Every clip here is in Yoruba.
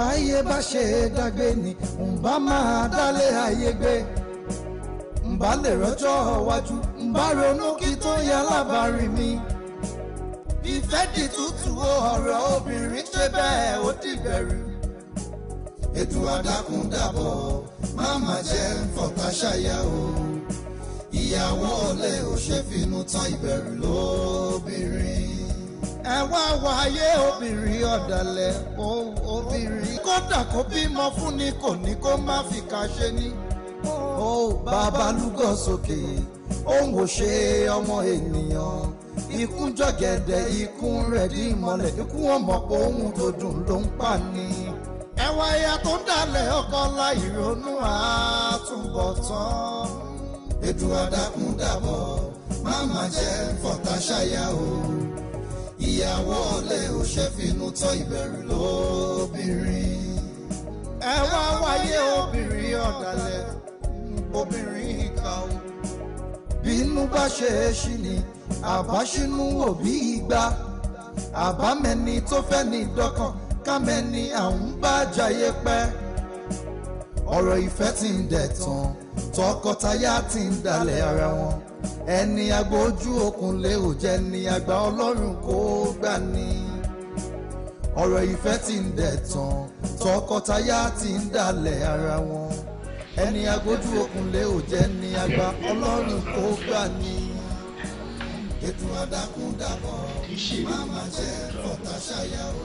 báyé bá ṣe dágbé ni n bá máa dálé ayé gbé n bá lè rọ́jọ́ iwájú n bá ronú kí tó yẹ alábàárìn mi. ìfẹ́ di tútù ọ̀rọ̀ obìnrin ṣe bẹ́ẹ̀ ó dìbẹ̀rù. ètò àdákùndàbọ̀ máa má jẹ́ fọ̀tà ṣàyà o ìyàwó ọ̀lẹ ò ṣe finú tán ìbẹ̀rù lóbìnrin ẹ wá wáyé obìnrin ọ̀dàlẹ̀ obìnrin kódà kó bímọ fún ni kò ní kó má fi ká ṣe ní. ó bàbá lúgọ sókè òun ò ṣe ọmọ ènìyàn ikú jọ̀gẹ̀dẹ̀ ikú rẹ̀ dí ìmọ́lẹ̀ ikú wọn mọ̀ pé òun tó dùn ló ń pa ni. ẹwà ẹ̀yà tó ń dalẹ̀ ọkọ láì ronú àtúbọ̀tán. ètò àdàkùn dàbọ̀ má má jẹ́ fọ̀tàṣáyà o ìyàwó olè ò ṣe fínú tọ́ ìbẹ̀rù lóbìnrin. ẹ wá wáyé obìnrin ọ̀dàlẹ̀ obìnrin ìkà o. bínú bá ṣe é ṣí ni àbáṣínú òbí igba àbámẹ́ni tó fẹ́ ní dọ́kàn kámẹ́ni àwọn bá jayé pẹ́. ọ̀rọ̀ ìfẹ́ ti ń dẹ̀ tán tọkọtaya ti ń dalẹ̀ ara wọn ẹni àgbà ojú òkun lè ò jẹ́ ni àgbà ọlọ́run kó gbà ní. ọ̀rọ̀ ìfẹ́ ti ń dẹ̀ tán tọkọtaya ti ń dalẹ̀ ara wọn ẹni agbójú okùn lé ò jẹ́ ni àgbà ọlọ́run kó gbà ní. ètò àdákúndàbọ̀ máa máa jẹ́ ọ̀tá ṣáyà o.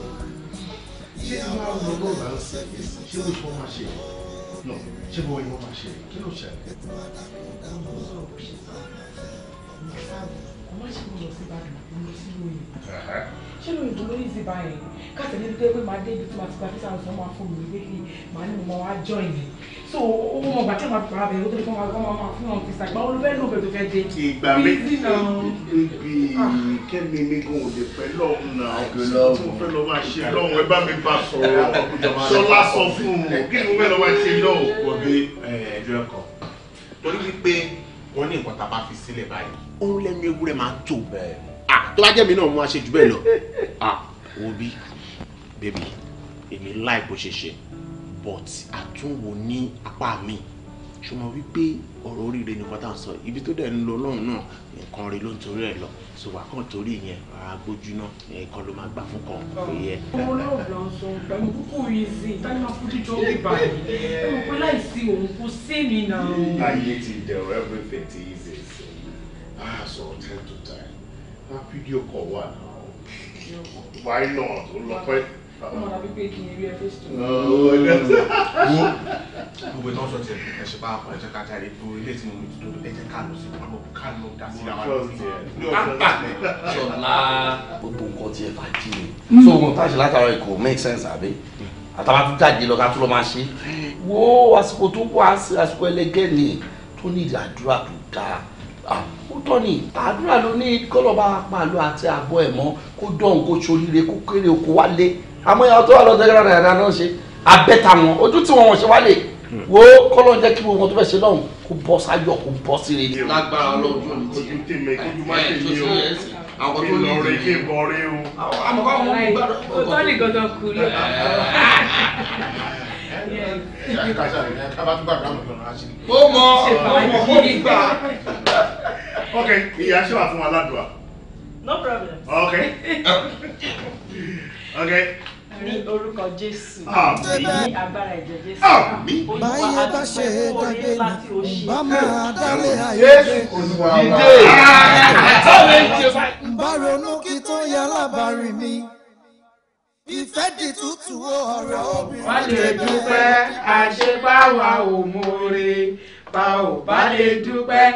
ṣé tí wọ́n lọ bá ń ṣe ṣé o máa ṣe ṣé bọ́ ìwọ́n máa ṣe kí ló ṣe. ètò àdákúndàbọ̀ má ṣe mo lọ sí ìbàdàn mo lọ sí lóye ṣé lóye tó lórí ìsìn báyìí káàtì ní pé máa dé ibi tí màá ti gba fíṣà ọ̀sán máa fún mi pé kí màá ní mo wá jọ ìyẹn so owó mọ̀ gbà tí màá fara bẹ̀ ó tó fún wa máa máa fún wọn fíṣà gbà olùfẹ́ ló bẹ̀ tó fẹ́ dé. ìgbà méjì ibi kẹ́mi mi kò lè pẹ́ lọ́hùn náà tí mo fẹ́ lọ́ máa ṣe lọ́hùn ẹ bá mi bá sọ̀rọ̀ sọlá sọ fún un kí ni mo fẹ́ lọ́ máa ṣe lọ́hùn. wọ́n gbé ẹjọ́ ẹ̀kọ́ torí wípé wọ́n ní nǹkan tá a bá fi sílẹ̀ báyìí òun lẹ́nu ewúrẹ́ máa tó ah, tó bá jẹ́ mi náà mo máa ṣe jù bẹ́ẹ̀ lọ ah, wo bí bébì èmi láì bó ṣe ṣe but àtúnwò ní apá mi ṣùgbọ́n wípé ọ̀rọ̀ oríire nìkan tá à ń sọ ibi tó dẹ̀ ń lọ lọ́hùn náà nǹkan rí ló ń torí ẹ̀ lọ so wà kàn torí yẹn ara gbójú náà nǹkan ló máa gbà fún kan kò yẹ. owó náà lọ sọ pẹ̀lú kúkú yìí sí táyé máa fojú jọ bí báyìí ẹ mọ̀ pé láìsí òun kò sí mi náà. ayé ti dẹ̀rọ everything ti yí Ah, so time to time. That video call wà Why not? O lọ pẹ́. Ọmọ tàbí pé kí n rí ẹ face to face. Wo gbogbo ìtàn sọ tiẹ̀ ẹ ṣe bá àpọ̀ ẹ̀jẹ̀ ká jáde tó ilé tí mo mi ti dúró ẹ jẹ́ ká lọ sí ìpamọ́ ká lọ dá sí àwọn ọmọ ṣọlá. Gbogbo nǹkan tí ẹ bá jí ni. Hmm. So mo tá ṣe látara ikọ̀ make sense àbí? Àtàwọn tó jáde lọ ká tó lọ máa ṣe. Wo àsìkò tó wá àsìkò ẹlẹgẹ́ ni tó ní ìdàdúrà tó dáa. Ah, ó tọ́ ni àdúrà ló ní kọ́lọ́ba pàlọ́ àti àbọ̀ ẹ̀mọ́ kó dọ̀hún kó ṣoríire kó kéré oko wálé àmọ́ ìyá tó wà lọ́dọ̀ ẹ̀rọ ẹ̀rọ náà ṣe abẹ́ta wọn ojú tí wọn ṣe wálé wo kọ́lọ́ jẹ́ kí wọn tó fẹ́ ṣe lọ́hùn kó bọ́ sáyọ̀ kó bọ́ sí rere. lágbára ọlọ́jọ́ ni tí ojú tèmi ojú má tèmi o àwọn tó lọ rí kí n bọ rí o. àmọ́ báwo ni gbàdọ̀. o tọ́ ní gbọ́dọ̀ ó mọ ọmọ fún mi ok ìyá ṣe wà fún wa ládùúgbà. no problem. ok ok. ní orúkọ jésù ní agbára ẹ̀jẹ̀ jésù báyé bá ṣe dàgbé ni bá máa dálé ayé gbé bá ronú kí tó yẹ alábàárìn mi ìfẹ́ di tútù ọ̀rọ̀ obìnrin. wọ́n lè dúpẹ́ àṣebáwa ò mọ̀ọ́rẹ́ pa ò bá lè dúpẹ́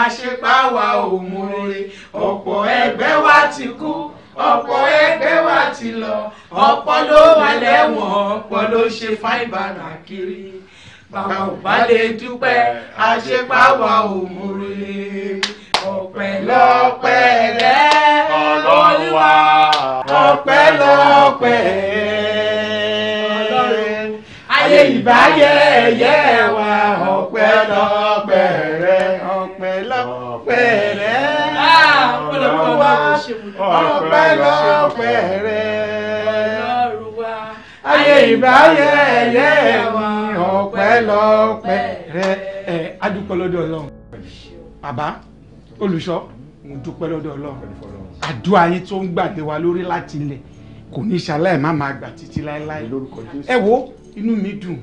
àṣepáwa ò múre ọ̀pọ̀ ẹgbẹ́ wa ti kú ọ̀pọ̀ ẹgbẹ́ wa ti lọ ọ̀pọ̀ ló wà lẹ́wọ̀n ọ̀pọ̀ ló ṣe fáìbàrà kiri bàbá ò bá lè dúpẹ́ àṣepáwa ò múre ọpẹ́ lọ́pẹ́ rẹ̀ ọlọ́wà ọpẹ́ lọ́pẹ́ rẹ̀ ayé ìbáyé ẹ̀yẹ wa ọpẹ́ lọ́pẹ́ rẹ ọpẹ́ lọ́pẹ́ rẹ olùwà ọpẹ́ lọ́pẹ́ rẹ ayé ìbáyé ẹ̀yẹ wa ọpẹ́ lọ́pẹ́ rẹ ẹ adúpẹ́ lọ́dọ̀ Ọlọ́run bàbá olùṣọ́ mo dúpẹ́ lọ́dọ̀ Ọlọ́run àdúrà yín tó ń gbàgbé wa lórí láti ilẹ̀ kò ní ṣaláì má máa títí láéláé ẹ wo inú mi dùn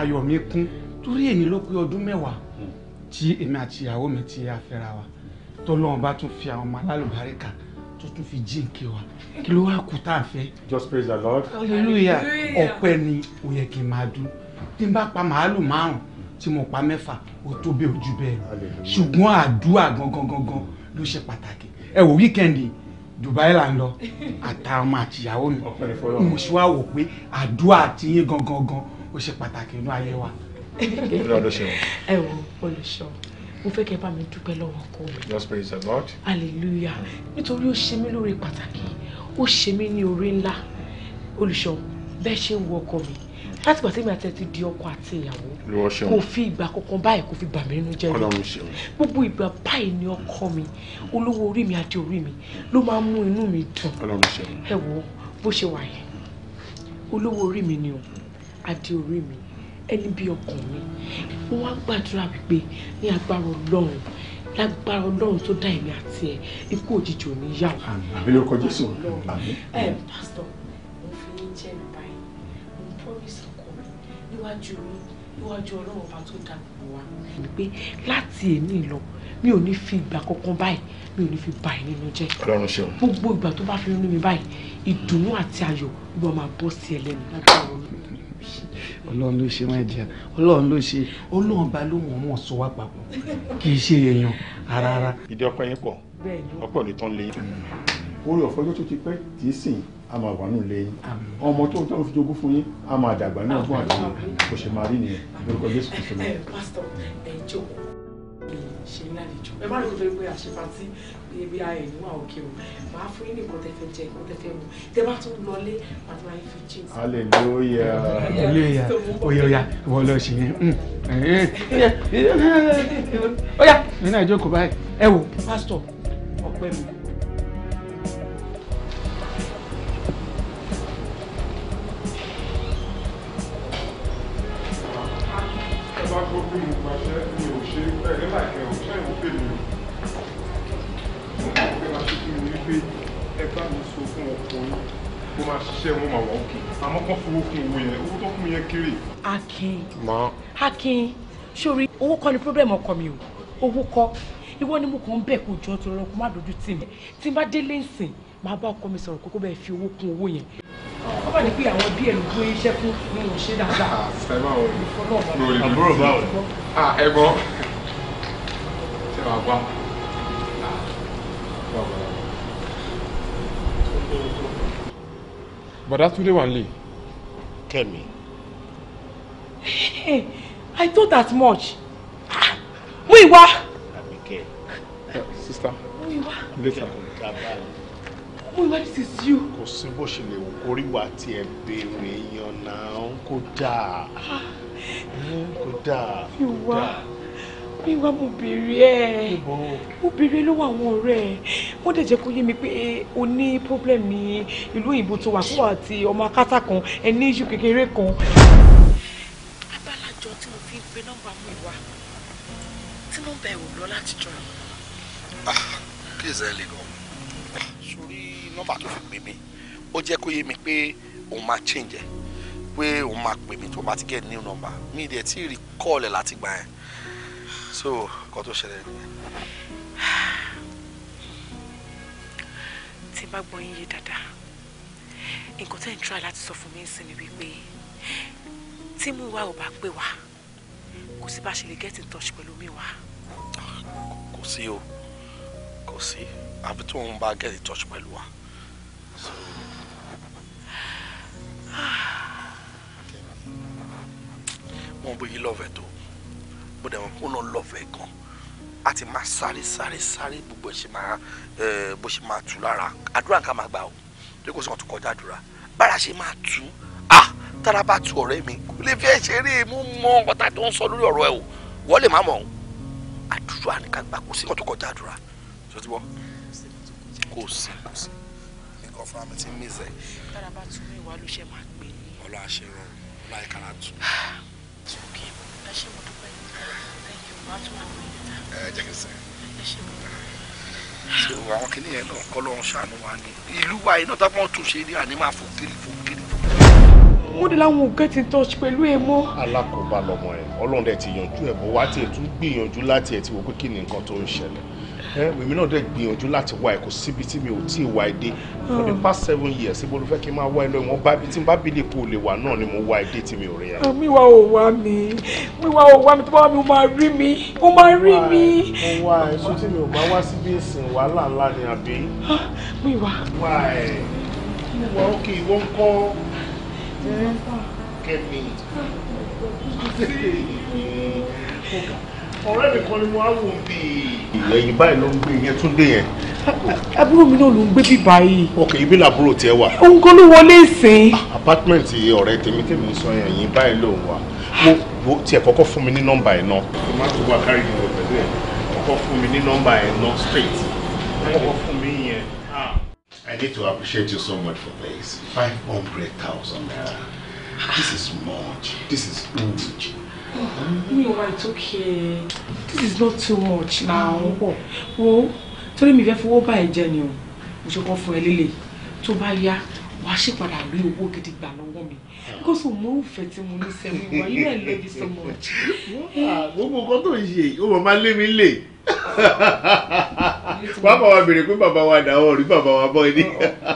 ayọ̀ mi kún torí èyí ló pé ọdún mẹ́wàá tí èmi àti ìyàwó mi ti afẹ́ra wa tọ́lọ́run bá tún fi àwọn ọmọ alálùbáríkà tó tún fi jíǹkí wa kí ló wá kú tá a fẹ́. just praise the lord. hallelujah ọpẹ́ ni ó yẹ kí n máa dún tí n bá pa màálù márùn tí mo pa mẹ́fà ó tó bẹ́ẹ̀ ojú bẹ́ẹ̀ ṣùgbọ́n àdúrà gangan gangan ló ṣe pàtàkì ẹ wò wíkẹ́ndì Dubai là ń lọ àtàwọn ọmọ àtìyàwó mi mo sì wá wò pé àdúrà àti yín gangan gan ó ṣe pàtàkì inú ayé wa. ẹ wo olùṣọ́ mo fẹ́ kẹ́ bá mi dúpẹ́ lọ́wọ́ ọkọ mi. just praise the Lord. hallelujah nítorí ó ṣe mí lóore pàtàkì ó ṣe mí ní oore ńlá olùṣọ́ bẹ́ẹ̀ ṣe ń wo mi láti gbàtí mi àti ẹ ti di ọkọ àti ìyàwó kò fi ìgbà kankan báyìí kò fi bà mí nínú jẹ́ gbogbo ìgbà báyìí ni ọkọ mi olówó orí mi àti orí mi ló máa ń mú inú mi dùn ẹ wo bó ṣe wà yẹn olówó orí mi ni o àti orí mi ẹni bí ọkàn mi mo wá gbàdúrà wípé ní agbára Ọlọ́run lágbára Ọlọ́run tó dá èmi àti ẹ ikú òjijì ò ní yà wá. àmì lórúkọ Jésù àmì. ẹ pásítọ̀ níwájú mi níwájú ọlọ́run ọba tó dá gbogbo wa. pé láti èmi lọ mi ò ní fi ìgbà kankan báyìí mi ò ní fi bà ẹ́ nínú jẹ́. ọlọ́run ṣeun. gbogbo ìgbà tó bá fi rí mi báyìí ìdùnnú àti ayọ̀ ló máa bọ́ sí ẹ lẹ́nu ọlọ́run ló ṣe máa jẹ ọlọ́run ló ṣe ọlọ́run bá lóhùn wọn sọ wá papọ̀ kì í ṣe èèyàn rárá. ìdí ọpẹ́ yín pọ̀ ọpẹ́ ò ní tán lé yín. orí ọ̀fọ́jọ́ tó ti pẹ́ kì í sìn a máa wà nínú ilé ọmọ tó tó ń fi jogún fún yín a máa dàgbà náà fún àdúgbò kò ṣe máa rí nìyẹn lórúkọ Jésù Kristu lọ. pásítọ̀ ẹ jókòó ṣe ní àlejò ẹ má lè tó pé àṣepatí ibi ayọ̀ ìlú àwọn òkè o máa fún yín nìkan tẹfẹ jẹ nǹkan tẹfẹ mu tẹ bá tún lọlé àti máa yín fi jí. hallelujah hallelujah oya oya wọ lọ sí i mm. eh, eh, eh, oya mi náà jókòó báyìí ẹ wò pásítọ̀ ọpẹ́ mi. bá Ma. pé mo pàṣẹ mi ò Akin sori owó kọ́ ni problem ọkọ mi o owó kọ́ ìwọ ni mo kàn ń bẹ̀ kó jọ tó rọ kó má dojú tì mí tí n bá délé ń sìn máa bá ọkọ mi sọ̀rọ̀ kókó bẹ́ẹ̀ fi owó kún owó yẹn ó bá pé àwọn bí ẹ̀rù gbé iṣẹ́ fún mi ò ṣe dáadáa. Ah, àbúrò báwo. Ah, ẹ̀gbọ́n ṣe wàá gbà. Ah, bọ̀dá Túndé wà nílé. Kẹ́mi. I thought that much. Mú ìwá. Eh, Sista. Mú ìwá. Later. What is this you? Kò sí bó ṣe lè wò kórí wà tí ẹ béèrè èèyàn náà kó dáa. Ah. Kó dáa. Fi wá mi wá mo béèrè ẹ mo béèrè lọ́wọ́ àwọn ọ̀rẹ́ ẹ wọ́n dẹ̀ jẹ́ kó yé mi pé eh, o ní problem ní ìlú òyìnbó tó wà fún wa àti ọmọ akátá kan ẹ ní iṣu kékeré kan. abálàjọ tí mo fi ń pe nọ́mbà mú ìwà tí nọ́mbà ẹ ò lọ láti jọ. Ah, kí ẹ sẹ́yìn lè lọ nọ́mbà tó fi pè mí ó jẹ́ kó yé mi pé òun máa change ẹ̀ pé òun máa pè mí tó bá ti get new number mi dẹ̀ tí rí kọ́ọ̀lẹ̀ láti gbà yẹn so nǹkan tó ṣẹlẹ̀ nìyẹn. tí bá gbọ́ yín yé dáadáa nǹkan tẹ́ ń try láti sọ fún mi ń sinmi wípé tí mú wa ò bá pè wá kò sí bá ṣe lè get in touch pẹ̀lú mi wá. kò sí o kò sí àbí tí òun bá get in touch pẹ̀lú wa. wọn bóyí lọ́ọ̀fẹ́ tó bó dẹ̀ wọn kó náà lọ́ọ̀fẹ́ gan a ti máa sáré sáré sáré gbogbo ẹ̀ ṣe máa bó ṣe máa tù lára àdúrà nǹkan máa gbà ó tí kò sí wọn tó kọjá àdúrà bára ṣe máa tù ah tára bá tu ọ̀rẹ́ mi kò lè fi ẹ̀ ṣeré mú mọ ọ̀tá tó ń sọ lórí ọ̀rọ̀ ẹ̀ o wọ́n lè má mọ̀ ọ́ àdúrà nìkan gbà kò sí wọn tó kọjá àdúrà sọ ti bọ́ kò sí kò sí nǹkan fúnra mi ń mìíràn. tára bá tún mí wá ló ṣe máa gbé ni. ọlọ àṣeyọrọ ọlọ àìkàrà tù. it's okay ẹ mo dúpẹ́ thank ẹ jẹ́ kí n sẹ́yìn. ẹ mo dúpẹ́. so àwọn kìnìyàn náà kọ́ lọ́run ṣàánú wa ni ìlú wa iná tá wọ́n tún ṣe ní àní máa fò kiri fò kiri wọ́n ní láwọn ò get in touch pẹ̀lú ẹ mọ́. alákòóbá lọmọ ẹ ọlọ́run ẹ ti yanjú ẹ bó wá tiẹ̀ tún gbìyànjú láti ẹ ti wò pé kí ni nǹkan tó ń ṣẹlẹ̀ èmi náà dẹ̀ gbìyànjú láti wá ẹ̀ kò síbi tí mi ò tí ì wá ẹ̀ hmm. for the past seven years ibo ló fẹ́ kí n máa wá ẹ lọ ìwọ̀n bá bí tí n bá bílẹ̀ kó lè wà náà ni mo wá ẹ dé tí mi ò rí ẹ. Ah, miwa ò wá mi miwa ò wá mi tó bá wà mí ó máa rí mi ó máa rí mi. mo wá ẹ sọ tí mi ò bá wá síbi ìsìn wàhálà ńlá ni àbí. Ah, miwa. wá ẹ miwa ó kì í wọ́n kọ́ kẹ́mi. Ah ọ̀rẹ́ mi kan ni mo á wò bí. ẹ̀yìn báyìí ló ń gbé yẹn tún dé yẹn. àbúrò mi náà ló ń gbé bíbá yìí. ọkọ ibi làbúrò tiẹ̀ wà. òun kan ló wọlé ìsìn. Ah, apartment ọ̀rẹ́ tèmi tèmi sọ ẹ̀yìn báyìí ló ń wà mo wo tiẹ̀ kọ́kọ́ fún mi ní nọ́mbà ẹ̀ náà. mo tún wá kárí ìdìbò pẹ̀lú ẹ̀ kọ́kọ́ fún mi ní nọ́mbà ẹ̀ náà straight kọ́kọ́ fún mi yẹn. Ah. I need to appreciate you so much for this. Five hundred thousand naira. This is much. This is huge mi it's okay this is not too much now wọ mm-hmm. wo torí mi fẹ́ buy bá ẹ jẹ ni o mo ṣe kọ́ fún ẹ lélẹ̀ tó bá yá wàá ṣèpadà rí owó gidi gbà lọ́wọ́ mi because we move, fẹ́ tí mo ní sẹ́wọ̀n wà you and love you so much. Ah, gbogbo nǹkan tó ń ṣe ó mọ̀ máa lé mi lè wàá bá wa béèrè pé bàbá wa dà ọ́ rí bàbá wa bọ́ ẹ ní.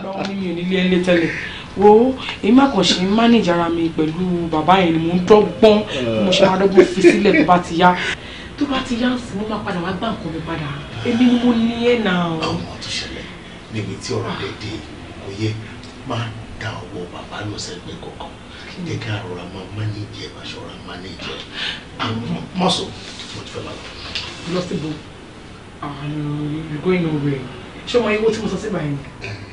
báwo ni mi ò ní lé ẹ lé wo èmi àkànṣe manage ara mi pẹ̀lú bàbá yẹn ni mo ń dọ́gbọ́n eh. mo ṣe máa dọ́gbọ́n fi sílẹ̀ tó bá ti yá tó bá ti yá sí mo máa padà wá gbà nǹkan mi padà èmi ni mo ní ẹ̀ náà. àwọn kan tó ṣẹlẹ̀ níbi tí ọ̀rọ̀ rẹ̀ dé kò yẹ máa da ọwọ́ bàbá lọ sẹ́gbẹ́ kọ̀ọ̀kan jẹ́ kí àròrà máa manage ẹ̀ máṣọ́ra manage ẹ̀ àwọn mo ti fẹ́ máa lọ. lọ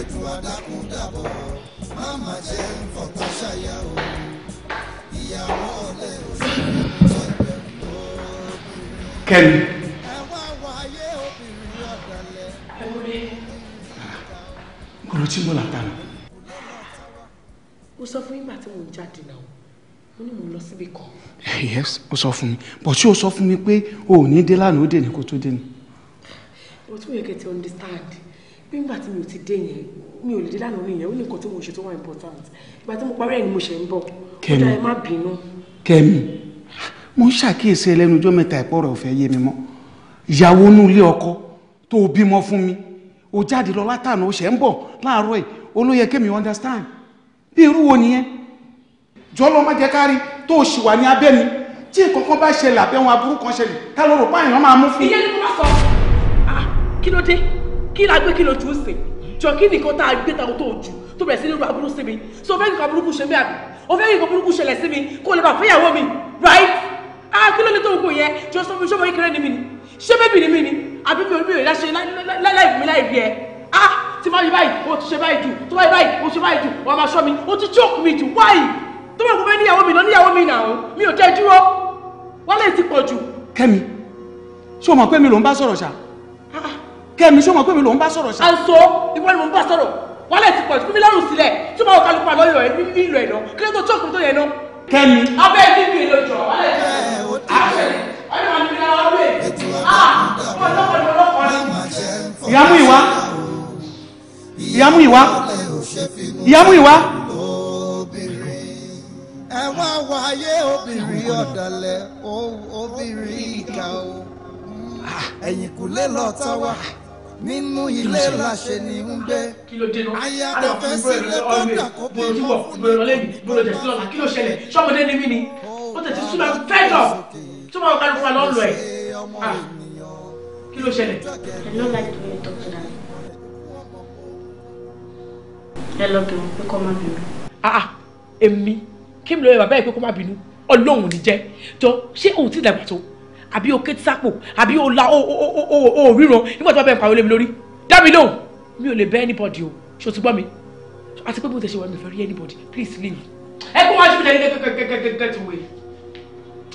ètò àdákúndàbọ̀ má má jẹ́ fọ̀tán ṣàyà o ìyàwó ọ̀lẹ́ òṣèlú ọ̀tọ̀ ìbẹ̀rù obìnrin. Ah, mo là tán. mo sọ fún yín bá tí mò ń jáde náà mo ní mo lọ síbi kan. Eh, yes ó sọ fún mi bọ̀ tí ó sọ fún mi pé o ò ní dé lánàá ó dé ní kó tó dé ni. mo tún yẹ kẹ́ understand nígbà tí mi ò ti dé yẹn mi ò lè dé lánàá nìyẹn ó ní nǹkan tí mo ṣe tó wà important ìgbà tí mo parí ẹ̀ ni mo ṣe ń bọ̀ kẹmi ọjà ẹ má bínú. kẹmi mo ń ṣàkíyèsí ẹlẹ́nu ọjọ́ mẹ́ta ẹ̀pọ̀ rẹ̀ ọ̀fẹ́ yé mi mọ́ ìyàwó inú ilé ọkọ tó o bímọ fún mi o jáde lọ látànà o ṣẹ̀ ń bọ̀ láàárọ̀ yìí olóyè kẹmi understand bí irú wo nìyẹn jọlọ má jẹ kárí tó o ṣì wà ní abẹ́ mi tí ìkọ̀kan bá ṣẹlẹ̀ àbẹ́wọn aburú kan ṣẹlẹ̀ tá ló rò pé àyàn máa mú fún. ìyẹn ni mo bá sọ ah, kí ló dé kí la gbé kí ló jù ú sè jọ kí nìkan tá a gbé tako tó jù tó bẹ̀rẹ̀ sí ní ru aburú sí mi so fẹ́ nìkan burúkú ṣe mí àbí o fẹ́ nìkan burúkú ṣẹlẹ̀ sí mi kó lè bá fẹ́yàwó mi right ah kí ló lè tó gbogbo yẹn jọ sọ fún mi sọ́mọ kékeré ni mi ni ṣé bébì ni mi ni àbí mi ò mi ò láṣẹ láì mi láì bí ẹ ah tí máa yí báyìí o ti ṣe báyìí jù tó báyìí báyìí o ṣe báyìí jù wàá máa ṣọ́ mi o ti choke mi jù why tó bá gbọ́dọ̀ níyàwó mi lọ níyàwó mi nà ó mi ò jẹ́ dúró wọ́n lè ti pọ̀ jù. Kẹ́mi ṣé o mọ̀ pé mi ló ń bá sọ̀rọ̀ ṣáà kẹ́mi ṣé wọn pé mi lòún bá sọ̀rọ̀ ṣá. àǹsọ ìwọ ni mò ń bá sọ̀rọ̀ wàhálà ti pọ̀ fún mi lọ́rùn sílẹ̀ tí mo kálukú àlọ́ yọ̀ ẹ́ ní ìlú ẹ̀ náà kí ló tó tó tó yẹn náà. kẹ́mi. abẹ́ mi mi ló jọ wàhálà ti pọ̀ àṣẹ ah, ọ̀nà mi ni àwọn ọ̀rẹ́ ah ọmọ ìjọba ni ọlọ́kọ̀ ni. ìyàmú ìwá ìyàmú ìwá ìyàmú ìwá. ẹ̀wọ̀n wáyé obìnrin ọ̀dàlẹ̀ obìnrin ìkà o ah, ẹ̀yìnkùlé lọ́ọ́ tá wà nínú ilé làṣẹ ni ń gbé aya tó fẹ́ sílé tó dà kó bọ́ mọ́ fún mi kó bọ́ mọ́ kí ló ṣẹlẹ̀ ṣọ́mọdé ni mí ni ó tẹ̀sí súnmọ́ fẹ́tọ̀ tó máa kájú lọ ẹ̀ ah. kí ló ṣẹlẹ̀. like the you talk to them. ẹ lọ bẹ̀rù pé kó má bínú. èmi kí mi lọ yẹ bàbá yìí pé kó má bínú ọlọ́run ò ní jẹ́ jọ ṣé òun ti dàgbà tó àbí o ké sápò àbí o la o o o o ríran nígbà tí wọ́n bẹ̀rẹ̀ pariwo lé mi lórí dá mi lóhùn mi ò lè bẹ́ anybody o ṣé o ti gbọ́ mi àti pé bó ti ṣe wà mí fẹ́ rí anybody please leave. ẹ kó wá síbi lẹ́yìn kẹ́kẹ́kẹ́kẹ́kẹ́ ti wé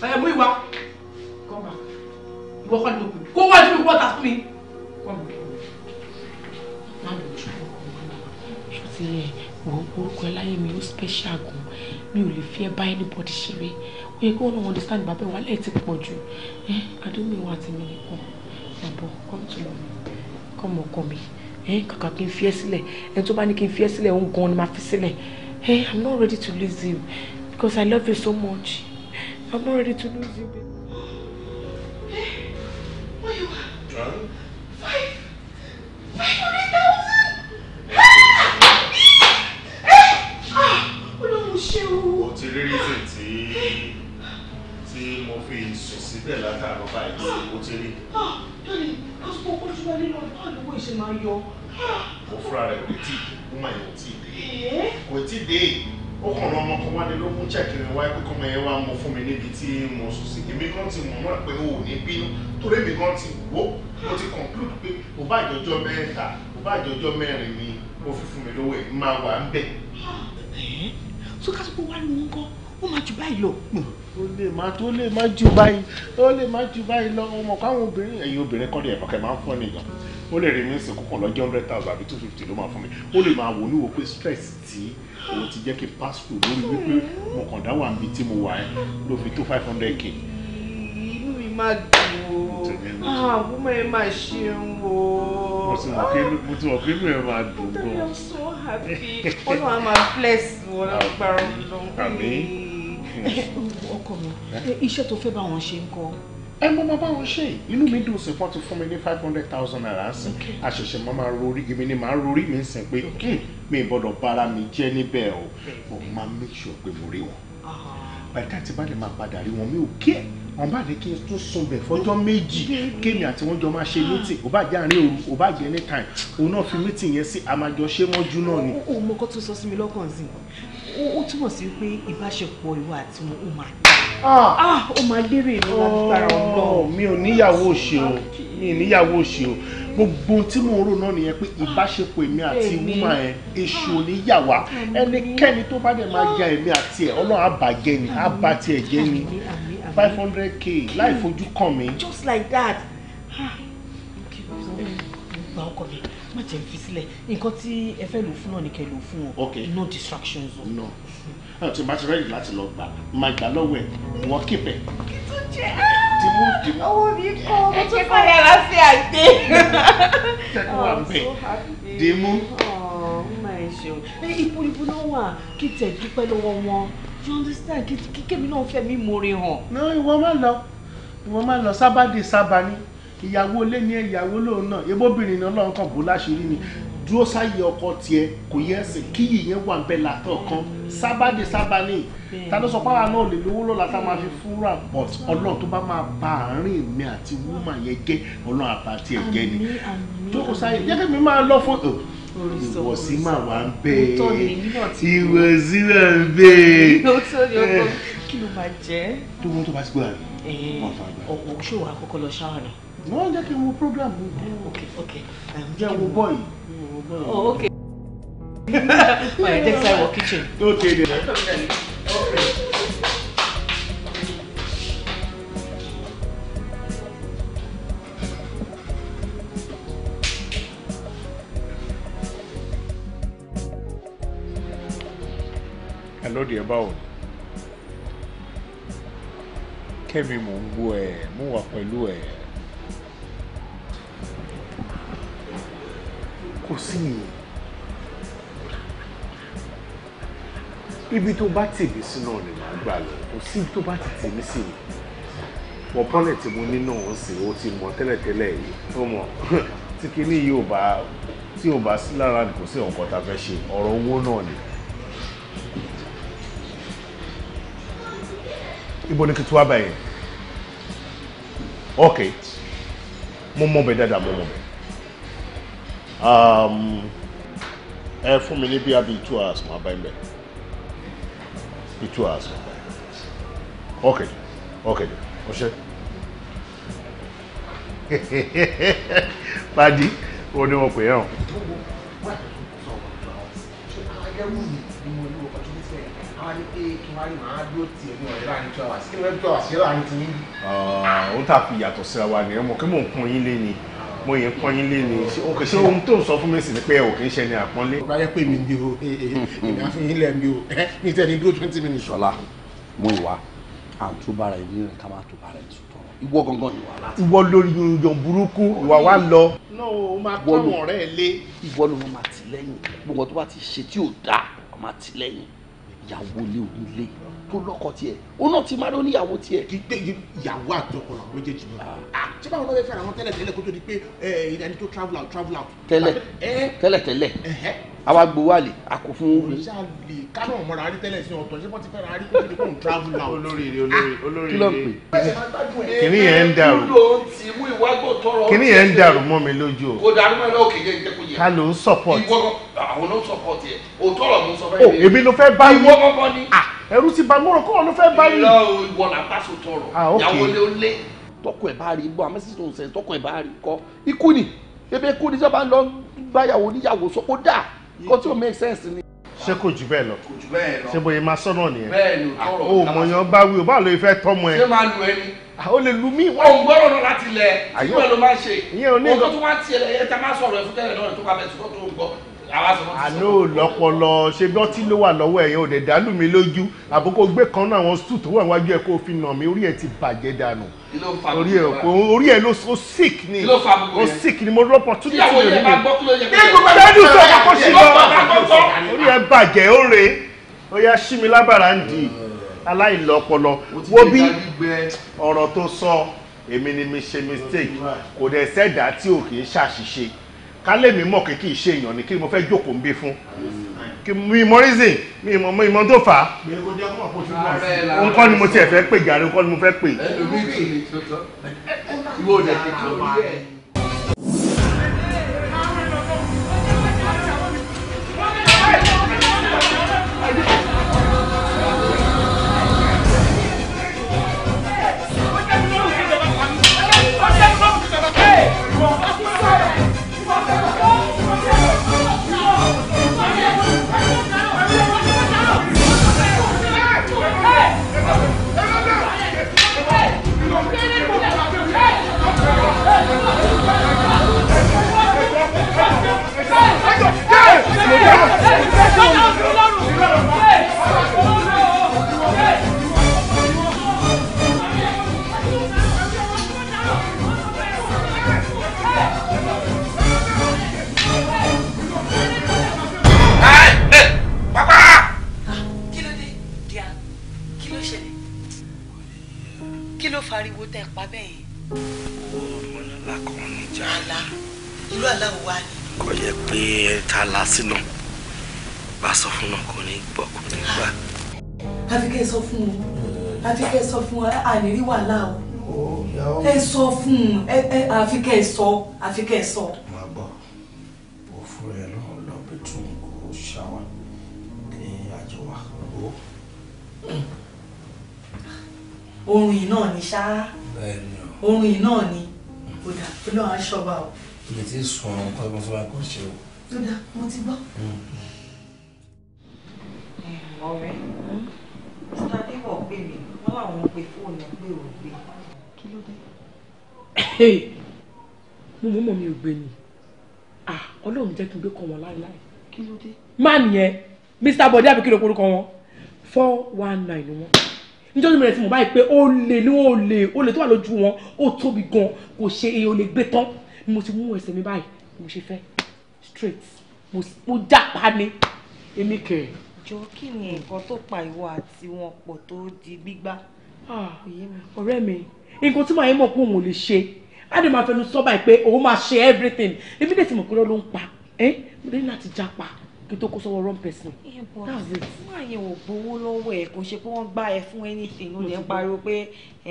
ẹ mú ìwà come back ìwọ kọ́ ni mo pè kó wá síbi water fún mi come back. má lọ jù ṣó ti wọ orúkọ ẹ láyé mi ó special gan mi ò lè fi ẹ bá anybody ṣeré ó yẹ kí wọn náà understand bàbá ẹ wàhálà ẹ ti pọ̀ jù ẹ eh, àdéhùn ìwà àti mi nìkan bàbá come to me come ọkọ mi ẹ kàkà kí n fi ẹ sílẹ̀ ẹni tó bá ní kí n fi ẹ sílẹ̀ òun gan ni màá fi sílẹ̀ ẹ eh, i'm not ready to lose you because i love you so much i'm not ready to lose you. Hey, eh, where you are? Huh? Five, five hundred thousand. Olóhùn ah! ah, ṣe o. O ti rí rísìn tí tí mo fi sùn síbẹ̀ látàárọ̀ báyìí ó ti rí. bẹ́ẹ̀ni ah, ó sọ pé ojú wálé lọ bá àdúgbò ìṣe máa yọ. Ah. mo fúnra rẹ̀ kò tí ì mọ̀ ẹ̀ kò tí ì dé. kò tí ì dé ó kàn rán ọmọ kan wá ní ló mú chẹ́kì rẹ̀ wáyé pé kọ́mọ yẹn wá mọ fún mi níbi tí mo sùn sí èmi kan ti mọ̀ náà pé o ò ní bínú torí èmi kan ti wò ó ti conclude pé kò bá àjọjọ mẹ́ta kò bá àjọjọ mẹ́rin ni mo fi fún mi lówó ẹ̀ máa wà ń bẹ̀. ẹ ah, ká sọ pé wàá ní ó lè má tó lè má jù báyìí ó lè má jù báyìí lọ ọmọ káwọn obìnrin ẹ̀yin obìnrin kọ́ ẹ̀kọ́ kẹ́ máa ń fọ́ nìyàn ó lè rí mi sí kókò lọ́jọ́ hundred thousand àbí two fifty ló máa fún mi ó lè máa wò ní wo pé stress tí òun ti jẹ́ kí pass through lórí wípé mo kàn dá wà níbi tí mo wà ẹ́ ló fi tó five hundred k. inú mi máa dùn o àwọn ah, ọmọ ẹ máa ṣeun o. mo ti mọ̀ pé inú ẹ máa dùn gan. I'm so happy ọlọ́run á máa bless wọn lágbára ọlọ́run. ọkọ mi iṣẹ́ tó fẹ́ bá wọn ṣe ń kọ́. ẹ mo máa bá wọn ṣe inú mi dùn sí fún ti fún mi ní five hundred thousand naira sí àṣẹ̀ṣẹ̀ mo máa rorí èmi ni màá rorí mi sìn pé hmm, mi ìbọdọ̀ bára mi jẹ́ níbẹ̀ o mo máa make sure pé mo rí wọn bàtà tí bá lè máa padà rí wọn mi ò kí ẹ wọn bá ní kí n tún sun bẹ fọjọ́ méjì kémi àti wọn jọ máa ṣe ah. meeting ò bá jẹ àárín òru ò bá jẹ anytime òun náà fi meeting yẹn sí àmàjọ ṣé náà ni. o mọ kó tún sọ sí mi lọ́kàn sí ó túmọ̀ sí pé ìbáṣepọ̀ ìwà àti wọn ó máa dá ah. ah, ó máa lérè ìlú lágbára oh, ọlọ́run. mi ò níyàwó òṣè o mi ò níyàwó òṣè o gbogbo tí mo rò náà nìyẹn pé ah, ìbáṣepọ̀ èmi àti wúmà ẹ̀ èṣù oníyàwá ẹnikẹ́ni tó bá dẹ̀ máa ya èmi àti ẹ̀ ọlọ́run àbàjẹ́ ni àbàtì ẹ̀jẹ̀ ni five hundred k láì fojú kàn mí. just like that. Eh, gba ọkọ mi má jẹ́ fi sílẹ̀ nǹkan tí ẹ fẹ́ lò fún náà ni kẹ́ lò fún ọ no distractions o. no náà ah, tí n bá ti rẹ́dì láti lọ gbà máa gbà lọ́wọ́ ẹ̀ wọ́n kébẹ̀. kí tó ah! jẹ́ tìmú tìmú. owó mi kọ́ ọmọ tó fà yà láti àgbẹ̀. kẹ́kọ̀ọ́ wà bẹ́ẹ̀ dìmú. ibu ibu náà wà kí tẹ̀ dúpẹ́ lọ́wọ́ wọn you understand kí kébì náà fẹ́ mi mórè hàn. náà ìwọ máa lọ ìwọ máa lọ sábà dé sábà ni ìyàwó ilé ní ìyàwó lòun náà ebóbìnrin náà lọ́n bó láṣìírí ni dúró sáyé ọkọ tiẹ̀ kò yẹ ẹsìn kí ìyẹn wà bẹ́ẹ̀ látọ̀ kan sábàdé sábàní ta sọ pé náà lè lówó lọ́la tá a máa fi fúnra but ọlọ́run tó bá máa ba àárín mi àti wúmà yẹn jẹ́ ọlọ́run àbàtì ẹ̀ jẹ́ ni jókòó sáyé jẹ́ kí mi máa lọ fún ìwọ̀sí mà wá ń bẹ́ ìwọ̀sí mà ń bẹ́ eh. kí ló máa jẹ́. tó bá ti gbọ́ àná. Eh, ọ̀pọ̀ ṣòwò àkọ́kọ́ lọ ṣáà náà mo ń jẹ́ kí n wo program mi. ok ok um, jẹ́ oh okay. My next sáré wọ kitchen. ok okay. hello dear báwo kẹ́mi mò ń gbọ́ ẹ̀ mò wà pẹ̀lú ẹ̀. sí yìí ibi tó bá tèmi sí náà ni màá gbà lọ kò sí ibi tó bá ti tèmi sí yìí wọ pọ́lẹ̀ tí mo ní náà ó sì ó ti mọ tẹ́lẹ̀tẹ́lẹ̀ yìí ó mọ tí kinní yìí ò bá tí ò bá sí lára kò sí ọ̀kan tá a fẹ́ ṣe ọ̀rọ̀ owó náà ni. ibo ni kìtú wá báyìí ok mo mọ̀ bẹ́ẹ̀ dáadáa mo mọ̀ bẹ́ẹ̀. Um, ẹ fún mi ní bí abi two hours máa bá ẹ mẹ bí two hours máa bá ẹ mẹ ok ok ọṣẹ. padi o ní wọn pè é hàn. ó tà fi yàtọ̀ síra wa ni ẹ mọ̀ kí mò ń kun yín lé ni mo yẹn pọ́n yín lé ni ṣé ohun tó ń sọ fún mi sì ni pé òkè ń ṣe ni àpọ́nlé. ọba yẹ pé mi ni o èmi àfihàn lẹ mi o mi tẹ dúró twenty minutes. sọlá mo ìwà àtúbára ìdí rẹ ká má túbára ìtú tọrọ ìwọ gangan ìwà láti. ìwọ lórí yorùjọ burúkú ìwà wa lọ. náà o máa kọ́ àwọn ọ̀rẹ́ lé. ìwọ ló máa tì lẹ́yìn gbogbo tó bá ti ṣe tí ò dáa máa tì lẹ́yìn ìyàwó ilé onílé tó lọ́kọ tiẹ̀ ó náà ti máa ló níyàwó tiẹ̀. kì í pé ìyàwó àtọkọ làwọn méjèèjì ni. Ah. Ah, ṣé báwo ló fẹ́ fẹ́ràn àwọn tẹ́lẹ̀ tẹ́lẹ̀ kó tó di pé ẹni tó travel out travel out. tẹ́lẹ̀ tẹ́lẹ̀ tẹ́lẹ̀ àwa gbowó àlè àkó fún. òrìṣà lè kánú ọ̀mọ́ra rí tẹ́lẹ̀ sí ọ̀tọ̀ ṣé wọ́n ti fẹ́ràn àrí kó tó di pé travel out. olóríire ah, olóríire kí kìnìún yẹn ń dàrú kìnìún yẹn ń dàrú mọ́ mi lójú o. kò dàrú mọ́ lọ́wọ́ kìnìún yẹn ń dẹ́kun yẹn. ká ló ń support. ìwọ àwọn ló support yẹ òótọ́ ọ̀rọ̀ mo sọ oh, fẹ́ ẹ̀rù ti bà mọ́rọ̀ kọ́ bá rí. ìlọ ìwọ là tọrọ ah, ìyàwó lé ó lé. tọkọ ẹ bá rí bọ àmọ́ sísè òsè tọkọ ẹ bá rí kọ ikú ni ebe kú ni sábà ń lọ báyàwó níyàwó sọ kó dà kó tí ò make sense ni. ṣé kò jù bẹ́ẹ̀ lọ ṣé bóyá máa sọ́nà nìyẹn ah, o mọ̀yàn bá wí o bá lóye fẹ́ tọ́mọ ẹ. ṣé máa lu ẹni. o ah, lè lu mí. òun gbọ́dọ̀ náà láti lẹ̀ ẹ̀ àná ò lọ́pọlọ ṣe bí ọtí ló wà lọ́wọ́ ẹ̀yìn òde dàlú mi lójú àbúkọ gbé kan náà àwọn stool tó wà níwájú ẹ̀ kó fi nà mí orí ẹ̀ ti bàjẹ́ dànù orí ẹ̀ kò orí ẹ̀ ló so sick ni o sick ni mo rọpò tún ní ìtúnyẹ̀ nínú dàlú tó wà kó sí lọ orí ẹ̀ bàjẹ́ ó re ó yá sí mi lábàrá ń di aláìlọ́pọlọ wo bí ọ̀rọ̀ tó sọ èmi ni mi ṣe mistake kò dẹ̀ sẹ́dá tí ò kì í ṣàṣìṣe kálẹ̀ mi mọ̀ kékeré ṣe èèyàn ni kí ni mo fẹ́ jókòó ń bí fún kí mi mọ reason mi mọ mi mọ tó fà á nǹkan ni mo tiẹ̀ fẹ́ pè jàre nǹkan ni mo fẹ́ pè. ẹlòmíì tì ní tuntun ìwọ ò dẹ̀ ti tó rí ẹ̀. wàhálà o ẹ sọ fún un ẹ ẹ àfi kẹ́ ẹ sọ àfi kẹ́ ẹ sọ. má gbọ́ bó fún ẹ lọ lọ bí tún kò ṣáwá ní àjọ wa o. orin yìí náà ni ṣá orin yìí náà ni kò dà kí ló ń ṣọba o. mi ti sùn ọ̀run kọ́ mo fẹ́ kó ṣe o. tó dà mo ti gbọ́. Hmm. ọ̀rẹ́ mr adébọ̀ pè mí àwọn pe fóònù pé ò gbé. kí ló dé. mo mọ̀ mọ̀ mi ò gbé ni ah, ọlọ́run jẹ́ kí n gbé kọ́ wọn láéláé. kí ló dé. má nìyẹn mr bọ̀dé àbí kí ló korúkọ wọn four one nine ni wọ́n níjọ́ tí mo rẹ̀ tí mo báyìí pé ó lè ní ó lè ó lè tó wà lójú wọn ó tóbi gan kò ṣe èyí ó lè gbé tán mo ti mú ẹsẹ̀ mi báyìí mo ṣe fẹ́ straight mo já pa ni èmi kẹ̀ẹ́ jọ kí ni hmm. nǹkan tó pa ìwọ àti wọn pọ̀ tó di gbígbá. Ah, ọ̀rẹ́ mi nǹkan tí màá yín mọ̀ pé òun ò lè ṣe ádùn máa fẹnu sọ báyìí pé òun máa ṣe everything èmi dẹ̀ ti mọ̀ pé lọ́ ló ń pa mo ní láti jápa kí tó kó sọ́wọ́ wrong person. that's it. máa yẹ wò gbowó lọ́wọ́ ẹ̀ kò ṣe pé wọ́n gbá ẹ fún anything ló lè ń pariwo pé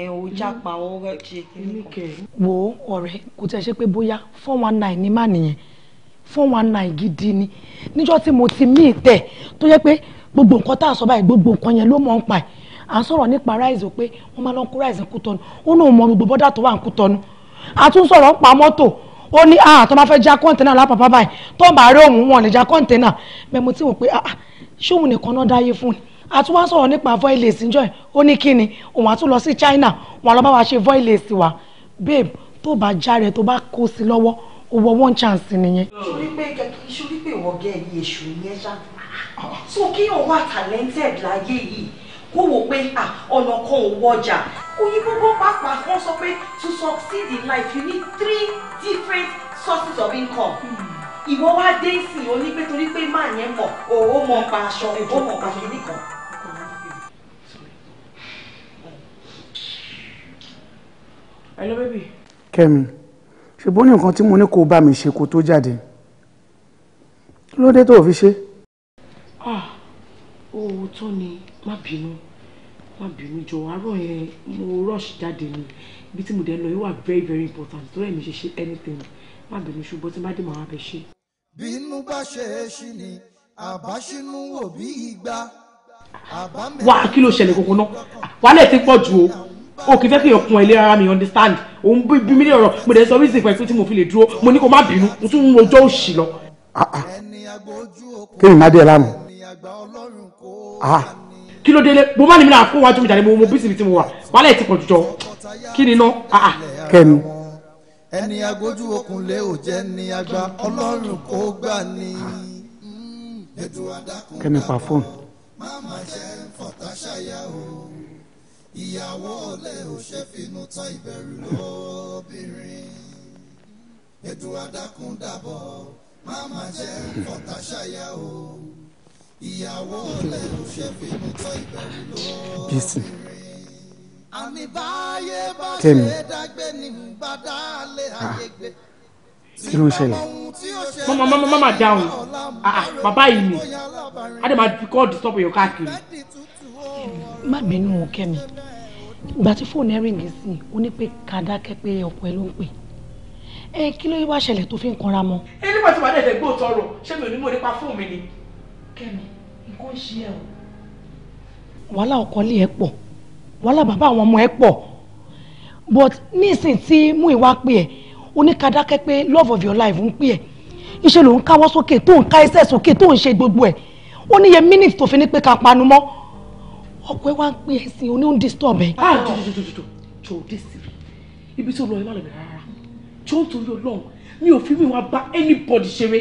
ẹ ò hmm. jápa ọ̀rẹ́ ṣe kí nìkan. wo ọ̀rẹ́ kò tẹ́ ṣe pé bóyá four one nine ni má nìyẹn four one nine gidi ni níjọ́ tí mo ti mí tẹ̀ tó yẹ pé gbogbo nǹkan tá a sọ báyìí gbogbo nǹkan yẹn ló mọ̀ ń pa ẹ̀ à ń sọ̀rọ̀ nípa ráìsì pé wọ́n máa lọ ń kó ráìsì ń Kútọ́nù ó náà mọ gbogbo bọ́dà tó wà ń Kútọ́nù a tún sọ̀rọ̀ ń pa mọ́tò ó ní àà ah, tó máa fẹ́ já kọ́ńtẹ́nà lápapá báyìí tó ń bá rí òun wọn lè já kọ́ńtẹ́nà bẹ́ẹ̀ mo ti wò pé àà ah, ah, ṣóun nìkan náà dáyé fún ni a tún sọ̀rọ̀ nípa voiles ńjọ́ ẹ̀ ó ní kí ni òun àtún lọ sí China wọn lọ bá wa ṣe voiles wa babe tó bá já rẹ tó bá kó sí lọ́wọ́ o wọ one chance nìyẹn. sori pé sori pé ìwọ gẹ ẹyí èṣù yẹn ṣá so kéèyàn wà talented láyé yìí kó wò pé ọ̀nà kan ò wọjà òyìnbó bó pàápàá wọ́n sọ pé to succeed in life you need three different sources of income. Hmm. ìwọ wá dé sí i oní pé torí pé máa yẹn mọ̀ ó mọ̀ pa aṣọ ó mọ̀ pa kìíní kan. hello baby. Kẹ́mi ṣùgbọ́n ní nǹkan tí mo ní kó bá mi ṣe kó tó jáde kí ló dé tó fi ṣe. òótọ́ ah, ni má bínú má bínú jọ àárọ̀ yẹn mo rush jáde ni ibi tí mo dé lọ yìí wà very very important tó rẹ̀ mi ṣe ṣe anything má bínú ṣùgbọ́n tí bá dé màá bẹ ṣe. bínú bá ṣe é ṣí ni àbáṣínú wò bí igba. wà á kí ló ṣẹlẹ̀ kókó náà wàhálà ti pọ̀ jù o o kì í fẹ́ kí èèyàn kun ẹ̀lẹ́ ara mi understand òun bí mi ní ọ̀rọ̀ mo dẹ̀ sọ reason pẹ̀lú tí mo fi lè dúró mo ní kó má bínú mo tún ń rojọ́ òṣì lọ. Ah, ah. kí ni nàdí ẹ lánàá. Ah. kí ló délé mo má ní mi náà fún wájú mi jáde mo bí síbi tí mo wà wálẹ̀ ti pọ̀ jùjọ kí ni ná. kẹ́mi. ẹni agbójú okùn lé òjẹ́ ni àgbà ọlọ́run kò gbà ní. kẹ́mi pa fóònù. má má ṣe ń ṣáyà o ìyàwó olè ò ṣe finú tán ìbẹ̀rù lóbìnrin ètò adákúndàbọ̀ má má jẹ́ fọ̀tà ṣáyà ìyàwó olè ò ṣe tán ìbẹ̀rù lóbìnrin àmì báyé bá dágbé ní bàdá lè ah. ayé kí ló ń ṣẹlẹ̀. mama mama mama down ah, ah bàbá yìí ni a dẹ̀ máa kọ́ disturb yọ káàkiri má bínú kẹ́mi ìgbà tí fóònù ẹ rìn mí ó ní pé ká pé ọkọ ẹ ló ń pè ẹ kí ló wá ṣẹlẹ̀ tó fi ń kanra mọ́. ẹ nígbà tí wàá dẹ̀ gbó tọrọ ṣé mi ò ní mọ̀ nípa fóònù mi ni. kẹ́mi nǹkan ń ṣe ẹ o. wàhálà ọkọ lé ẹ pọ̀ wàhálà bàbá àwọn ọmọ ẹ pọ̀ but nísìn tí mú ìwà pè ẹ ó ní ká dákẹ́ pé love of your life ń pè ẹ iṣẹ́ ló ń káwọ́ sókè tó ń ká ẹsẹ̀ sókè tó ń ṣe gbogbo ẹ̀ ó níye minute tó fi ní pé ká panu mọ́ ọkọ ẹ wá ń pè é sí oní ń disturb ẹ. a ah, dòdòdòdòdò jọ òde sí rí ibi tó lọ ẹ má lọ bẹ rárá jọ nítorí Ọlọ́run mi ò fi mi wá bá anybody ṣeré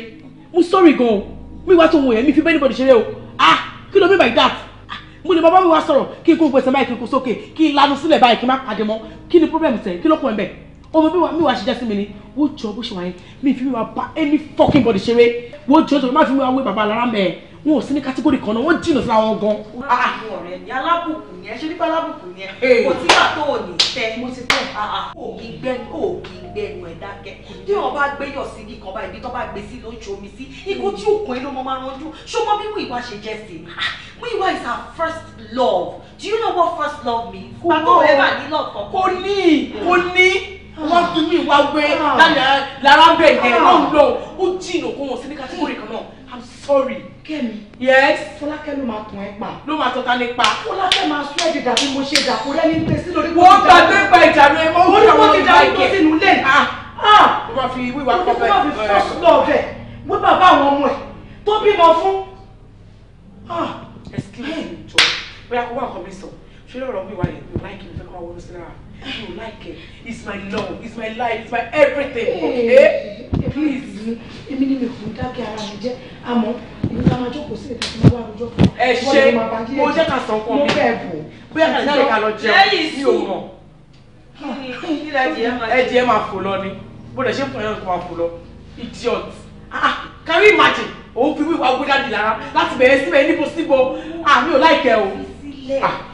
mo sorry gan o mi wá tó wọn yẹn mi fi bá anybody ṣeré o ah kí ló mean by that ah, mo lè bàbá mi wá sọ̀rọ̀ kí n kó gbèsè báyìí kí n kó sókè kí n lanu sílẹ̀ báyìí kí n má pàdé mọ́ kí ni problem sẹ̀ kí ló kún ẹ bẹ́ẹ̀ ọmọ mi wà ṣiṣẹ́ sí mi ni wọ́n jọ bó ṣe wà yẹn mi fi mi wá bá any fucking body ṣeré wọ́n jọ jọ má fi mi wá wé bàbá alára mẹ́ẹ̀ wọn ò sí ní kátígórì kan náà wọ́n jìnnà síra wọn gan. ọ̀rẹ́ ni alábùkù ni ẹ ṣe nípa alábùkù ni ẹ kò tí wà tó ò ní fẹ́. mo ti fẹ́ ah, ah. òkì gbẹ́nu òkì gbẹ́nu ẹ̀ dákẹ́ bí wọ́n bá gbéyọ̀ sí ibi kan báyìí bí tó bá gbé sí ló ń ṣomi sí ikú tí òkun inú mo máa ranjú ṣó mọ bí Muiwa ṣe jẹ́ sí mi ah, Muiwa is her first love do you know what first love means? pàtó ẹ bá ní love kankan. kò ní kò ní wọ́n tún ní ìwà gbé lára bẹ̀ yẹn lọ́nà ó jìnnà kó wọn sí ní kátígórì kan náà i'm sorry. Kẹ́mi. Yes. Fọlákẹ́ ló máa tàn ẹ́ pa. Ló máa tọ́ta ní pa. Fọlákẹ́ máa sún ẹ̀jẹ̀ dàbí mo ṣe dàpọ̀ rẹ́ ní pèsè lórí kó ti dàrú. Wọ́n gbàgbé pa ìjàrú ẹ̀ mọ́ òun ni wọ́n ti dàrú tó sínú ilé. Ó ah. ah. máa fi wíwá kọ́ bẹ́ẹ̀. Ó máa fi first love ẹ̀ wí bàbá àwọn ọmọ ẹ̀ tó bímọ fún. Ah. Excuse me, Jọ. Bóyá kó wà nǹkan mi sọ. Ṣé lọ́rọ̀ mi wà yẹn? Mi ò láì kí n fẹ́ kọ́ wọ́n sí lára. I don't like it. It's my love, it's my life, it's my everything. Okay? Please. Èmi ni mi kò dákẹ́ ara mi jẹ́ àmọ́ èmi ká máa jókòó sí ètò ìmọ̀wá àwùjọ. Ẹ ṣe mo jẹ́ ká sàn kan mi. Mo bẹ̀ bù. Bóyá kàdé náà ká lọ jẹun. Lẹ́yìn sí o. Ẹ̀jẹ̀ máa fò lọ ni. Bó lè ṣe fún ẹ̀yàn kó máa fò lọ. Idiot. Ah, ah. Can you imagine? Òun fi wíwá gbé dáàdì lára láti bẹ̀rẹ̀ síbẹ̀ níbo síbo. Àmì ah, ò láìkẹ́ o. Fi sílẹ̀.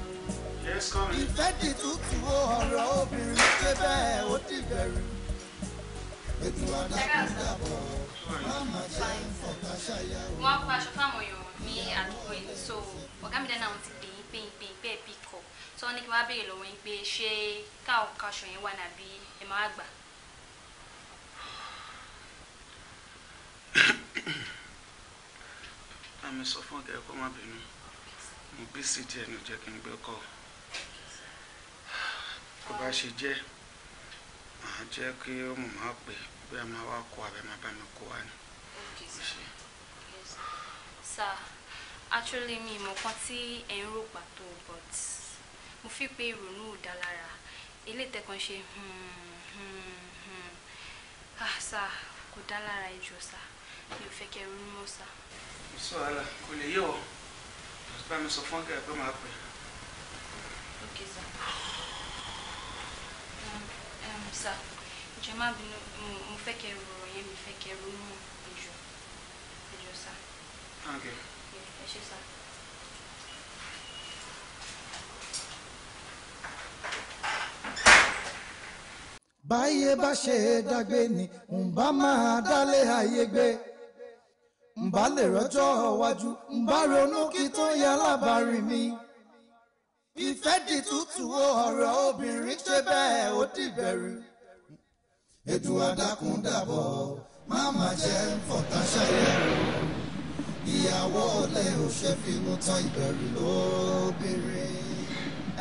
ìfẹ́ dìtútù ọ̀rọ̀ obìnrin ṣe bẹ́ẹ̀ ó ti bẹ̀rù ètò àdàkùdàbọ̀ máma ṣe fọ̀tà ṣàyà o. wọ́n pa aṣọ fáwọn èèyàn ní àdúgbò yìí so ọ̀gá mi dáná àwọn ti pè yín pé yín pé yín pé bí kọ̀ tí ní kí wọ́n á béèrè lọ́wọ́ yín pé ṣé káwọn kaṣọ yẹn wà nàbí ẹ̀ máa gbà. àmì sọ fún ọ̀gá ẹ̀kọ́ má bínú mo bí sí díẹ̀ ní ó kí n gbé kọ́ bó bá ṣe jẹ́ màá jẹ́ kí ó mọ̀ máa pè bí a máa wá kó abẹ́ máa bá mi kó wá ni. sir actually mi mọ̀ kan tí ẹ̀ ń rò pàtó but mo fi pé ìrònú ò dá lára ilé ìtẹ̀kàn ṣe hmm, hmm, hmm. Ah, sir kò dá lára ìjọ sir mi ò fẹ́ kẹ́ ronú mọ́ sir. sọ wàhálà kò lè yé ọ bá mi sọ fún ọgá ẹ pé màá pè. ok sir. sá ìjọ má bínú mo fẹ́ kẹ́ mi fẹ́ kẹ́ ro mọ́ ìjọ ìjọ sá. báyé bá ṣe dágbé ni ń bá máa dálé ayé gbé ń bá lè rọjọ́ iwájú ń bá ronú kí tó mi. ìfẹ́ di tútù ọ̀rọ̀ obìnrin ṣe bẹ́ẹ̀ ó dìbẹ̀rù. ètò àdákùn dàbọ̀ máa má jẹ́ fọ̀tá ṣàyẹ̀wò ìyàwó olè ò ṣe fi mú tán ìbẹ̀rù lóbìnrin.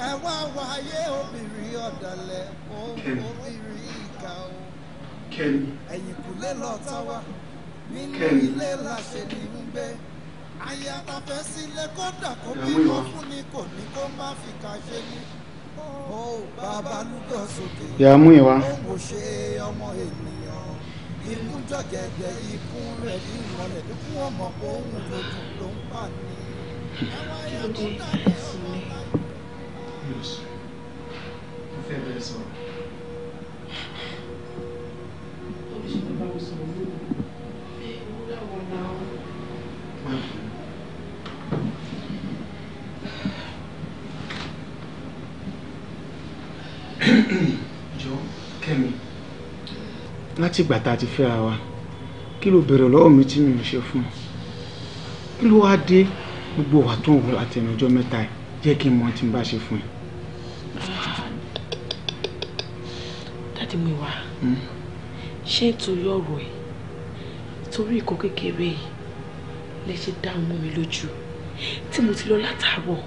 ẹ wá wá ayé obìnrin ọ̀dàlẹ̀ obìnrin ìkà o. ẹ̀yìnkùlé lọ́ọ́ táwa nínú ilé làṣẹ ní ń gbé àyà tàfẹ́ sílẹ̀ kódà kó bímọ fún ni kò ní kó má fi kà ṣe ni. ó bàbá lúgọ sókè. yàmú ìwà. ó kò ṣe ọmọ ènìyàn ikú jọ̀gẹ̀dẹ̀ ikú rẹ̀ ní ìmọ̀lẹ̀ tó kún ọmọ òun lòdùn ló ń bà ní. kílódé ẹ̀sìn mi. yóò mo fẹ́ bẹ̀rẹ̀ Thank you. láti ìgbà tá a ti fẹ́ra wa kí ló bèrè lọ́wọ́ mi tí mi ò ṣe fún ọ kí ló wá dé gbogbo wa tó ń wọ àtẹnu ọjọ́ mẹ́ta ẹ̀ jẹ́ kí n mọ tí n bá ṣe fún ẹ. dádì mi wá hmm. ṣé nítorí ọ̀rọ̀ ẹ̀ torí ìkó kékeré yìí lè ṣe dá ọmọ mi lójú tí mo ti lọ látàárọ̀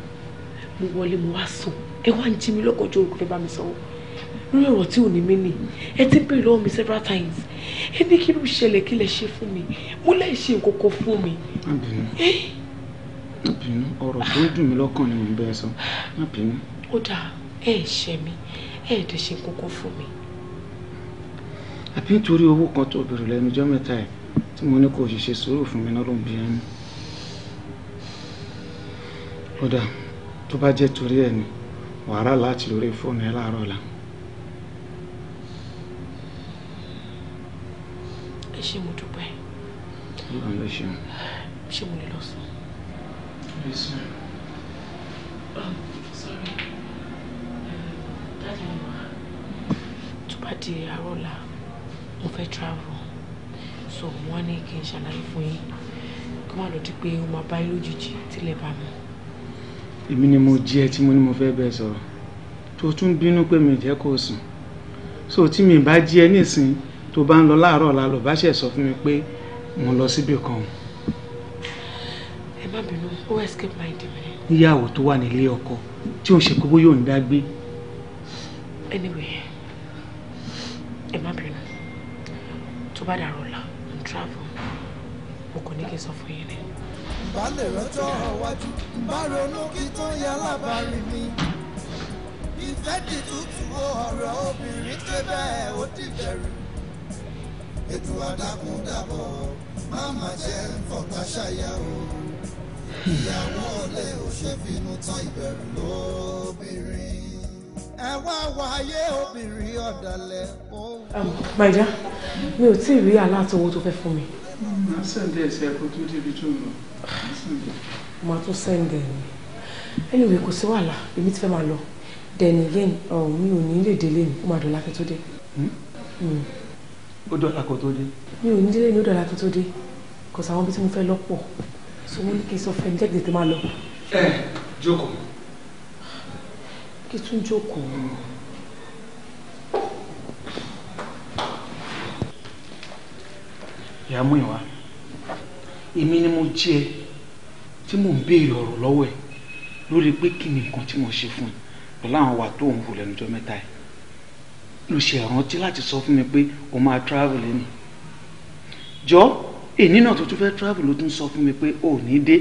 mo wọlé mo wá sùn ẹ wá ń jí mi lọ́gànjọ́ òru lè bá mi sanwó lórí ọ̀rọ̀ tí ò ní mí nì ẹ ti bèrè lọ́wọ́ mi several times ẹ ní kí ló ṣẹlẹ̀ kí lẹ ṣe fún mi mo lè ṣe nǹkan kan fún mi. má bínú má bínú ọ̀rọ̀ tó ń dùn mí lọ́kàn ni mò ń bẹ́ẹ̀ sọ má bínú. ó dáa ẹ ẹ ṣẹ mi ẹ ẹ dẹ ṣe nǹkan kan fún mi. àbí nítorí owó kan tó bèrè lẹ́nu ọjọ́ mẹ́ta ẹ̀ tí mo ní kò ṣiṣẹ́ sùúrù fún mi náà ló ń bí ẹni. ó dáa tó bá jẹ́ torí ẹ̀ ni wàhálà láti lórí fóònù ẹ láàárọ̀ làwọn. ẹ ṣé mo dúpẹ́. Báwo ló ṣe? Ṣé mo lè lọ sùn? Yes, ma'am. Um, sorry. Eh, Dáàdì mi Tó bá di àárọ̀ mo fẹ́ travel. So mo ní kí n ṣàlàyé fún yín. Kí wọ́n lọ di pé ó máa bá yín lójijì tílẹ̀ bá mi. Èmi ni mo jí ẹ tí mo ní mo fẹ́ bẹ́ẹ̀ sọ̀rọ̀. Tó tún bínú pé mi ò jẹ́ kó sùn. So tí mi bá jí ẹ nísìnyí tó bá ń lọ láàárọ̀ ọ̀la ló bá ṣe sọ fún mi pé mo lọ síbì kan. ẹ má bínú ó escape my mind mi. níyàwó tó wà nílé ọkọ tí òun ṣe kókó yóò ń dá gbé. anyway ẹ má bínú tó bá dàrú ọ̀la n travel mo kò ní kí n sọ fún yín ni. balẹ̀ rọ́jọ́ ọ̀wájú bá ronú kí tó yẹ alábàárín mi ìfẹ́ dìtútù ọ̀rọ̀ obìnrin tẹ́ bẹ́ẹ̀ ó dìbẹ̀rù ètò àdákúndàbọ̀ máma jẹ́ fọ̀tà ṣàyà o ìyàwó ọ̀lẹ ò ṣe bínú tán ìbẹ̀rù lóbìnrin ẹ wá wáyé obìnrin ọ̀dàlẹ̀ ó. Um, Maija mi ò tí ì rí aláàtọwọ́ tó fẹ́ fún mi. màá sẹ́ndẹ̀ ẹ̀sẹ̀ kó tó débi tó lọ. màá tún sẹ́ndẹ̀ ẹ̀ ni anyway kò sí wàhálà èmi ti fẹ́ máa lọ dẹ̀ni yẹn um, mi ò ní lè délé mi ó máa dọ̀la kí dé. Hmm? Hmm ó dọ̀la kó tó dé. mi ò ní délé ní ó dọ̀la kó tó dé kò sáwọn ibi tí mo fẹ́ lọ́pọ̀ so mo ní kí n sọ fẹ́ mi jẹ́ kí tètè máa lọ. ẹ jókòó. kí tún jókòó. ìyá mú ìwà èmi ni mo jẹ tí mò ń béèrè ọ̀rọ̀ lọ́wọ́ ẹ̀ lórí pé kí ni nǹkan tí mo ṣe fún un pẹ̀lú àwọn wà tó ń hù lẹ́nu jọ mẹ́ta yìí ló ṣe àrántí láti sọ fún mi pé o máa travel ni jọ èyí náà tó tún fẹ́ travel ló tún sọ fún mi pé o ò ní dé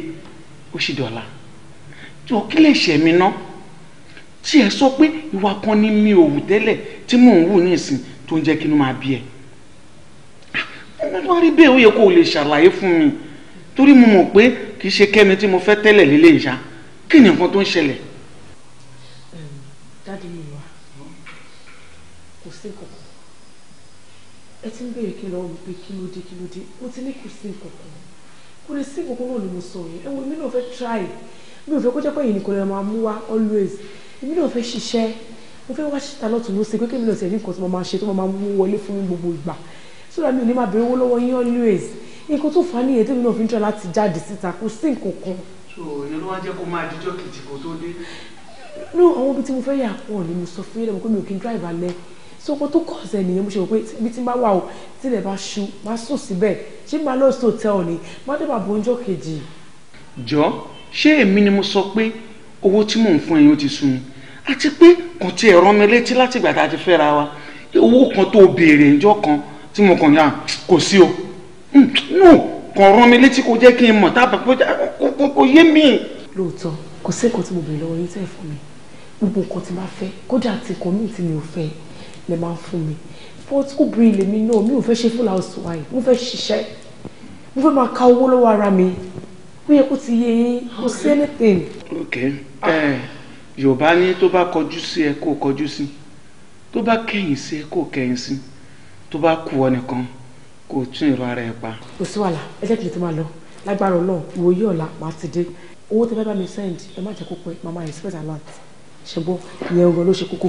ó sì dọ̀la jọ kí lè ṣe mí ná tí ẹ sọ pé ìwà kan ni mi ò wù tẹ́lẹ̀ tí mò ń wù ní ìsìn tó ń jẹ́ kí inú máa bí ẹ ah, wọ́n rí bẹ́ẹ̀ ó yẹ kó o lè ṣàlàyé fún mi torí mo mọ̀ pé kì í ṣe kẹ́mi tí mo fẹ́ tẹ́lẹ̀ lílé ìyá kí ni nǹkan tó ń ṣẹlẹ̀. dádì mi ẹ ti ń béèrè kí lọ́wọ́ mi pé kí ló dé kí ló dé mo ti ní kò sí nǹkan kan kò lè sí nǹkan kan náà ni mo sọ yẹn ẹ̀wọ̀n èmi náà fẹ́ try mi ò fẹ́ kó jẹ́ pé èyí lè máa mú wa always èmi náà fẹ́ ṣiṣẹ́ mo fẹ́ wá síta lọ́tún ló ṣe pé kémi náà ṣe ní nǹkan tí mo máa ṣe tó máa mú wọlé fún mi gbogbo ìgbà sódà mi ò ní máa béèrè owó lọ́wọ́ yín always nǹkan tó fà á nìyẹn tèmi náà fi ń tọ́ láti jáde síta kò sí nǹkan kan. so ìyẹn ló wá jẹ́ kó máa dijọ́ kìtì kó tó dé. ní àwọn ibi tí mo fẹ́ yà pọ̀ ni mo sọ fún yẹn lẹ́mọ̀ pé drive alẹ́ so kó tó kọ̀ ọ̀sẹ̀ nìyẹn mo ṣe rò pé ibi tí n bá wà o tílẹ̀ bá ṣú máa sùn síbẹ̀ ṣé máa lọ sí hòtẹ́ẹ̀lì ni má dé bàbá oúnjẹ kejì. jọ ṣé èmi ni mo sọ pé owó tí mò ń fún ẹyin ó ti sun àti pé kò tiẹ̀ rán mi létí láti ìgbà tá a ti fẹ́ra wa owó kan tó béèrè ǹjọ́ kan tí mo kàn yà kò sí o hmm, no kàn rán mi létí kò jẹ́ kí n mọ̀ tábà kò yé mi. lóòótọ́ kò sí ẹ̀kọ́ tí mo béèrè lọ́wọ́ yín tẹ́ fún mi gbogbo nǹkan tí máa fẹ́ kódà àti nǹkan míì tí mi ò fẹ́ lè máa fún mi but obìnrin lèmi náà mi ò fẹ́ ṣe full housewife mo fẹ́ ṣiṣẹ́ mo fẹ́ máa ka owó lọ́wọ́ ara mi ó yẹ kó ti yé yín kò sí anything. ok yorùbá ní tó bá kọjú sí ẹ kó kọjú sí tó bá kẹ̀yìn sí ẹ kó kẹ̀yìn sí tó bá kù ọ nìkan kó tún ìrọ ara ẹ pa. kò sí wàhálà ẹ jẹ́ kí n tó máa lọ lágbára ọlọ́run ìwòye ọ̀la màá ti dé owó tẹ́ fẹ́ bá mi send ẹ má jẹ́ kó pẹ́ màmá expect alert ṣùgbọ́n ìyẹn ọ̀rọ̀ ló ṣe kókó.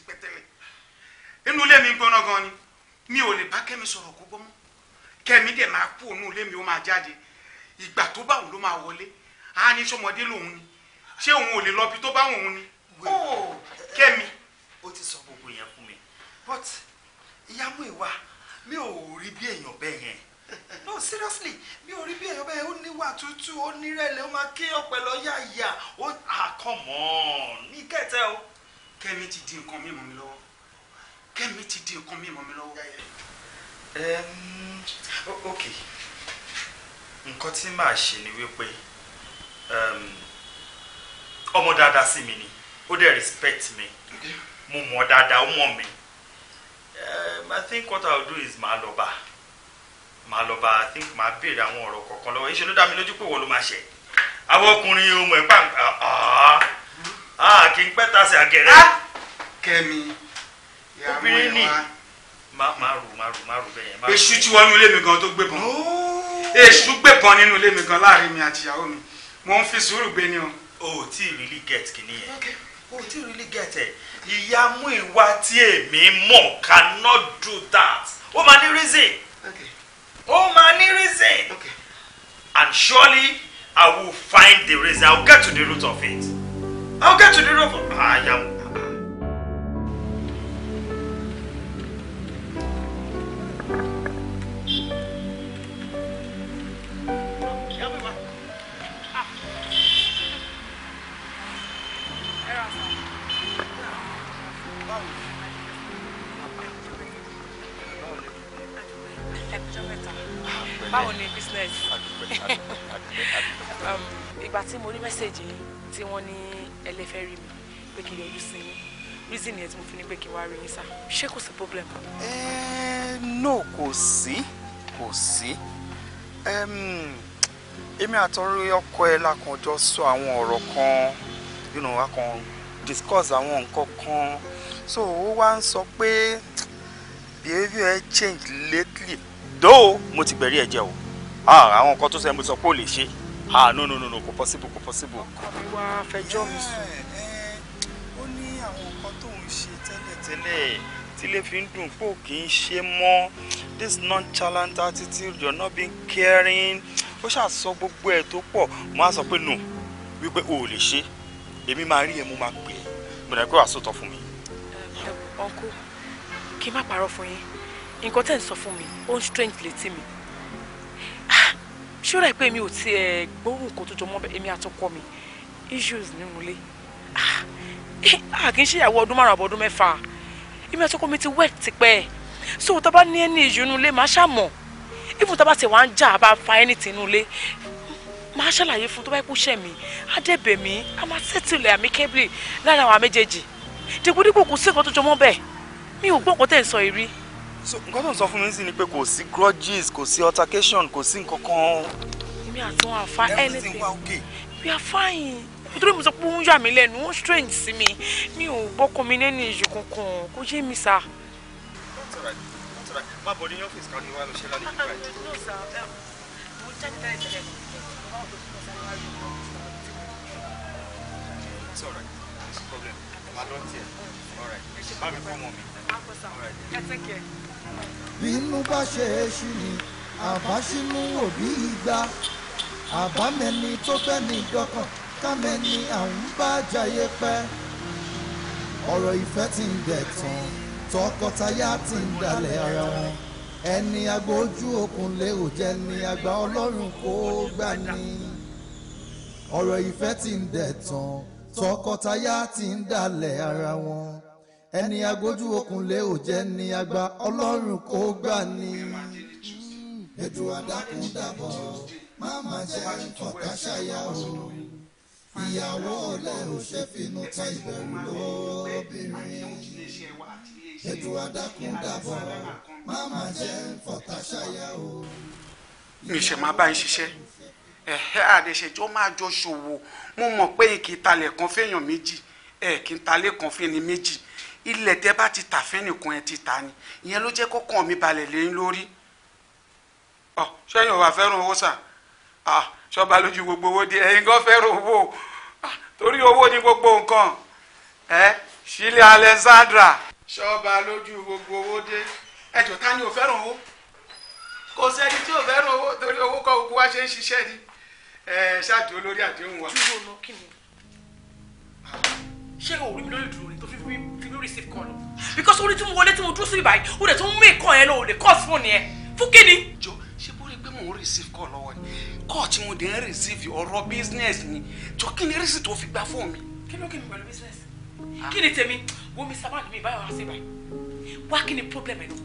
inú ilé mi ń gbóná gan ni mi ò lè bá kẹ́mi sọ̀rọ̀ kó gbọ́ mọ́ kẹ́mi dẹ̀ máa kú òun ilé mi ó máa jáde ìgbà tó bá òun ló máa wọlé á ní sọmọdé lòun ni ṣé òun ò lè lọ bí tó bá òun ni kẹ́mi. ó ti sọ gbogbo yẹn fún mi but ìyá mú ìwà mi ò rí bí èèyàn bẹ́ẹ̀ yẹn no seriously mi ò rí bí èèyàn bẹ́ẹ̀ ó níwà tútù ó nírẹ̀lẹ̀ ó máa ké ọ̀pẹ lọ yáyà ó ah come on ní kẹtẹ o. kẹ́mi ti di nǹkan mímọ́ mi lọ́wọ́ kẹ́mi ti di nǹkan mímọ́ mi lọ́wọ́. ok nǹkan tí màá ṣe ni wípé ọmọ dáadáa sí mi ni ó dẹ̀ respect mi mo mọ̀ dáadáa ó mọ̀ mi i think what i will do is màá lọ bá màá lọ bá i think màá béèrè àwọn ọ̀rọ̀ kọ̀ọ̀kan lọ́wọ́ ìṣèlú dá mi lójú pé wọ́n ló máa ṣe àwọn ọkùnrin ọmọ ẹ̀ pàǹpà ah, ah, kì í pẹ́ tasẹ̀ àgẹ̀rẹ́. Ah! kẹ́mi obìnrin ni máa rò máa rò máa rò bẹ́yẹn. èṣù tí wọnú ilé mi gan tó gbé bọ́n èṣù gbé bọ́n nínú ilé mi gan láàrin mi àti ìyàwó mi mo ń fi sùúrù gbé ni o. o ò really get kìíní yẹn o ò tí really get ẹ ìyá mú ìwà tí èmi mọ̀ cannot do that ó máa ní reason ó máa ní reason and surely I will find the reason I will get to the root of it I will get to the root of it. I am tí mo rí mẹ́sẹ̀gì yín tí wọ́n ní ẹlẹ́fẹ́ rí mi pé kí n yọjú sí yín reason yẹn tí mo fi ní pé kí n wá rí yín sá ṣé kò sí problem. ẹ eh, no kò sí kò sí èmi àtọ́rí ọkọ ẹ lákànjọ sọ àwọn ọ̀rọ̀ kan you know, akàn discuss àwọn nǹkan kan so ó wá ń sọ pé behaviour ẹ change lately though mo ti gbẹ̀rí ẹ̀ jẹ́ o ah, àwọn nǹkan tó sẹ́ni mo sọ pé ó lè ṣe ah no no no no kò possible kò possible. ọkọ mi wá fẹjọ́ mi sùn. Eh, eh, ó ní àwọn nǹkan tó ń ṣe tẹ́lẹ̀tẹ́lẹ̀ tílé fi ń dùn pò kì í ṣe mọ́ this nonchalant attitude you're not being caring ó ṣàṣọ gbogbo ẹ̀ tó pọ̀ mo á sọ pé no wípé o ò lè ṣe èmi máa rí ẹ mo máa pè é mo dàgbé wàá sòtọ́ fún mi. ọkọ eh, kí n má parọ́ fún yín nǹkan tẹ́ ń sọ fún mi ó ń strange létí mi ah, ṣúra ẹ pé mi ò tiẹ̀ eh, gbóhùn kan tó jọ mọ́ èmi àtọkọ mi issues nínú Ah, àkínṣe ah, she ọdún márùn àbọ̀ ọdún mẹ́fà èmi àtọkọ mi ti to commit to tá To bá So, what about inú ilé màá ṣàmọ̀ even tá a bá ti wà ń jà bá fa anything inú ilé màá ṣàlàyé fún tó bá kú ṣẹ̀ mí á dẹ̀bẹ̀ mí I'm a ṣètìlẹ̀ àmì kẹ́bìlì láàrin àwọn méjèèjì dìgbòdìgbò kò sí nǹkan tó jọ mọ́ bẹ́ẹ̀ mi ò gbọ́ nǹkan go ń sọ ìrí so nǹkan tó ń sọ fún mi sí ni pé kò sí grudges kò sí altercation kò sí nǹkan kan. èmi àti wọn àfa anything we are fine nítorí mo sọ pé ń yà mí lẹ́nu strange sí mi mi ò gbọ́kàn mi lẹ́nu ìṣù kankan kò yé mi sá. má bọ̀ ní ọ́fíìsì kan ní wàá lọ ṣe lálẹ́ báyìí. Um, It's all right. No problem. I don't care. All right. Bá mi fọ́ ọmọ mi. All right. Ẹ tẹ́kẹ̀ẹ́ bínú bá ṣe é ṣì ní àbáṣínú òbí igba àbámẹ́ni tó fẹ́ ní dọ́kàn kámẹ́ni àwọn bá jayé pẹ́ ọ̀rọ̀ ìfẹ́ ti ń dẹ̀ tán tọkọtaya ti ń dalẹ̀ ara wọn ẹni agbo ojú òkun lè ni àgbà ọlọ́run kò gbà ní ọ̀rọ̀ ìfẹ́ ti ń dẹ̀ tán tọkọtaya ti ń dalẹ̀ ara wọn ẹni agójú okùn lé ò jẹ́ ní agba ọlọ́run kò gbà ní. ètò àdákùndàbọ̀ máa ma jẹ́ ọ̀tá ṣáyà o ìyàwó ọ̀lẹ ò ṣe finú ta ìbẹ̀rù lóbìnrin. ètò àdákùndàbọ̀ máa ma jẹ́ ọ̀tá ṣáyà o. ìṣẹ̀ máa bá ń ṣiṣẹ́ ẹ̀hẹ́ àdéṣejọ́ máa jọ ṣòwò mo mọ̀ pé kì í talẹ̀ kan fẹ́yàn méjì ẹ̀ kì í talẹ̀ kan fẹ́ni méjì ilẹ̀ tẹ́ bá ti tà fẹ́nìkan ẹ ti tà ni ìyẹn ló jẹ́ kọ́kàn mi balẹ̀ lé lórí ọ sẹ́yìn ọ̀wà fẹ́ràn owó sà ah, ṣọba lójú gbogbo owó di ẹ̀yin gan fẹ́ràn owó ah, torí owó ni gbogbo nǹkan ẹ sílẹ̀ Alexandra. ṣọba lójú gbogbo owó dé ẹjọ ta ni ò fẹ́ràn owó kò sẹ́ni tí ò fẹ́ràn owó torí owó kọ́ gbogbo wa ṣe ń ṣiṣẹ́ ni ẹ ṣáàtì olórí àdéhùn wa. kí ló lọ kí ni ṣé o rí mi lórí ìdúró ni tó fi fi receive call ni because orí tí mo wọlé tí mo dúró sí ibà yìí o dẹ̀ tún mú ìkọ́ yẹn lọ o lè call fún yẹn fún kíni. jọ ṣé bó rí pé mò ń receive call lọ́wọ́ ni call tí mo dẹ̀ ń receive ọ̀rọ̀ business ni jọ kí ni rísì tó fi gbá fún mi. kí ló kí mi pẹ̀lú business ah. kí ni tèmi wo mi sábà mi báyọ̀ wá sí ibà wá kí ni problem ẹ̀ lọ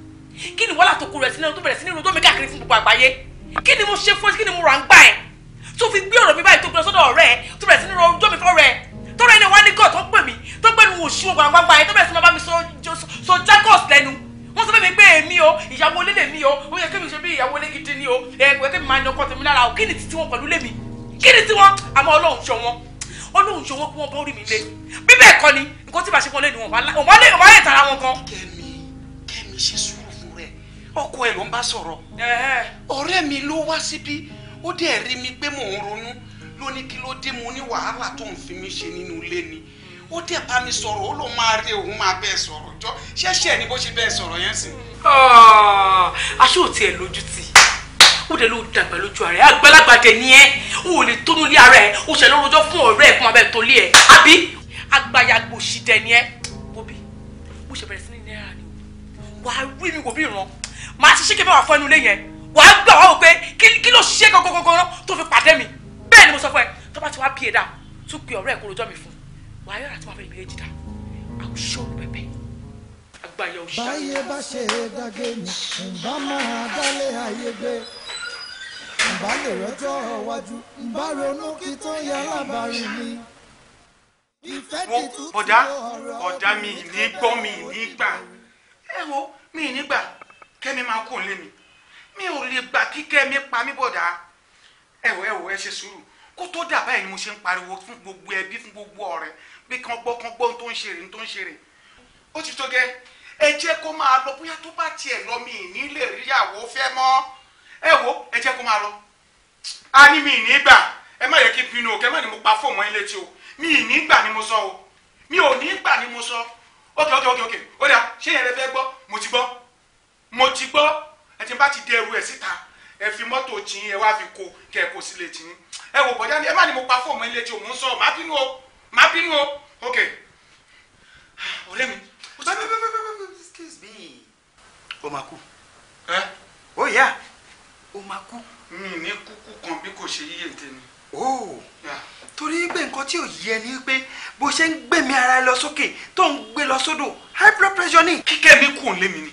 kí ni wàhálà tó kó rẹ̀ sínú tó bẹ̀rẹ̀ sí ní irun tó mi káàkiri fún gbogbo àgbáyé kí ni mo ṣe fún ẹ kí ni mo rà ń gbà ẹ̀ tó fi gbé ọ̀rọ̀ mi báyìí tó gbé lọ sọ́dọ̀ ọ̀rẹ́ ẹ̀ tó bẹ̀rẹ̀ sí ní mi fọ́ rẹ̀ ẹ̀ tọ́rọ ẹni wá ní gọ́ọ̀ tó pè mí tó pè mí wò sí ògùn àgbàgbà yẹn tó bẹ̀rẹ̀ sí máa bá mi sọ jagos lẹ́nu wọ́n sọ mi pé èmi o ìyàwó lé lèmi o ó yẹ kémi ṣe bí ìyàwó lé gidi ni o ẹ̀ẹ́dẹ̀gbẹ́ kémi máa ní ọkọ tèmi lára o kí ni títí wọn pẹ̀lú lèmi kí ni tí wọn àmọ́ ọlọ́run ṣọ wọn ọlọ́run ṣọ wọn kí wọ́n bá orí mi lé bí bẹ́ẹ̀ kọ́ ni nǹkan tí bàṣẹ́ wọn lé ni wọn ò bá lè tara wọn kan. kẹ́mi kẹ́mi ṣe sùúrù ló ní kí ló dé mo ní wàhálà tó ń fi mí ṣe nínú ilé ni ó dẹ̀ bá mi sọ̀rọ̀ ó lóun máa rí òun máa bẹ́ẹ̀ sọ̀rọ̀ jọ ṣẹ́ṣẹ́ ni bó ṣe bẹ́ẹ̀ sọ̀rọ̀ yẹn sí. Ah, aṣọ ò tiẹ̀ lójú tì ó dẹ̀ ló dàgbà lójú ara ẹ̀ àgbàlagbà dẹ̀ ni ẹ́ ó ò lè tónú lé ara ẹ̀ ó ṣẹlẹ̀ rọjọ́ fún ọ̀rẹ́ ẹ̀ fún abẹ́ tó lé ẹ̀ àbí agbáyagbò ṣì dẹ̀ ni ẹ́ bóbi bó ṣe bẹ̀rẹ̀ sí ní náírà ni wàá rí mi wò bí ìran màá ti ṣe kébé wà fún lé yẹn wàá gbà wá wò pé kí ló ṣiṣẹ́ gangan gangan tó fi pàdé mi bẹ́ẹ̀ ni mo sọ fún ẹ tó bá ti wá bí e dá tún pe ọ̀rẹ́ ẹ̀ mi fún wàá yọ̀rọ̀ àti máa fẹ́ ibi èjì dá àwùjọ pẹpẹ àgbàyà òṣìṣẹ́. báyé bá ṣe dàgé mi ǹbá máa dálé ayé gbé ǹbá lè rọjò wájú ǹbá ronú kí tó yẹ alábàárín mi. ọ̀dà ọ̀dà mi ní gbọ́ mi ní gbà ẹ wo mi ní gbà kẹ́mi máa kó lé mi mi ò lè gbà kí kẹ́mi pa mí bọ̀dà ẹ wo ẹ wo ẹ ṣe sùúrù kó tó dà báyìí ni mo ṣe ń pariwo fún gbogbo ẹbí fún gbogbo ọ̀rẹ́ pé kàn gbọ́ kàn gbọ́ ohun tó ń ṣe rè ohun tó ń ṣe rè ó ti tó gẹ́ ẹ jẹ́ kó máa lọ bóyá tó bá tiẹ̀ lọ mi ní lè ríyàwó fẹ́ mọ́ ẹ wo ẹ jẹ́ kó máa lọ a ní mi ní gbà ẹ má yẹ kí n pinnu o kẹ má ní mo pa fóònù ẹ létí o mi ní gbà ni mo sọ o mi ò ní gbà ni mo sọ ókè Ok, ok, ok, ó dà ṣé yẹn lè fẹ́ gbọ́ mo ti gbọ́ mo ti gbọ́ ẹ ti bá ti dẹrù ẹ̀ síta ẹ fi mọ́tò tiyín ẹ wá fi kó kẹ ẹ kó sílé tiyín ẹ wò bọ́jà ni ẹ má ní mo pa fóònù ilé tí òun ń sọ má bínú o má bínú o ok ọ̀rẹ́ mi. excuse me. o ma kú. ẹ. o yà o ma kú. mi ní kúkú kan bí kò ṣe yíyẹ tèmi. o torí pé nǹkan tí ò yẹ ni pé bó ṣe ń gbẹ̀mí ara ẹ lọ sókè tó ń gbé lọ sódò high blood pressure ni. kíkẹ́ mi kù ń lé mi ni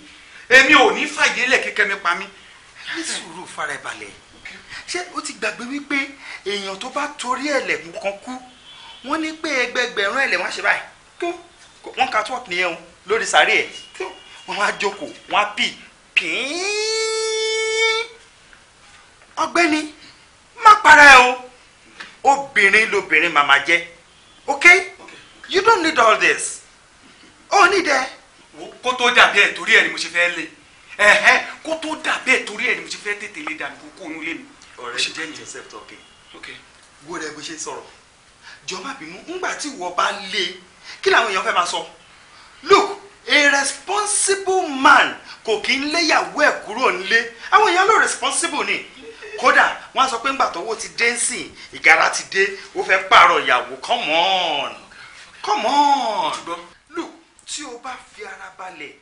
èmi ò ní fàyè lẹ̀ kíkẹ́ mi pa mí ní sùúrù farabalẹ̀ ṣé o ti gbàgbé wípé èèyàn tó bá torí ẹlẹ́gùn kan kú wọ́n ní pé ẹgbẹgbẹ̀rún ẹlẹ́ ṣe báyìí tó wọ́n ka tọ́ọ̀kì nìyẹn o lórí sàárè ẹ̀ tó wọ́n wá jókòó wọ́n á pì pín ọgbẹ́ni má para ẹ o obìnrin lobìnrin màmá jẹ ok you don't need all this ó ní dẹ. kó tó dàbí ẹ̀ torí ẹ̀ ni mo ṣe fẹ́ lé ẹ̀hẹ́ kó tó dà bẹ́ẹ̀ torí ẹ̀ ni mo ti fẹ́ tètè lé dànù kó kó onú lé mi. ọ̀rẹ́ ṣe jẹ́ yẹn sẹ́pítọ̀ wo rẹ̀ bó ṣe sọ̀rọ̀ jọba bínú ńgbà tí ìwọ bá lé kí làwọn èèyàn fẹ́ máa sọ look a responsible man kò kí ń léyàwó ẹ̀ kúrò nílé àwọn èèyàn ló responsible ni kódà wọn á sọ pé ńgbà tọwọ́ ti dé nsìn ìgara ti dé ó fẹ́ pààrọ̀ ìyàwó come on come on. look tí o bá fi ara balẹ̀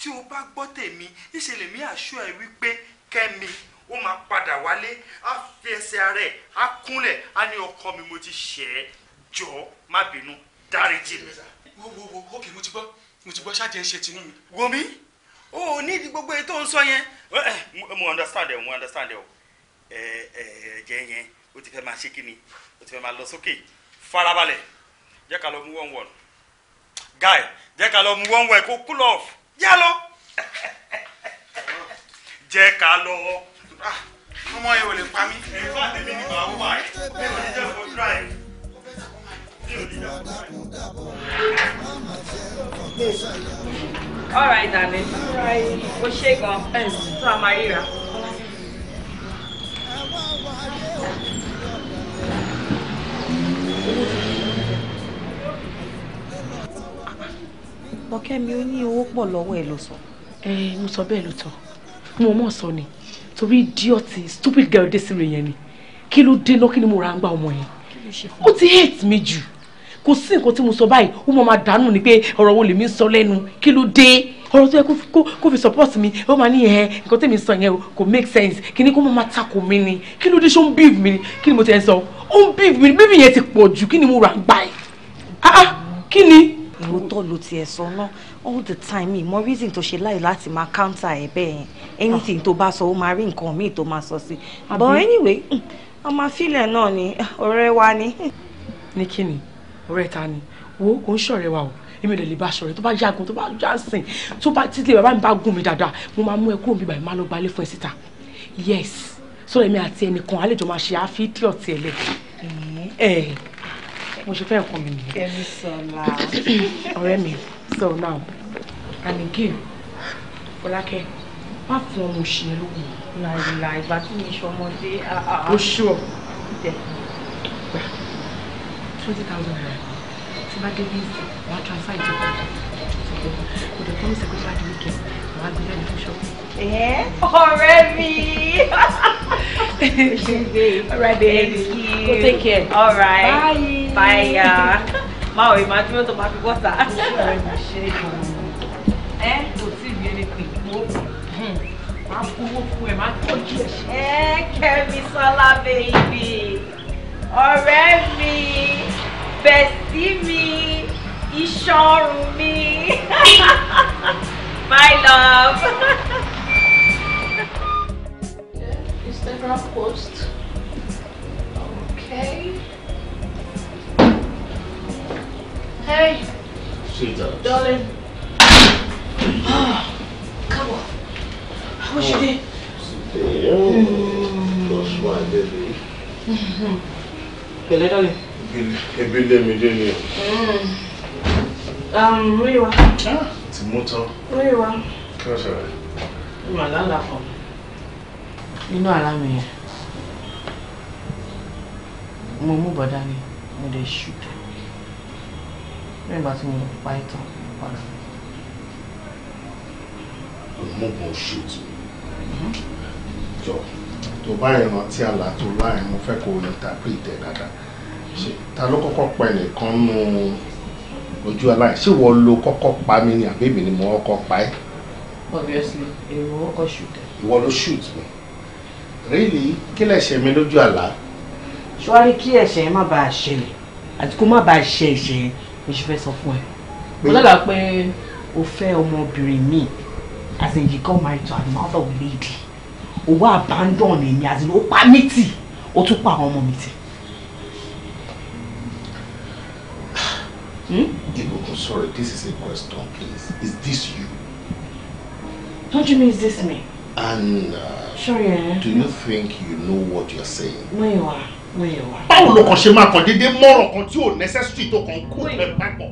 tí o bá gbọ́ tèmi ìṣẹ̀lẹ̀ mi àṣọ ẹ̀ wípé kẹ́mi ó máa padà wálé á fi ẹsẹ̀ ara á kúnlẹ̀ á ní ọkọ mi mo ti ṣẹ̀ ẹ́ jọ̀ọ́ má bínú dáríjì mi. wo wo wo ok mo ti gbọ́ mo ti gbọ́ ṣáà ń ṣe tinú mi. wo mi o ò ní gbogbo ètò ń sọ yẹn. mo understand ẹ mo understand ẹ o ẹ ẹ jẹ yẹn o ti fẹ́ máa ṣe kí ni o ti fẹ́ máa lọ sókè farabalẹ̀ jẹ́ ká lọ mú one one guy jẹ́ ká lọ mú one one kó cool off yá lọ jẹ́ ká lọ. Ah, ọmọ yìí ò pa mí. ìfà tèmi ni màá wà ẹ́ mi ò ní jẹ́ kó dúrà ẹ̀. All right, darling. All right. O shake gan. Ẹ ǹ tún a máa bọ́kẹ́mi ó ní owó pọ̀ lọ́wọ́ ẹ̀ ló sọ. ẹ mo sọ bẹ́ẹ̀ ló tọ́ mo mọ̀ sọ ni torí díọ̀tì stupid girl dé sí mi yẹn ni kí ló dé lọ́kí ni mo ra ń gba ọmọ yẹn ó ti hate mi jù kò sí nǹkan tí mo sọ báyìí ó mọ̀ máa dànù ni pé ọ̀rọ̀ wo lèmi ń sọ lẹ́nu kí ló dé ọ̀rọ̀ tó yẹ kó fi support mi ó máa ní ẹ̀ nǹkan tẹ̀mí sọ yẹn kò make sense kí ni kó máa takò mí ni kí ló dé ṣó ń bíìf mi ni kí ni mo ti ẹ̀ sọ ó ń bíìf mi ni bíbí yẹn ti pọ̀ jù kí ni mo rà ń gbà ẹ̀ ah, ah kí ni ìwòtọ́ ló tiẹ̀ sọ náà all the time ìmọ̀ reason tó ṣe láì láti máa counter ẹ̀ bẹ́ẹ̀ anything tó bá sọ ó máa rí nǹkan míì tó máa sọ sí but anyway hmm, a máa fílẹ̀ náà ni ọ̀rẹ́ wa ni. ní kí ni ọ̀rẹ́ ta ni wo kò ń ṣọ̀rẹ́ wa o èmi lè lè bá ṣọ̀rẹ́ tó bá jagun tó bá jásìn tó bá títí bàbá mi bá gùn mi dáadáa mo máa mú ẹ kúrò bíbá ẹ má lọ gbalé fún ẹ síta yes sọ̀rọ̀ èmi àti ẹnìkan àlejò máa ṣe àfi díọ̀tì ẹ̀ lẹ̀ mo ṣe fẹ́ nǹkan mi nìyẹn. ẹni sọlá. ọ̀rẹ́ mi so now and again Fọlákẹ́ má fún ọmọ òṣì yẹn lóhùn láìla ìgbà tí mi ṣe ọmọdé. Ah, ah, ah. o ṣùọ. twenty thousand naira tí bá dé bíi wà á transfer ìjọba kò dé promise pé bá di weekend wà á gbé jáde fún ṣọ́ọ̀bù. ọ̀rẹ́ mi. All right, baby. Go take care. All right. Bye. Paia. Mal, imagina eu tomar que gostar. É? Kò sí mi ẹni pè mọ́. Máa fowó fún ẹ, máa tọ́jú ẹ. Ẹ Kẹ́mi Sọ́lá bèbí, ọ̀rẹ́ mi, bẹ̀sí mi, iṣọ́run mi, my love. Instagram post. Hey. Sweetheart. Darling. Oh, come on. How much you oh. did? That's my baby. Mm-hmm. Pẹ̀lẹ́ darling. Ebi lé mi dé ni. Mm. Um, Ríwa. Ah, Ti mú tán. Ríwa. Kí ló ṣẹlẹ̀? Ìmọ̀ lálà kan. Inú ara mi yẹn. Mo mú bọ̀dá ni, mo lè ṣùtẹ̀ nígbà tí mo pa ìtàn padà. mo mọ ṣètò jọ tó bá ìrántí àlá tó láàrin mo fẹ́ kó interpret ẹ̀ dáadáa ṣe ta ló kọ́kọ́ pa ẹnìkan nù ojú aláì ṣé wọ́n lo kọ́kọ́ pa mí ni àbí èmi ni mo kọ́kọ́ pa ẹ́. obviously èmi ò kọ́ shoot ẹ. ìwọ ló shoot mi really kí lè ṣe mí lójú àlá. ṣùwárí kí ẹ̀ṣẹ̀ má bàa ṣẹlẹ̀ àti kó má bàa ṣe ẹ̀ṣẹ̀ yẹn mo ṣe fẹ́ sọ fún ẹ mo lọ́la pé o fẹ́ ọmọbìnrin mi as in you got married to another lady o abandon èmi as in o pa mí tì o tún pa àwọn ọmọ mi tì. Debo, I'm sorry, this is a question, please. Is this you? Don't you mean is this me? And uh, sure, yeah. do you think you know what you're saying? No, you are báwo ló kàn ṣe máa kàn déédéé mọ́rọ̀ kan tí ò necessary tó kàn kó ẹ̀ papọ̀.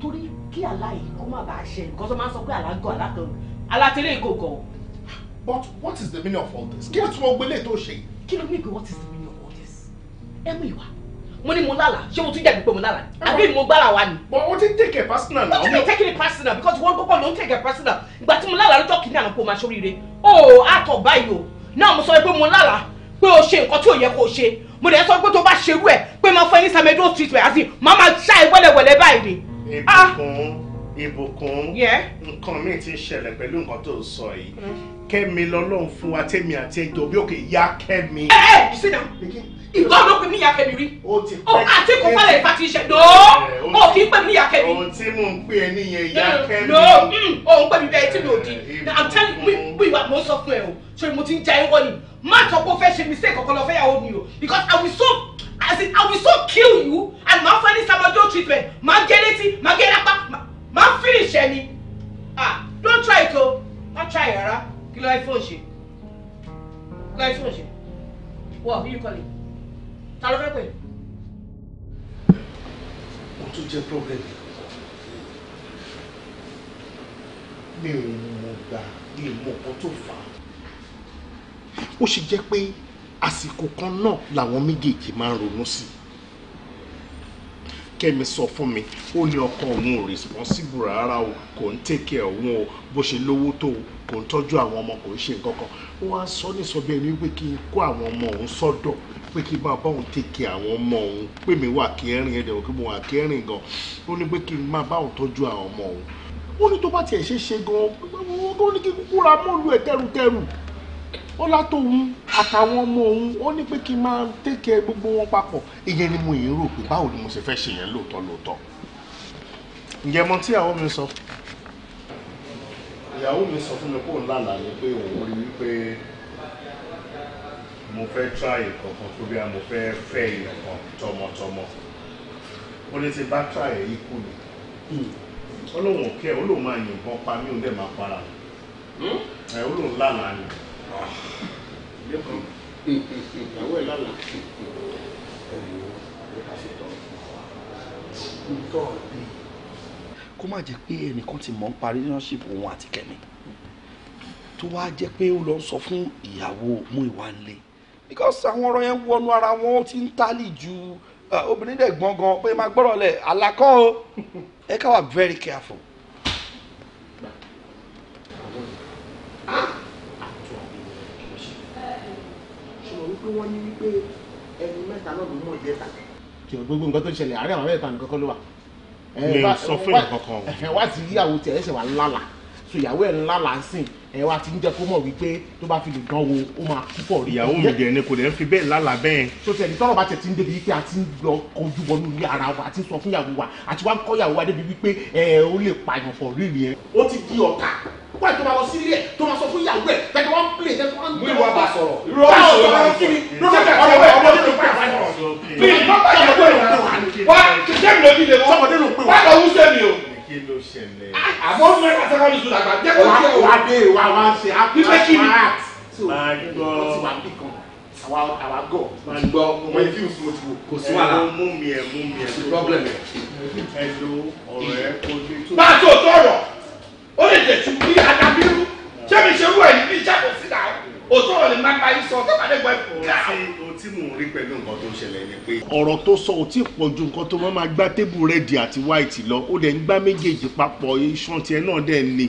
torí kí aláì kó má bàa ṣe nǹkan tó máa ń sọ pé alágọ̀ alákan alátẹ̀lé ìkòkò. but what is the meaning of all this? kí ló tún mọ gbélé tó ṣe. kí ló ní pé what is the meaning of all this? ẹ mú ìwà mo ní mo lálà ṣé mo tún jẹ̀bi pé mo lálà àbí mo gbára wa ni. but o ti take it personal now. o ti dey take it personal because wọ́n gbọ́dọ̀ ló ń take it personal ìgbà tí mo lálà lọ́jọ́ kìíní àná kó o máa ṣoríire o oh, àtọ̀ báyìí o náà mo sọ pé mo lálà pé o ṣe nǹkan tí ò yẹ kó o ṣe mo dẹ̀ sọ pé tó bá ṣerú ẹ̀ pé máa fẹ́ ní samedo treatment àti máa ṣá ẹ wẹ́lẹ́wẹ́lẹ́ báyìí ni. ìbùkún ìbùkún nǹkan míì ti ṣẹlẹ̀ pẹ̀lú nǹkan tó sọ yìí mm kẹ́mi lọ́lọ́run fún wa tẹ́mi àti ẹjọ́ bí òkè ya kẹ́mi. ẹ ẹ you sit down again ìgbọ́ ló pè mí ya kẹ́mi rí o ti oh, pẹ́ àti kò falẹ̀ ìfà ti ṣe dòó o kì í pè mí ya kẹ́mi. ohun tí mò ń pè é nìyẹn ya mm, kẹ́mi. no mm, òun pè bẹ́ẹ̀ tí mi ò di eh, i'm telling you bí ìwà mo sọ fún ẹ o ṣe mo ti ń ja ẹ wọ́n ni má sọ pé fẹ́ ṣe mistake ọ̀kan lọ fẹ́ yàwó mi o because i will so as in i will so kill you and ma fẹ́ ní sabajo treatment ma gé létí ma gé lápá ma finish ẹni ah don't try it o don't try it rárá. Right? kí ló iphone ṣe kí ló iphone ṣe wọ́n who you calling ta ló fẹ́ pè. ó tún jẹ́ problem mi ò mọ̀ gbà mi ò mọ̀ nǹkan tó fà á ó ṣe jẹ́ kan náà làwọn méjèèjì máa ń ronú kẹ́mi sọ fún mi ó ní ọkọ òun responsible rárá o kò ń tèkẹ́ òun o bó ṣe lówó tó o kò ń tọ́jú àwọn ọmọ kò ń ṣe nǹkan kan ó wá sọ ní sọ bẹ́ẹ̀ ni pé kí n kó àwọn ọmọ òun sọ́dọ̀ pé kí bá bá òun tèkẹ́ àwọn ọmọ òun pé mi wà kẹrin ẹ̀dẹ̀ òkè mo wà kẹrin gan ó ní pé kí n má bá òun tọ́jú àwọn ọmọ òun ó ní tó bá tiẹ̀ ṣe é ṣe gan ó ní kí kúkúra mọ́ọ̀lù ẹ̀ tẹ́rùtẹ́rù ó látòun àtàwọn ọmọ òun ó ní pé kí n máa tẹ́kẹ̀ gbogbo wọn papọ̀ ìyẹn ni mo yìí rò pé báwo ni mo ṣe fẹ́ ṣe yẹn lóòótọ́ lóòótọ́ ǹjẹ́ mo tí ìyàwó mi sọ. ìyàwó mi sọ fún mi kó ń lálàá pé òun rí wípé mo fẹ́ try ìkọ̀kan tó bí a mo fẹ́ fẹ́ ìkọ̀kan tọmọtọmọ ó ní ti bá try èyí kù ni ó lóun ò kẹ́ ó lóun máa yìnbọn pa mí ó dẹ̀ máa para hmm? ẹ̀ ó lóun lálàá ni lẹ́kọ̀ọ́ ìyàwó ẹ̀ lálà kó má jẹ́ pé ẹnìkan ti mọ̀ ń parí relationship òun àti kẹ́mi tó wá jẹ́ pé ó lọ sọ fún ìyàwó Múyìwánlé because àwọn ọ̀rọ̀ yẹn wọnú ara wọn ó ti ń tálì ju obìnrin dẹ̀ gbọ́n gan pé máa gbọ́rọ̀ lẹ̀ àlàkọ́ o ẹ ká wà very careful. Ah. pé wọ́n ní wípé ẹni mẹ́ta náà ló mọ̀ jẹ́ta. kì í gbogbo nǹkan tó ṣẹlẹ̀ àárẹ̀ àwọn mẹ́ta nìkan kọ́ ló wà. mi ò sọ fún ìkọ̀kọ̀. wá ti yíyàwó tiẹ̀ ẹ̀ṣẹ̀ wà lálàá so ìyàwó ẹ̀ ńlá là ń sìn ẹ wa ti ń jẹ kó mọ̀ wípé tó bá fi lè dán wo ó máa kú pọ̀ rí. ìyàwó mi dẹ̀ ni kò dẹ̀ fi bẹ́ẹ̀ lálà bẹ́ẹ̀. sọsẹ ní tọrọ bá tẹ ti ń débi wípé a ti ń lọ kọjú wọnú ilé ara wa a ti sọ fún ìyàwó wa àti wá ń kọ́ ìyàwó wa débi wípé ẹ ó lè pààyàn fọ̀ rírì yẹn. ó ti di ọ̀tá wọ́n ẹ̀ máa lọ sí ilé tó máa sọ fún ìyàwó ẹ̀ bẹ́ẹ̀ wọ́n pè é tẹ́tí wọ́n ń gbé bá sọ̀rọ̀ kí ló ṣẹlẹ̀. Ah, àmọ́ fún ẹ̀ka sẹ́kọ̀ọ́dù sùn àgbà jẹ́ jẹ́ o. wàá dé wa wá ṣe àpilẹ̀ kí ni. máa gbọ́ àwa àwa gọ̀. máa gbọ́ ọmọ ìfí òsùn oṣù kò sí wàhálà. ẹ mú mi ẹ mú mi ẹ. problem ẹ. ẹ lo ọ̀rọ̀ ẹ kojú tó. bá a tó tọrọ ó lè jẹ tu bí adabiru ṣé mi ṣe rú ẹ níbi ìjábọ̀ sí náà òtún ò lè má bá yín sọ tó bá dé gbọ́ ẹ̀kọ́. o tí mò ń rí pẹ̀lú nǹkan tó ń ṣẹlẹ̀ ni pé. ọ̀rọ̀ tó sọ ò tí ì pọ̀ ju nǹkan tó máa gbá tébù rẹ́dì àti wáìtì lọ ó dẹ̀ ń gbá méjèèjì papọ̀ iṣan tiẹ̀ náà dẹ̀ ni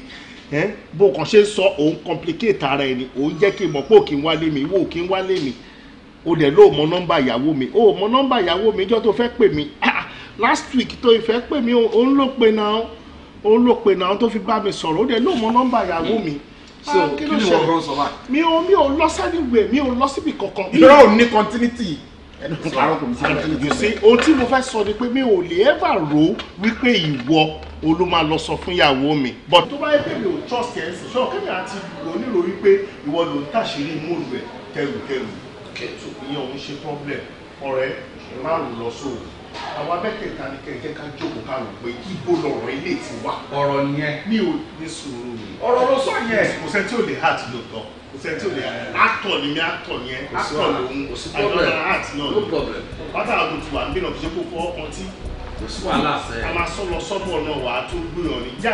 bó kàn ṣe ń sọ òun complicate ara ẹ̀ ni òun jẹ́ kí n mọ̀ pé òkè ń wálé mi ìwọ òkè ń wálé mi o dẹ̀ ló mọ nọ́mbà ìyàwó mi o mọ nọ́mbà ìyàwó mi jọ́ tó fẹ́ pè mí last week tó ìfẹ́ pè mí òun ló pe náà òun ló pe náà tó fi bá mi sọ̀rọ̀ o dẹ̀ ló mọ nọ́mbà ìyàwó mi. Ah, so kí ni wọ́n gan sọ wá. mi ò mi ò lọ sẹ́niwé mi ò lọ síbi kankan. ìlọ́rọ̀ ò ní continuity you see ohun tí mo fẹ́ sọ ni pé mi ò lè ever ro wípé ìwọ olú máa lọ sọ fún ìyàwó mi. but tó bá yẹ pé mi ò trust ẹ̀ ṣe ṣọ́ kémi àti onírò wípé ìwọ ló ń tàṣírí móòlù ẹ̀ kẹrùkẹrù ìyẹn òun ṣe problem ọ̀rẹ́ ẹ má lọ sóòrùn àwọn abẹ́tẹ̀ẹ̀ta ni kẹ̀kẹ́ ká jókòó ká rò pé ibo lọ̀rọ̀ ilé ti wà. ọ̀rọ̀ yẹn ní o ní sùúrù mi. ọ̀rọ̀ ló sọ yẹn. kò sẹ́ni tí ò lè hàt lóòótọ́ kò sẹ́ni tí ò lè hàt actor ni mi actor yẹn actor lòun àjọyọ̀ hàt náà ni bàtà àgùn tiwa ń bínú ṣe kó ọkàn tí. kò sí wàhálà sẹ́. a máa sọ lọ sọ́bọ̀ náà wà á tó gbìyànjú ní ìjà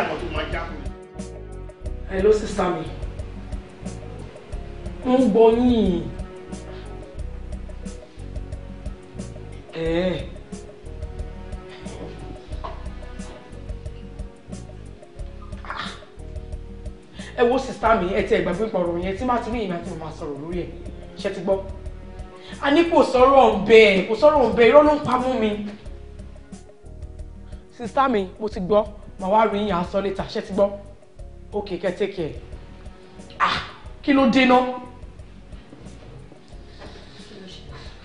tó ẹ wo sista mi ẹ ti ẹgbẹ́ fún ìpọ̀rọ̀ yẹn tí má ti rí ìmọ̀ àti màmá sọ̀rọ̀ lórí ẹ̀ ṣe ti gbọ́. a ní kò sọ̀rọ̀ ọ̀nbẹ kò sọ̀rọ̀ ọ̀nbẹ irọ́ ló ń pa mú mi. sista mi mo ti gbọ́ màá wá rí ìyá sọ létà ṣe ti gbọ́. ok kẹ́ take care. ah kí ló dé náà.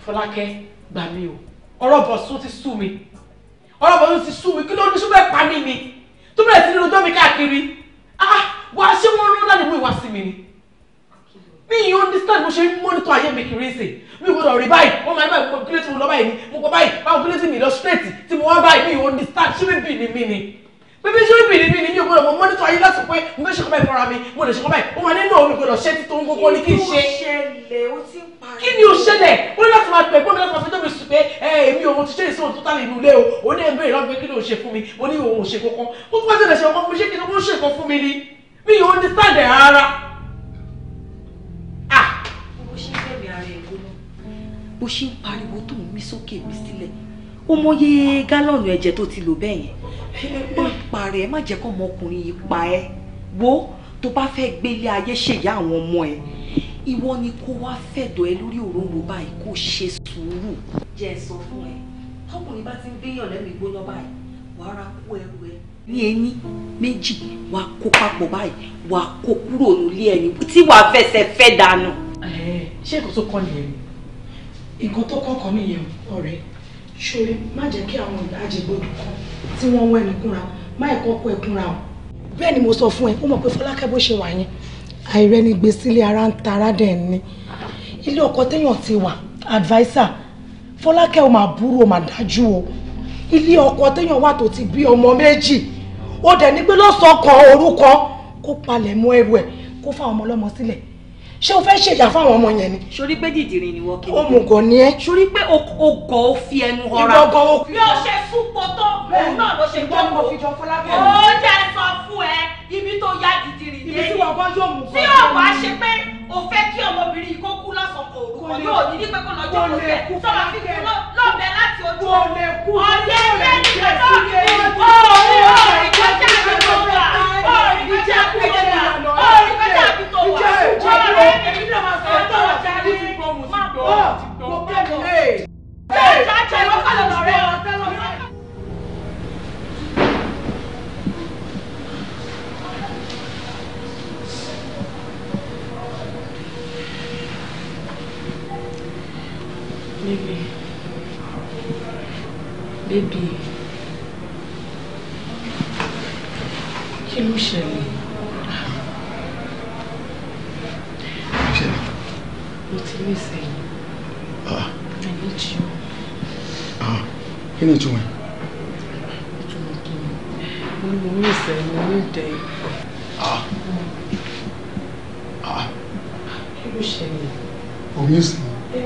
fọlákẹ́ gbà mí o ọ̀rọ̀ bọ̀sùn ti sú mi ọ̀rọ̀ bọ̀sùn ti sú mi kí ló ní sún bẹ́ẹ̀ pa mí ni tó bẹ̀rẹ̀ sí ní lójọ́ mi káàkiri ah wàá ṣé wọ́n rán láti mú ìwà sí mi ni mi yìí understand bó ṣe ń mọ́nítọ̀ ayé mi kiri sí mi gbọ́dọ̀ rí báyìí wọ́n máa ń báyìí kílé tí mo lọ báyìí ni mo kọ báyìí báwo kílé tí mi lọ straight tí mo wá báyìí mi yìí understand ṣé mi bì ní mi ni bébí ṣé mi bì ní mi ni mi ò gbọ́dọ̀ mo mọ́nítọ̀ ayé láti pé mo fẹ́ ṣe kọ́ báyìí fọ́ra mi mo lè ṣe kọ́ báyìí wọ́n máa nínú òun gbọ́dọ̀ ṣe títún gbogbo ni kí n ṣe. kí ni ó ṣẹlẹ̀ ó ní láti máa pẹ̀ gbọ́n mi láti máa fi tóbi sùn pé èmi òun ti ṣe ìṣòro tó tálẹ̀ inú ilé o òun ní ẹ̀ ń bèrè pé kí ló ń ṣe fún mi mo ní òun ò ṣe kankan ó fún wa ṣe ọkọ fún mi kí ló ń ṣe kankan fún mi ni mi ò understand ẹ̀ rárá. Ah. bó ṣe ń bẹ̀rẹ̀ ara ẹ̀ gbóná bó ṣe ń pariwo tó ń mí sókè mí sílẹ̀ ó mọyé gálọ́ọ̀nù ẹ̀jẹ̀ tó ti lò bẹ́ẹ̀ yẹn má parẹ́ ẹ má jẹ́ kó ọmọkùnrin yìí pa ẹ́ wo tó bá fẹ́ gbélé ayé ṣèyá àwọn ọmọ ẹ̀ ìwọ ni kó wá fẹ̀dọ̀ ẹ lórí òróǹro báyìí kó ṣe sùúrù. jẹ́ ẹ sọ fún ẹ tọkùnrin bá ti ń gbéyàn lẹ́nu ìgbóná báyìí wàá ra kó ẹrù ẹ ní ẹni méjì wàá kó papọ̀ báyìí wàá kó kúrò nílé ẹni tí wàá fẹsẹ̀ fẹ́ dànù. ṣé nǹkan tó kọ́ nìyẹn nǹkan tó kọ́ kọ́ nìyẹn ọ̀rẹ́ ṣorí má jẹ́ kí àwọn àjẹgbọ́dọ̀ kan tí wọ́n ń wẹ́ni kúnra má ẹ̀kọ́ kó ẹ o bẹ́ẹ̀ ni mo sọ fún ẹ ó mọ̀ pé fọlákẹ́ bó ṣe wà yẹn àìrẹ́ni gbé sílé ara ń tara dẹ̀ ni ilé ọkọ téèyàn ti wà adviser fọlákẹ́ o máa burú o máa dájú o ilé ọkọ téèyàn wà tó ti bí ọmọ méjì ó dẹ̀ ní pé lọ́sọ̀kan orúkọ kó palẹ̀ mọ́ ẹrù ẹ̀ kó fáwọn ọmọ ọlọ́mọ sílẹ̀ ṣé o fẹ́ ṣèjà fáwọn ọmọ yẹn ni. sori pé dìdìrín ni wọ́n kiri. o mú gọ ni ẹ. sori pé o gọ o fi ẹnu ọra. ìgbọ́ gọ o. bí o ṣe fún potó òun náà ló ṣe gbọ́ mo. ó jẹ́ sọ fún ẹ ibi tó yá dìdìrín dé. ibi tí wọ́n gbọ́ yóò mú gọ. tí o wá ṣe pé o fẹ́ kí ọmọbìnrin yìí kó kú lọ́sàn kò kò yóò ní ní pé kó lọ jẹ́ kó fẹ́ sọ̀rọ̀ fi kú lọ́bẹ̀ láti ojú ọ̀dẹ́ ẹgbẹ́ nìkan náà Baby, baby, kí ló ṣẹlẹ̀? mo ti mí sẹ́yìn. I need you. kí ni ìtumọ̀ ẹ̀? ìtumọ̀ kí ni mo lò mí sẹ́yìn Ah. Ah. ìdẹ́ ìpọ̀. kí ló ṣẹlẹ̀? omi sì. ẹ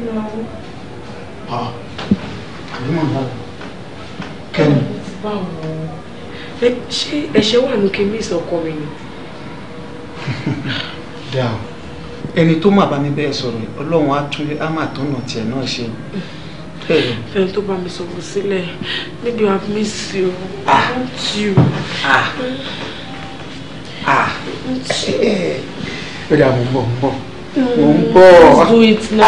Ah. àyẹ̀mọ̀ náà kẹ́ni. báwo ṣé ẹ̀ṣẹ̀ wà ní kí n mí ìsọkọ mi ni. dáa ẹni tó mà bá mi bẹ́ẹ̀ sọ̀rọ̀ ọlọ́run á tún á mà tọ́nà tiẹ̀ náà ṣe. fẹ́ẹ́ tó bá mi sọ̀rọ̀ sílẹ̀ maybe I've missed you. Ah. I want you. Ah. Ah. ó dà mọ̀ mọ̀ mọ̀ mò ń bọ̀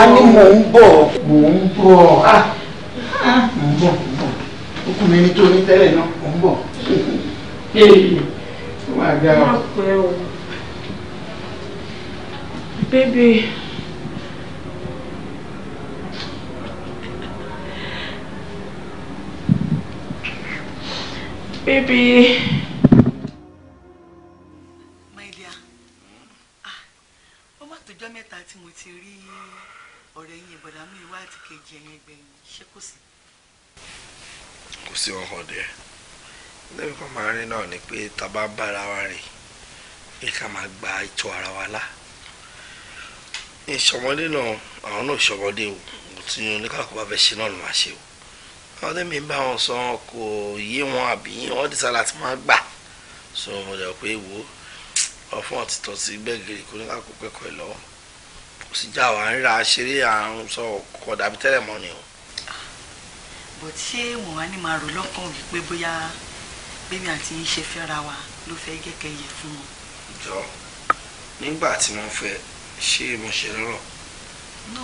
á ní mò ń bọ̀ mò ń bọ̀ á mò ń bọ̀ mò ń bọ̀ okùnrin ni tó ní tẹ́lẹ̀ náà mò ń bọ̀. Má pẹ́ o. Baby. Baby. My dear. Ah, ó mà to jọ́ mẹ́ta tí mo ti rí ọ̀rẹ́ yín bọ̀dá mú ìwá àti kejì ẹ̀yìn gbẹ̀yìn. Ṣé kò sí? Kò sí ọkàn dẹ̀. Lẹ́yìn kan máa rí náà ni pé tá a bá wa rìn, pé ká máa gba ìtọ́ ara wa lá ìṣọmọdé náà àwọn náà ìṣọmọdé o tí oníkàkọ́ bá fẹ́ ṣe náà ló máa ṣe o àwọn tẹ́mi bá wọn sọ kò yé wọn àbí wọn ti sára ti máa gbà so mo dẹ̀ pé wo ọ̀fọ̀n àti tọ́sí gbẹ̀gìrì kò oníkàkọ́ kẹ́kọ̀ọ́ ẹ̀ lọ́wọ́ kò sí já wa ń ra ṣeré àrùn sọ kọ̀ dàbí tẹ́lẹ̀ mọ́ ni o. but ṣé wọn á ní máa rò lọ́kàn wípé bóyá bẹ́mi àti ń ṣe fẹ́ra wa ló fẹ́ gẹ́gẹ́ yẹ fún wọn. jọ nígbà tí wọ́n fẹ́ ṣé mo ṣe lọ́rọ̀. no.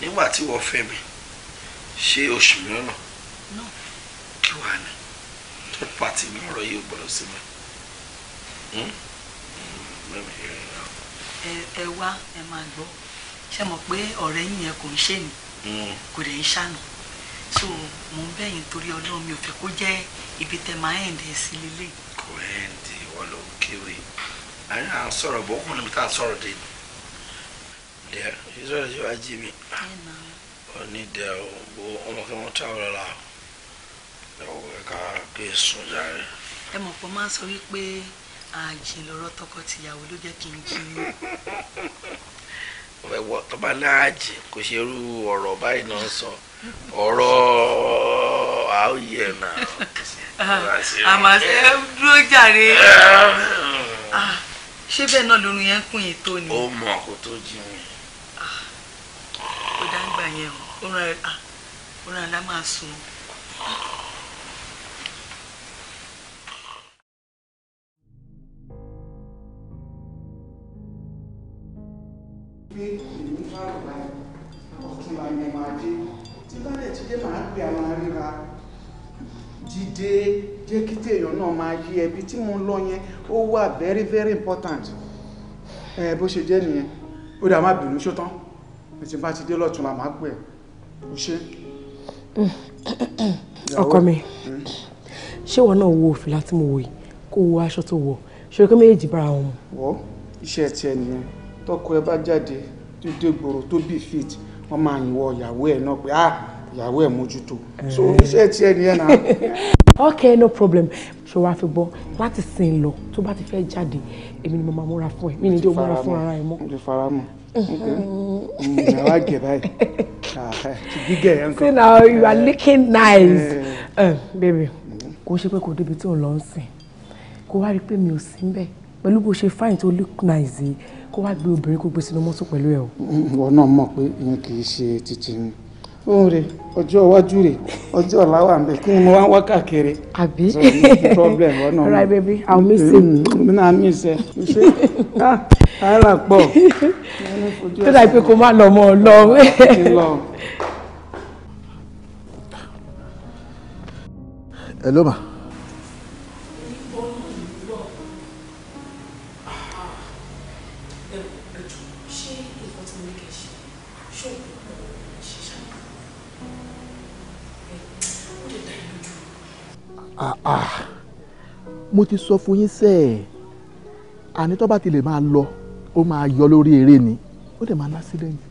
nígbà tí wọ́n fẹ́ mi ṣé oṣù mi lọ́nà. no. kí wàá ní third party mi ọ̀rọ̀ yìí ò gbọ́dọ̀ sí mi. Hmm? ẹ wá ẹ máa gbọ́ ṣe mọ̀ pé ọ̀rẹ́ yín yẹn kò ń ṣe ni hmm. kò lè ń ṣàná so mò ń bẹ̀yìn torí ọlọ́run mi ò fẹ́ kó jẹ́ ibi tẹ̀ máa ẹ̀ ń dẹ̀ sí lélẹ̀. kò ẹ̀ ń di ọlọ́run kéré ani an sọ̀rọ̀ bọ ọmọ mi taa sọ̀rọ̀ de deɛ israel yɛ agye bi ɔne deɛ wo ɔmo kɛ mo ta ɔrɔ la ɛwɔ ɛka ke sun yare. ẹ mọ̀ pé máa ń sọ wípé ààjìn lọ́rọ̀ tọkọ-tìyàwó ló jẹ́ kí n jí i. ọ̀wẹ̀wọ̀ tó bá ní ààjìn kò ṣe irú ọ̀rọ̀ báyìí náà sọ ọ̀rọ̀ àóyè náà. àmàṣe dúró jàre. Ah ṣé bẹ́ẹ̀ náà lóorun yẹn ń kùn yín tó ni. ó mọ kó tó jẹun. Ah, ó dáńgbà yẹn o oorun àlá ah, máa sùn. pé ìlú fáwọn ọ̀tún la yẹn máa tí bá dẹ̀ ti dé máa ń pe àwọn aríra dìde jẹ́ kí téèyàn náà máa yí ẹbí tí mo ń lọ yẹn ó wà very very important ẹ bó ṣe jẹ́ nìyẹn ó dà má bínú ṣó tán ẹ̀sìn bá ti dé lọ́tún la máa pè ẹ́ ó ṣe. ọkọ mi ṣé ìwọ náà wo òfìlà tí mo wò yìí kó wo aṣọ tó wọ̀ ṣe kí méjèèjì bára wọn mu. wọ́ iṣẹ́ nìyẹn tọkọ ẹ bá jáde tó dé gbòòrò tó bí fit wọ́n máa yìnbọn ìyàwó ẹ̀ náà pé ah ìyàwó ẹ̀ mójútó so iṣẹ́ tí ẹ nìyẹn náà. okay no problem ṣò wá fi gbọ́ láti sìn lọ tó bá ti fẹ́ jáde èmi ni mo máa múra fún ẹ mi ni tí o múra fún ara ẹ mọ́. mo ti fara mọ́ ìyàwó mhm. mm, àgẹ̀ báyìí ah, ti gígẹ̀ yẹn kan. say now you are eh. looking nice uh, baby mm-hmm. kò ṣe pé kò débi tí ò lọ ń sìn kó wá rí i pé mi ò sí ń bẹ̀ pẹ̀lú bó ṣe fáìn tó look nice kó wá gbé obìnrin kó gbé sínú mọ́tò pẹ̀lú ẹ̀ o. Mm, ìwọ náà mọ̀ pé ìyẹn kì í ṣe títí ni fún rẹ̀ ọjọ́ iwájú rẹ̀ ọjọ́ ọ̀la wa nbẹ kí ni mo wá wá káàkiri. àbí so no problem ọ̀nà baby i miss you. ah ah mo ti sọ fún yín sẹ́ ẹ̀ àní tó bá ti lè máa lọ ó máa yọ lórí eré ni ó dẹ̀ máa lásìlẹ́yìn.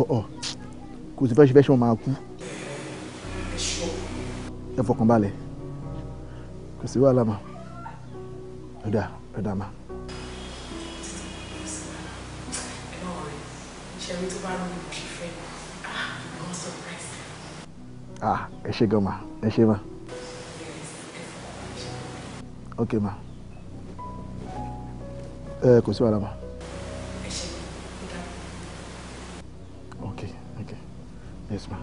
ọ̀ọ̀ kò sí fẹ́ṣẹ̀ fẹ́ṣẹ̀ wọn máa kú ẹ fọkàn balẹ̀ kò sí wàhálà mà ọ̀dà ọ̀dà mà. ṣẹ̀rí tó bá lóun kì í fẹ́ ah ìgbọ́n surprise. ah ẹ ṣe gan ma ẹ ṣe ma. ok ma ẹ kò sí wàhálà ma. ẹ ṣe kó dáa. ok ok yes ma.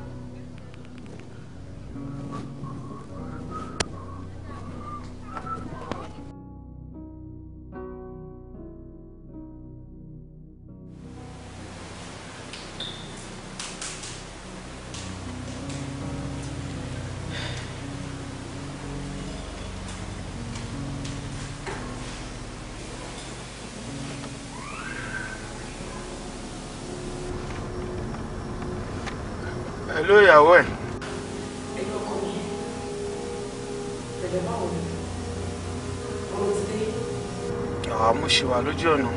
ló ìyàwó ẹ̀. ẹ̀yin mi bẹ̀rẹ̀ báwo ni ọ̀rọ̀ ti dé. àmúṣe wà lójú ọ̀nà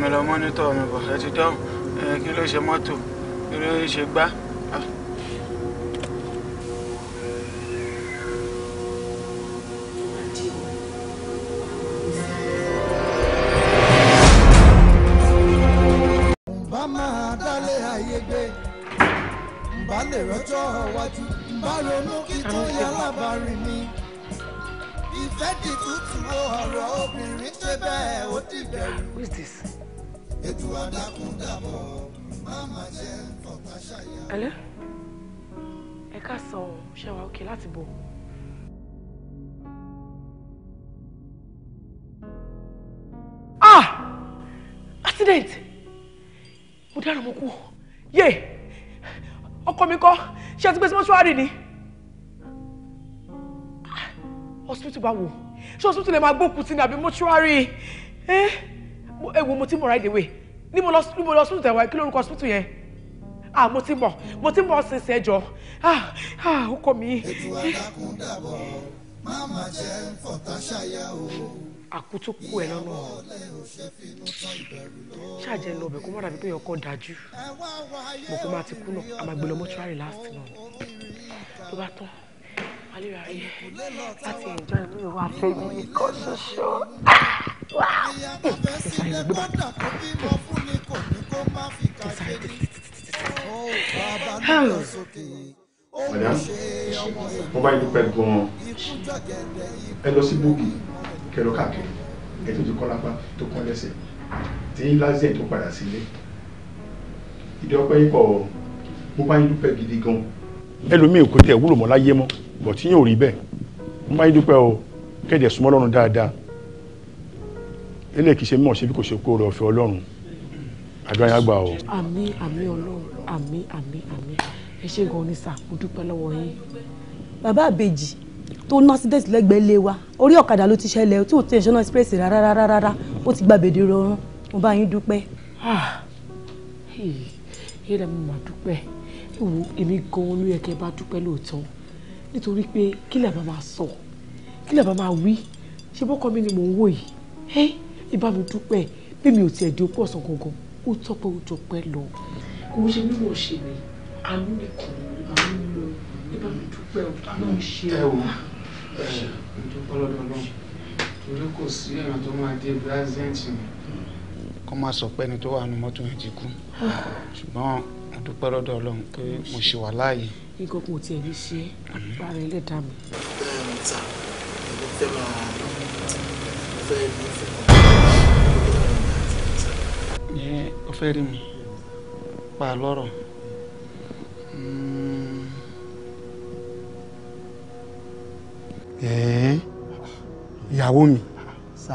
mi lọ mọ́nítọ̀ mi bọ̀ ẹ ti dáhùn kí ló ṣe mọ́tò kí ló ṣe gbá ṣe wà òkè láti bọ̀. ah accident mo dára mo kú yé ọkọ mi kọ́ ṣé ẹ ti gbé ni hospital bá wò ṣé hospital lè máa gbókùn sí ni àbí mọ́ṣúárì ẹ eh? wo mo ti mọ̀ right away ni mo lọ hospital tẹ̀wá kí lórúkọ hospital yẹn ah mo ti mọ̀ mo ti mọ̀ ṣe ṣẹjọ ah ah ọkọ mi. àkútú kú ẹ lọ́nà ṣáàjẹ́ ń lọ ọbẹ̀ kó má dàbí pé ọkọ dájú mo kó má ti kú náà a máa mọ́túárì láti náà tó bá tán alera yẹ láti ẹjọ́ ìlú ìwà fẹmi nìkan ṣoṣo. Wow. Ìsàlẹ̀ gbọ́dọ̀ kó bímọ fún Madame, madam mo bá yín dúpẹ́ gan-an ẹ lọ sí le kẹ lọ káàkiri ẹ tó ti kọ́ lápá tó kọ́ lẹ́sẹ̀ tí ń lásìẹ̀ tó padà y ìdí ọpẹ́ yìí pọ̀ mo bá yín dúpẹ́ gidi gan-an. ẹlòmíì kò tẹ wúlò mọ́ láyé mọ́ bọ̀ tí yóò rí bẹ́ẹ̀ mo bá yín dúpẹ́ o kẹ́ẹ̀dẹ̀ súnmọ́ lọ́rùn dáadáa eléyìí kì í ṣe c'est ṣe bí kò ṣe kó rẹ̀ ọ̀fẹ́ ọlọ́run àdúrà yà gbà o. Ami, ami, ọlọ́run ami, ami, ami. ẹ ṣe gan ni sà mo dúpẹ́ lọ́wọ́ yín. bàbá àbèjì tó ná accident lẹ́gbẹ̀ẹ́ lé wa orí ọ̀kadà ló ti ṣẹlẹ̀ tí ò tẹ̀ ṣọ́nà express rárá rárá rárá ó ti gba bèdè rọrùn mo bá yín dúpẹ́. yíyá mi mà dúpẹ́ ìwò èmi gan ló yẹ kẹ́ bá dúpẹ́ lóòótọ́ nítorí pé kí lè bá máa sọ kí lè bá máa wí ṣé bọ́kọ mi ni mò ń wò yìí ẹ ìbá mi dúpẹ́ bí mi ò tiẹ̀ di okú ọ̀sán gangan ó tọpẹ́ ó jọpẹ́ lọ. kò ṣe bí mo ṣe rè àánú lè kọ àánú mi lọ nígbà mi dúpẹ́ o àánú mi ṣe o. ẹ wo ẹ ìdúpẹ́ lọ́dọ̀ náà torí kò sí èèyàn tó máa dé brazil ni kọ́ máa sọ pé ẹni tó wà nínú mọ́tò yẹn ti kú ṣùgbọ́n mo dúpẹ́ lọ́dọ̀ ọlọ́run pé mo ṣì wà láàyè. nǹkan kò tiẹ̀ ní ṣe bá rẹ lẹ́dàá mi. bẹ́ẹ̀ ni ta ìlú fẹ́ máa fẹ́ ní fẹ́ ó fẹ́ rí mi pa lọ́rọ̀ ìyàwó mi. sà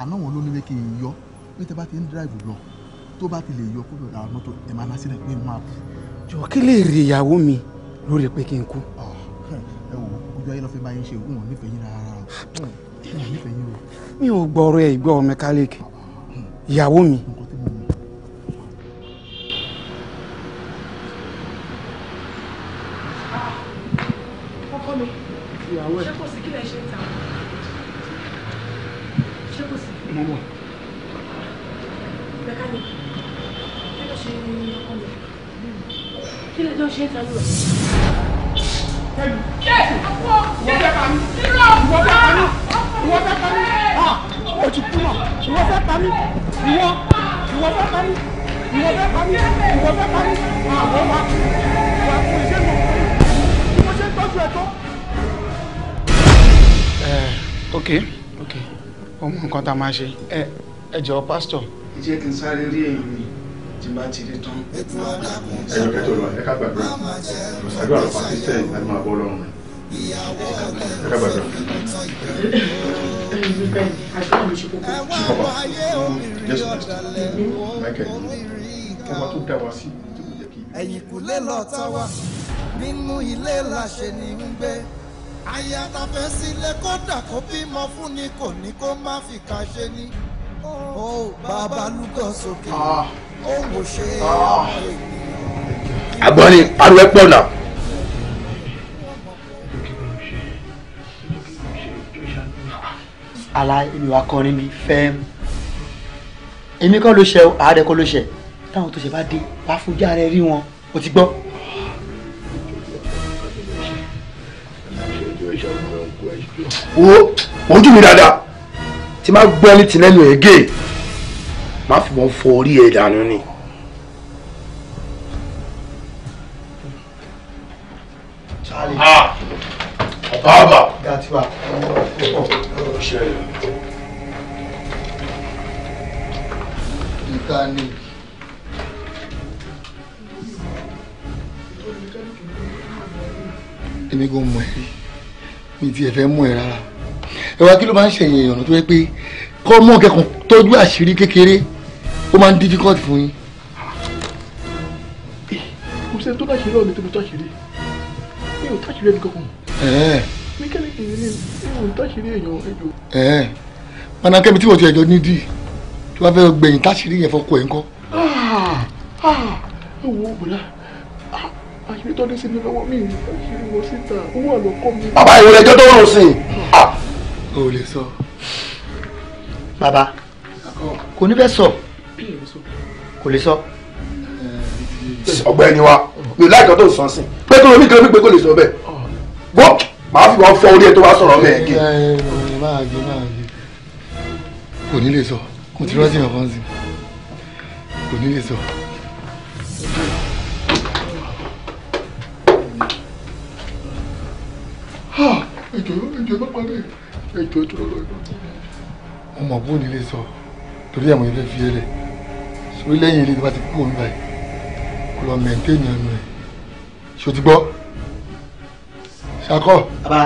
àná wọn ló ní pé kí n yọ pé tẹ bá ti ń dráìvù lọ tó bá ti lè yọ kó lọ ra mọ́tò ẹ̀ máa lásìkò pé máa bù. jọ kí lè rí ìyàwó mi lórí pé kí n kú. ẹ wò ojú ayé lọ fẹ́ bá yín ṣe òun ò nífẹ̀ẹ́ yín rárá o mi ò gbọ́ ọ̀rọ̀ ẹ̀ ìgbọ́ ọmọ ìyàwó mi. lọ́wọ́ ẹ̀. ṣé kò sí kílẹ̀ ṣe ń ta? ṣé kò sí? mo wà. mẹkáníkì kí ló ṣe ọkọ mi? kí ló ṣe ń ta lóò? ṣé àpò ṣé irọ́ ìwọ fẹ́ pa mí ìwọ fẹ́ pa mí o ti kú náà ìwọ fẹ́ pa mí ìwọ ìwọ fẹ́ pa mí ìwọ fẹ́ pa mí ìwọ fẹ́ pa mí àwọn wa wà fún ìṣẹ́gun bí mo ṣe ń tọ́jú ẹ̀ tó. Eh, ok ok ọmọ nǹkan tá a máa ṣe eh, ẹ ẹ jọ pásítọ̀. ẹ jẹ́ kí n sáré rí èyí mi tí bá ti rí tán. ẹ jọ kẹtọ lọ ẹ ká gbàdúrà àdúrà lọ pàṣẹ ẹ máa bọ lọ́rùn ẹ ká gbàdúrà. ọmọ tó dá wa tá wa nínú ilé làṣẹ ni ń gbé aya ta fẹ́ sílé kódà kó bímọ fún ni kò ní kó má fi ká ṣe ní. Oh, ó bàbá lúgọ sókè ó ah. mò ṣe àwọn ènìyàn. àgbọn ni pariwo pọ̀ náà. ala èmi wa kọrin mi fẹ́m èmi kọ́ ló ṣe àárẹ̀ kọ́ ló ṣe táwọn tó ṣe bá dé wàá fojú ààrẹ rí wọn o ti gbọ́. question wrong question. wo ojú mi dáadáa tí máa gbọ́ ẹni tì lẹ́nu ẹ̀ gé máa fi wọn fọ orí ẹ̀ dànù ni. Ah, ọ̀bàbà. ìkànnì. èmi kò mi ti ẹ̀fẹ́ mú ẹ rárá ẹ wá kí ló máa ń ṣẹ̀yìn èèyàn tó yẹ pé kọ́ mọ́ kẹ́kọ̀ọ́ tọ́jú àṣírí kékeré ó máa ń difficult fún yín. kò eh, sẹ́ni tó bá ṣe lọ́ọ̀ mi tó mo táṣìírí mi ò táṣìírí ẹnì kankan. mi kẹ́lẹ́ kì í ní mi ò táṣìírí èèyàn ẹjọ́. mana eh. kẹ́mi tí mo ti ẹ̀jọ́ nídìí tí wọ́n fẹ́ gbẹ̀yìn táṣìírí àṣírí tó dé sí mi lọ́wọ́ mi àṣírí mo síta owó àlọ́kọ́ mi. bàbá ìwé ẹjọ́ tó rùn sí ah! o ò lè sọ. bàbá kò ní fẹ́ sọ kò lè sọ. Eh, ọ̀gbẹ́ni wa mi láìka tó sàn sí pé tó omi kan mi pé kò lè sọ bẹ́ẹ̀ gbọ́ màá fi wọn fọ orí ẹ tó bá sọ̀rọ̀ mẹ́ẹ̀ kí. Eh, eh, kò ní lè sọ kò ti yàn fọ́n kò ní lè sọ. ẹjọ bó nílé sọ torí àwọn ilé fi ẹlẹ̀ sórí lẹ́yìn ilé tí wọ́n ti kú òun báyìí kò lọ mẹ̀ntẹ́ẹ̀nì ẹnu ẹ̀ ṣó ti gbọ́ ṣakọ́. bàbá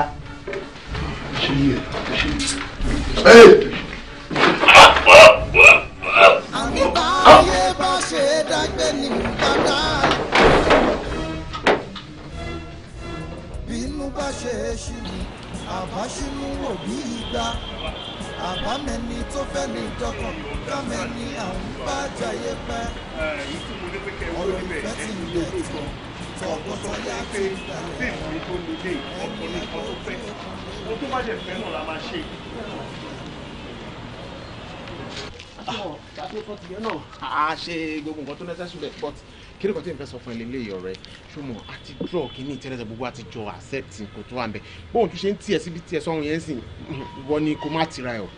ṣe yí ẹ ṣe yí ẹ. àbíbáyé bá ṣe dágbé ní bàbá. bá ṣe é ṣìlù àbáṣínú wò bí igba àbámẹ́ni tó fẹ́ ní ìdọ́kàn kámẹ́ni àwọn bá jayé pẹ́ ọ̀rọ̀ ìfẹ́ ti ń lẹ̀ tọ̀ tọ̀gbọ́tọ̀yà ti ń dalẹ̀ ẹni ẹ̀kọ́ tó fẹ́ ó tó má jẹ́ fẹ́ náà la máa ṣe ṣe gbogbo nǹkan tó necessary but kí ló kàn tí n fẹ́ sọ fún eléyìí ọ̀rẹ́ ṣùgbọ́n àti draw kínní tẹ́lẹ̀tẹ̀ gbogbo àti jọ accept nǹkan tó wà ń bẹ̀ bóun tún ṣe ń tiẹ̀ síbi tiẹ̀ sọ́run yẹn sìn wọ́n ni kó má tira ẹ̀ o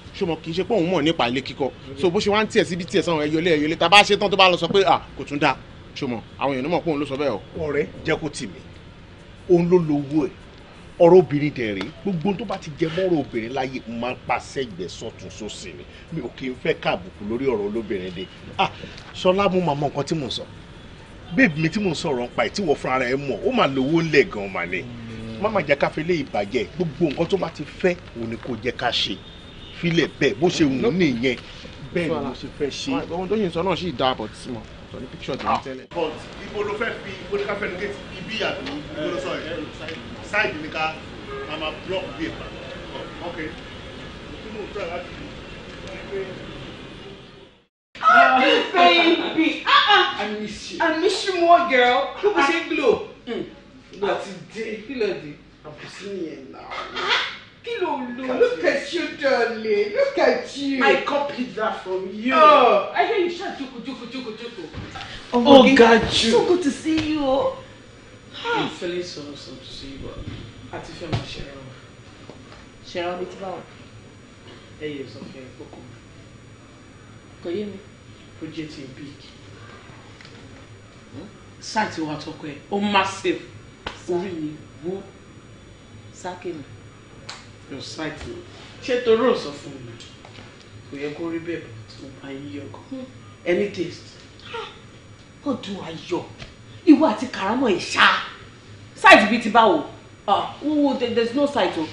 kì í ṣe pé òun mọ̀ nípa ilé kíkọ́ so bó ṣe wá ń tiẹ̀ síbi tiẹ̀ sọ́run ẹ̀yọlé ẹ̀yọlé tá a bá ṣe tán tó bá lọ sọ pé à kò tún dáa ṣùgbọ́n àwọn èèyàn mọ̀ pé òun ló sọ bẹ́ẹ̀ o. ọ̀rẹ́ jẹ́ kó tì mí òun ló lowó ẹ̀ ọ̀rọ̀ obìnrin dẹ̀ rèé gbogbo tó bá ti jẹ mọ́rọ̀ obìnrin láyé máa ń pàṣẹ ìgbẹ́ sọ̀tún sósì ni mi ò kì í fẹ́ káàbùkù lórí ọ̀rọ̀ olóbìnrin de ah ṣọlá mú màmá nǹkan tí mò ń sọ babe mi tí mò ń sọ̀rọ̀ nípa ẹ̀ tí wọ́n fúnra ẹ̀ mọ̀ ó mà lówó ńlẹ̀ gan-an mà ni má má jẹ́ ká fi lé ìbàjẹ́ gbogbo nǹkan tó bá ti fẹ́ òun ni kò jẹ́ ká ṣe filẹ̀ bẹ́ẹ̀ bó ṣe wù ú nìyẹn bẹ́ẹ̀ ni mo ṣe fẹ́ ṣe. ohun tó yin sọ náà sì dáa bọ̀ tí mo sọ ní picture tó ń ah, tẹ́lẹ̀. but ibo ló fẹ́ fi ibo ló ká fẹ́ nígbè ibi àti ibo ló sọ yẹn side ni ká máa block bí ìpàdé. ok. Oh, baby. Uh-uh. I miss you. I miss you more, girl. Kí bó ṣe ń glow? Mm. Àti dé. Kí ló dé? Àbùsí nìyẹn náà. Uh-huh. Kí ló lo? Look at you, darling. Look at you. I copied that from you. Oh, I hear you shout joko joko joko joko. Oh, oh God, you. So good to see you. Ah. I'm feeling so awesome to see you, but I fẹ́ feel my Ṣẹ̀rọ mi ti bá wà. Ẹ yẹ sọ fún ẹ kókó. Kò project yẹn big site wa tọkọ ẹ ó massive orí mi wó sákìnì your site ni ṣé torí ò sọ fún mi kò yẹ kó rí bẹ́ẹ̀ bá tó bá yí ọkàn hmm. any taste. ọdún ayọ̀ ìwọ àti karamọ ìṣá site bíi ti báwo wo ah, there is no site o.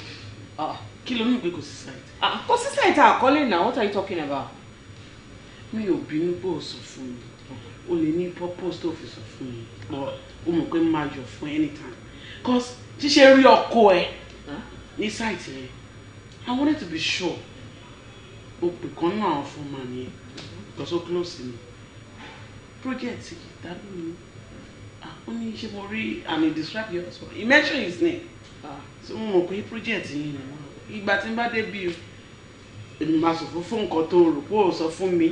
Ah, kí ló ní ìgbé kò sí site. Ah, kò sí site àkọlé náà what are you talking about mi ò bínú pé o sọ fún mi o lè ní purpose tó fi sọ fún mi but o mọ̀ pé máa yọ̀ fún anytime cause ṣíṣe rí ọkọ ẹ ní sáìtì yẹn I wanted to be sure o pè kan náà àwọn fún ma nìyẹn because ó close mi project ìdádó mi ah, ó ní ṣe mo rí and he describe your husband he mention his name ah. so mo mọ̀ pé project yìí ni ìgbà tí n bá dé bí o èmi máa sọ fún fún nǹkan tó rò pé o sọ fún mi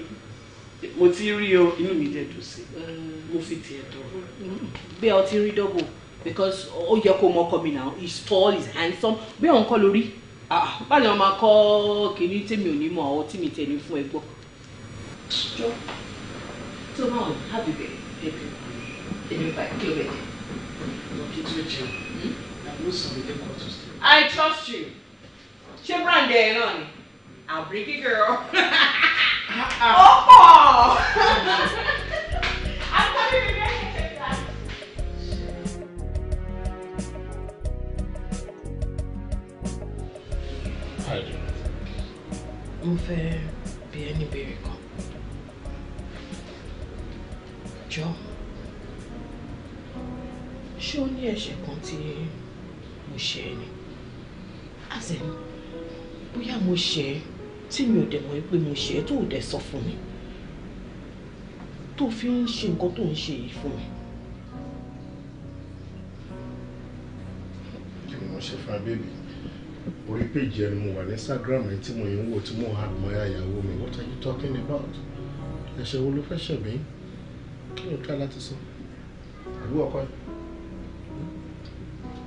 mo ti rí o inú mi dẹ̀ dùn sí mm. mo fi tiẹ̀ tọrọ. Mm, mm. bí ọ rí dọ́bù because ó yẹ kó mọ ọkọ mi náà he is tall he is handsome bí òun kọ́ lórí ah, ah. báyìí wọn máa kọ́ kìíní tèmi ò ní mọ̀ ọ́ tí mi tẹ̀ ní fún ẹ gbọ́. tó bá wọn hábì bẹ̀rẹ̀ bẹ̀rẹ̀ èmi kí o bẹ̀rẹ̀ lọ́kì I trust you ṣé brand ẹ̀ náà ni I'm pretty girl. ó pọ̀ àtàrí mi bẹ́ẹ̀ ṣe ṣẹ̀dá. Hi. fẹ́ bi ẹ́ ní ìbéèrè kan jọ ṣé ó ní ẹ̀ṣẹ̀ kan tí we are ẹ tí mi ò dẹ̀ mọ̀ pé mo ṣe é tó dẹ̀ sọ fún mi tó fi ń ṣe nǹkan tó ń ṣe yìí fún mi. kí ni wọ́n ṣe fún abébì orí péjì ẹni mo wà ní Instagram ẹni tí mo yẹn ń wò tí mo hàn mọ́ ìyàwó mi what are you talking about ẹ̀ṣẹ̀ wo ló fẹ́ ṣẹ̀ mí kí ni o try láti sọ àbúrò ọkọ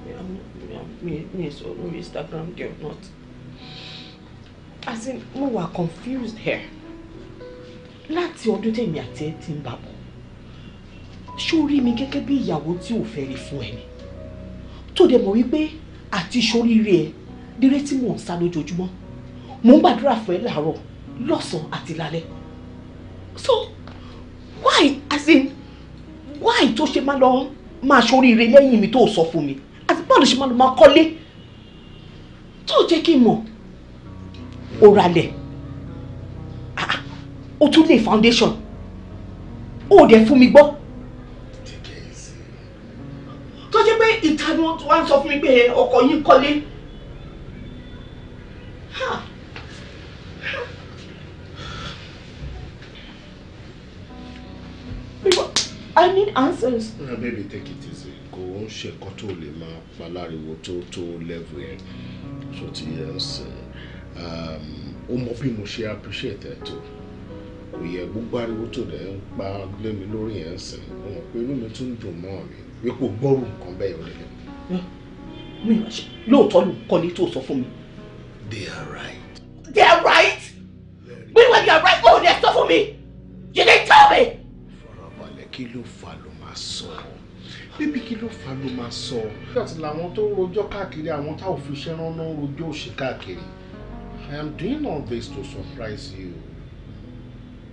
yìí mi mi sọ lórí Instagram girl not as in mo wà confused here láti ọdún tèmi àti ẹ ti ń bà bọ̀ ṣó rí mi gẹ́gẹ́ bí ìyàwó tí ò fẹ́ rí fún ẹni tó dẹ̀ mọ̀ wípé àti ṣoríire ẹ déré tí mò ń sá lójoojúmọ́ mò ń gbàdúrà fún ẹ láàárọ̀ lọ́sàn-án àti lálẹ́ so why as in why tó ṣe máa lọ máa ṣoríire lẹ́yìn mi tó sọ fún mi àti báwo ló ṣe máa lọ máa kọ́lé tó jẹ́ kí n mọ̀. Ah, ó ralẹ̀ tún lè foundation ó dẹ̀ fún mi gbọ́ tó jẹ́ pé ìta ni wọ́n wá ń sọ fún mi pé ọkọ yín kọ́lé. I need answers. Nah, baby, take it easy. Kò ń ṣe nǹkan tó lè máa paláriwo tó tó level ẹ̀. Ṣé ti yẹ ẹ sẹ́yìn? Um, ó mọ bí mo ṣe appreciate ẹ kò yẹ gbogbo ariwo tó dẹ̀ ń pa lé mi lórí ẹ̀ ń sìn mo mọ̀ pé inú mi tún ń dùn mọ́ mi wípé gbọ́rù nǹkan bẹ́ẹ̀ ò lélẹ̀. Eh, mi ò ṣe lóòótọ́ ló kọ́ ni tó sọ fún mi. they are right. they are right. we when you are right oh they sọ fún mi you dey tell me. farabalẹ̀ kí ló fà ló máa sọ bíbí kí ló fà ló máa sọ. nígbà tí làwọn tó rojọ́ káàkiri àwọn tá fi ṣẹ́ rán náà rojọ́ òṣì káàkiri. I am doing all this to surprise you.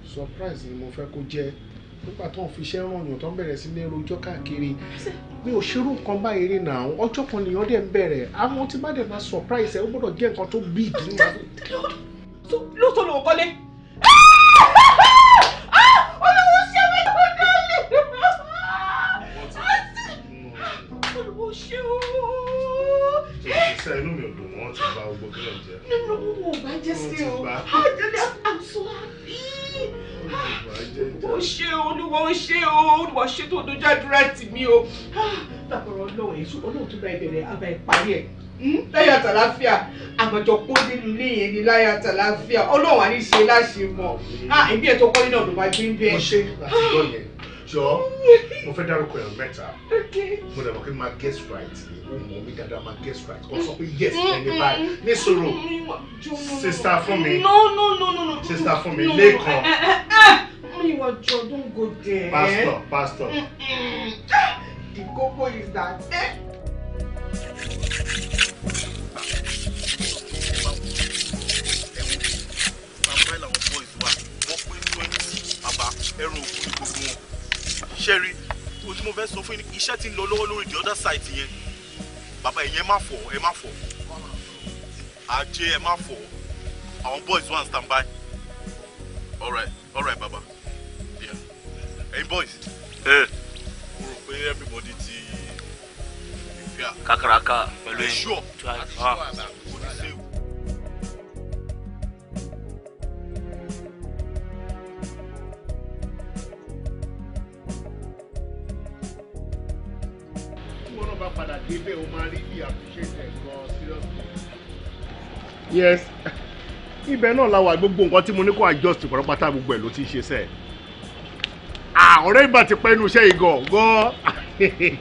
Surprise ni mo fẹ́ kó jẹ́ nígbà tó ń fiṣẹ́ rànyàn tó ń bẹ̀rẹ̀ sí ní rojọ́ káàkiri mi ò ṣerú nǹkan báyìí rí náà ọjọ́ kan nìyàn dẹ̀ ń bẹ̀rẹ̀ àwọn tí bá dẹ̀ máa surprise ẹ̀ ó gbọ́dọ̀ jẹ́ nǹkan tó big ní ìlú. lóòótọ́ ló kọ́lé. olówó ṣe mi ò dùn wọ́n ti bà gbogbo kílẹ̀ jẹ́. nínú wọn ò bá jẹ́ sí o ah, i'm so happy. o ṣe olúwa o ṣe o olúwa ṣe tó dojú àdúrà tì mí o. dàpọ̀rọ̀ ah, ọlọ́run èso ọlọ́run tó bá ìbẹ̀rẹ̀ àbá ìparí ẹ̀ hmm? láyà tàlàáfíà àgbàjọ kó nínú ilé yẹn ni láyà tàlàáfíà ọlọ́run àní ṣe láṣẹ mọ́ ah, ẹ̀mí ẹ̀ tó kọ́ nínú ọ̀dọ̀ bá gbé ń bẹ́ẹ̀. mo ṣe àtìgbọ́ yẹn jọ mo fẹ́ dárúkọ ẹ̀rọ mẹ́ta mo dẹ̀ mọ̀ pé máa guest right ni ó mọ̀ mí dáadáa máa guess right kò sọ pé yes ẹni báyìí ní sọ̀rọ̀ sista fún mi sista fún mi there. pastor pastor. the koko is that. Eh? ẹrù òkú ni gbogbo wọn ṣe rí o tí mo fẹ́ sọ fún yín iṣẹ́ ti ń lọ lọ́wọ́ lórí the other side yẹn bàbá ìyẹn má fọ̀ ẹ má fọ̀ ajé ẹ má fọ̀ àwọn boys wan stand by all right all right bàbá yeah ẹ̀yin boys ẹ mo rò pé everybody ti prepare. kakaraka pẹ̀lú ẹ̀yin sure. bá padà débẹ̀ o máa rí bí appreciate gan seriously. yes ibẹ̀ náà la wà gbogbo nǹkan tí mo ní kó adjust pátápátá gbogbo ẹ̀ ló ti ṣe sẹ́ẹ̀. ọ̀rẹ́ ìgbà ti pẹ́ inú iṣẹ́ ìgọ̀ gan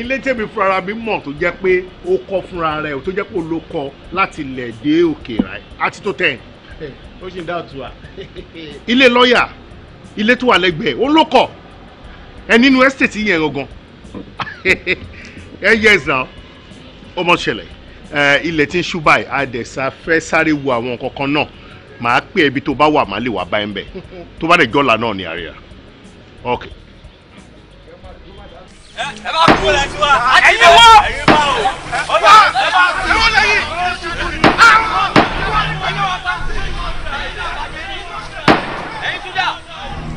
ilé tèmi fúnra mi mọ̀ tó jẹ́ pé ó kọ́ fúnra rẹ̀ tó jẹ́ pé ó ló kọ́ láti lẹ̀ dé òkè rà àti tó tẹ̀. ó ṣì ń dá òtún wa. ilé lọ́ọ̀yà ilé tó wà lẹ́gbẹ̀ẹ́ ó ló kọ́ ẹ nínú ẹ́sítẹ̀tì yẹn gangan ẹ eh, yes now ó mọ̀ ṣẹlẹ̀ eh, ilẹ̀ tí ń ṣú báyìí àdẹ̀sá fẹ́ sáré wo àwọn kankan náà màá pè ẹbí tó bá wà má lè wà báyìí bẹ́ẹ̀ tó bá dẹ̀ jọ́la náà ní àríyá ok. Eh, ẹ bá kú ọ̀la tí wa ẹ̀yin wọ́ ẹ̀yin bá o ọba ẹ bá kú ọ̀la yìí. ẹ̀yin tún dà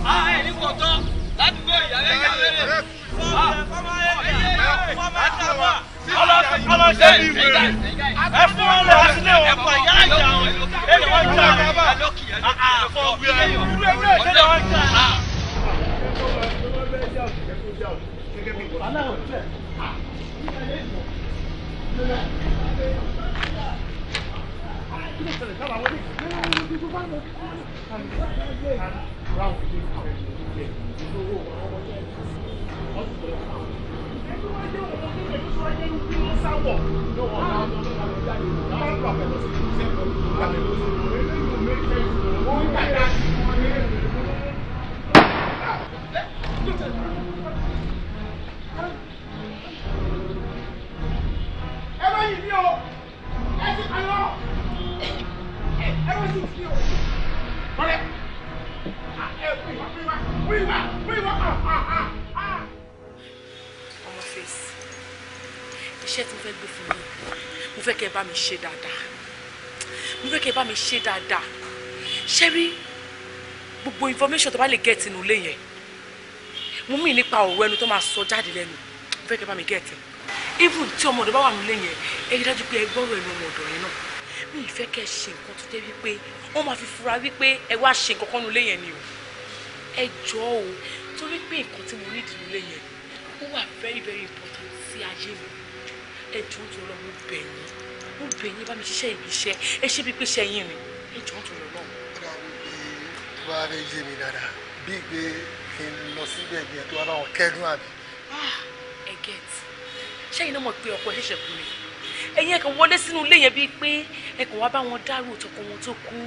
ah, ẹ̀yin kò tán láti gbé ìyàrá ìyàrá rẹ̀ ọlọ́sẹ̀ ní ìwé ẹ fún wọn lọ sílẹ̀ wọn pa ìyá ìjà wọn èyí wọn jà àfọ wíwẹ ìwé ìwé ìṣẹ̀lẹ̀ wọn jà. Thank you. Thank you. ṣe dáadáa mo fẹ́ kẹ́ ẹ bá mi ṣe dáadáa ṣé rí gbogbo information tó bá lè get inú ilé yẹn mo mí nípa ọ̀rọ̀ ẹnu tó máa sọ jáde lẹ́nu mo fẹ́ kẹ́ ẹ bá mi get even tí ọmọ ọ̀dọ̀ bá wà nílé yẹn ẹ rí dájú pé ẹ gbọ́rọ̀ ẹnu ọmọ ọ̀dọ̀ yẹn náà mi ì fẹ́ kẹ́ ẹ ṣe nǹkan tó dé wípé wọ́n máa fi fura wípé ẹ wá ṣe nǹkan kan nílé yẹn ni o ẹ jọ o torí pé nǹkan tí mo rí ìdílé lé yẹn ó wà very very important sí ayé mi ẹ jọ̀ọ́ jọ̀ọ́ lọ́mọ bẹ̀yìn mo bẹ̀ yín bá mi ṣiṣẹ́ ibi iṣẹ́ ẹ ṣe bí pé ṣe yín rìn ẹ jọ̀ọ́ tó lọ náà. ó dàbí pé wàá rẹ yé mi dáadáa bíi pé kí n lọ síbẹ̀ bí ẹ tó wá bá wọn kẹ́dùn àbí. Ah, ẹ gẹ́ẹ̀tì ṣẹ́yìn náà mọ̀ pé ọkọ ṣẹ̀ṣẹ̀ kú mi ẹ̀yin ẹ kàn wọlé sínú ilé yẹn bíi pé ẹ kàn wá bá wọn dárò tọkọ wọn tó kú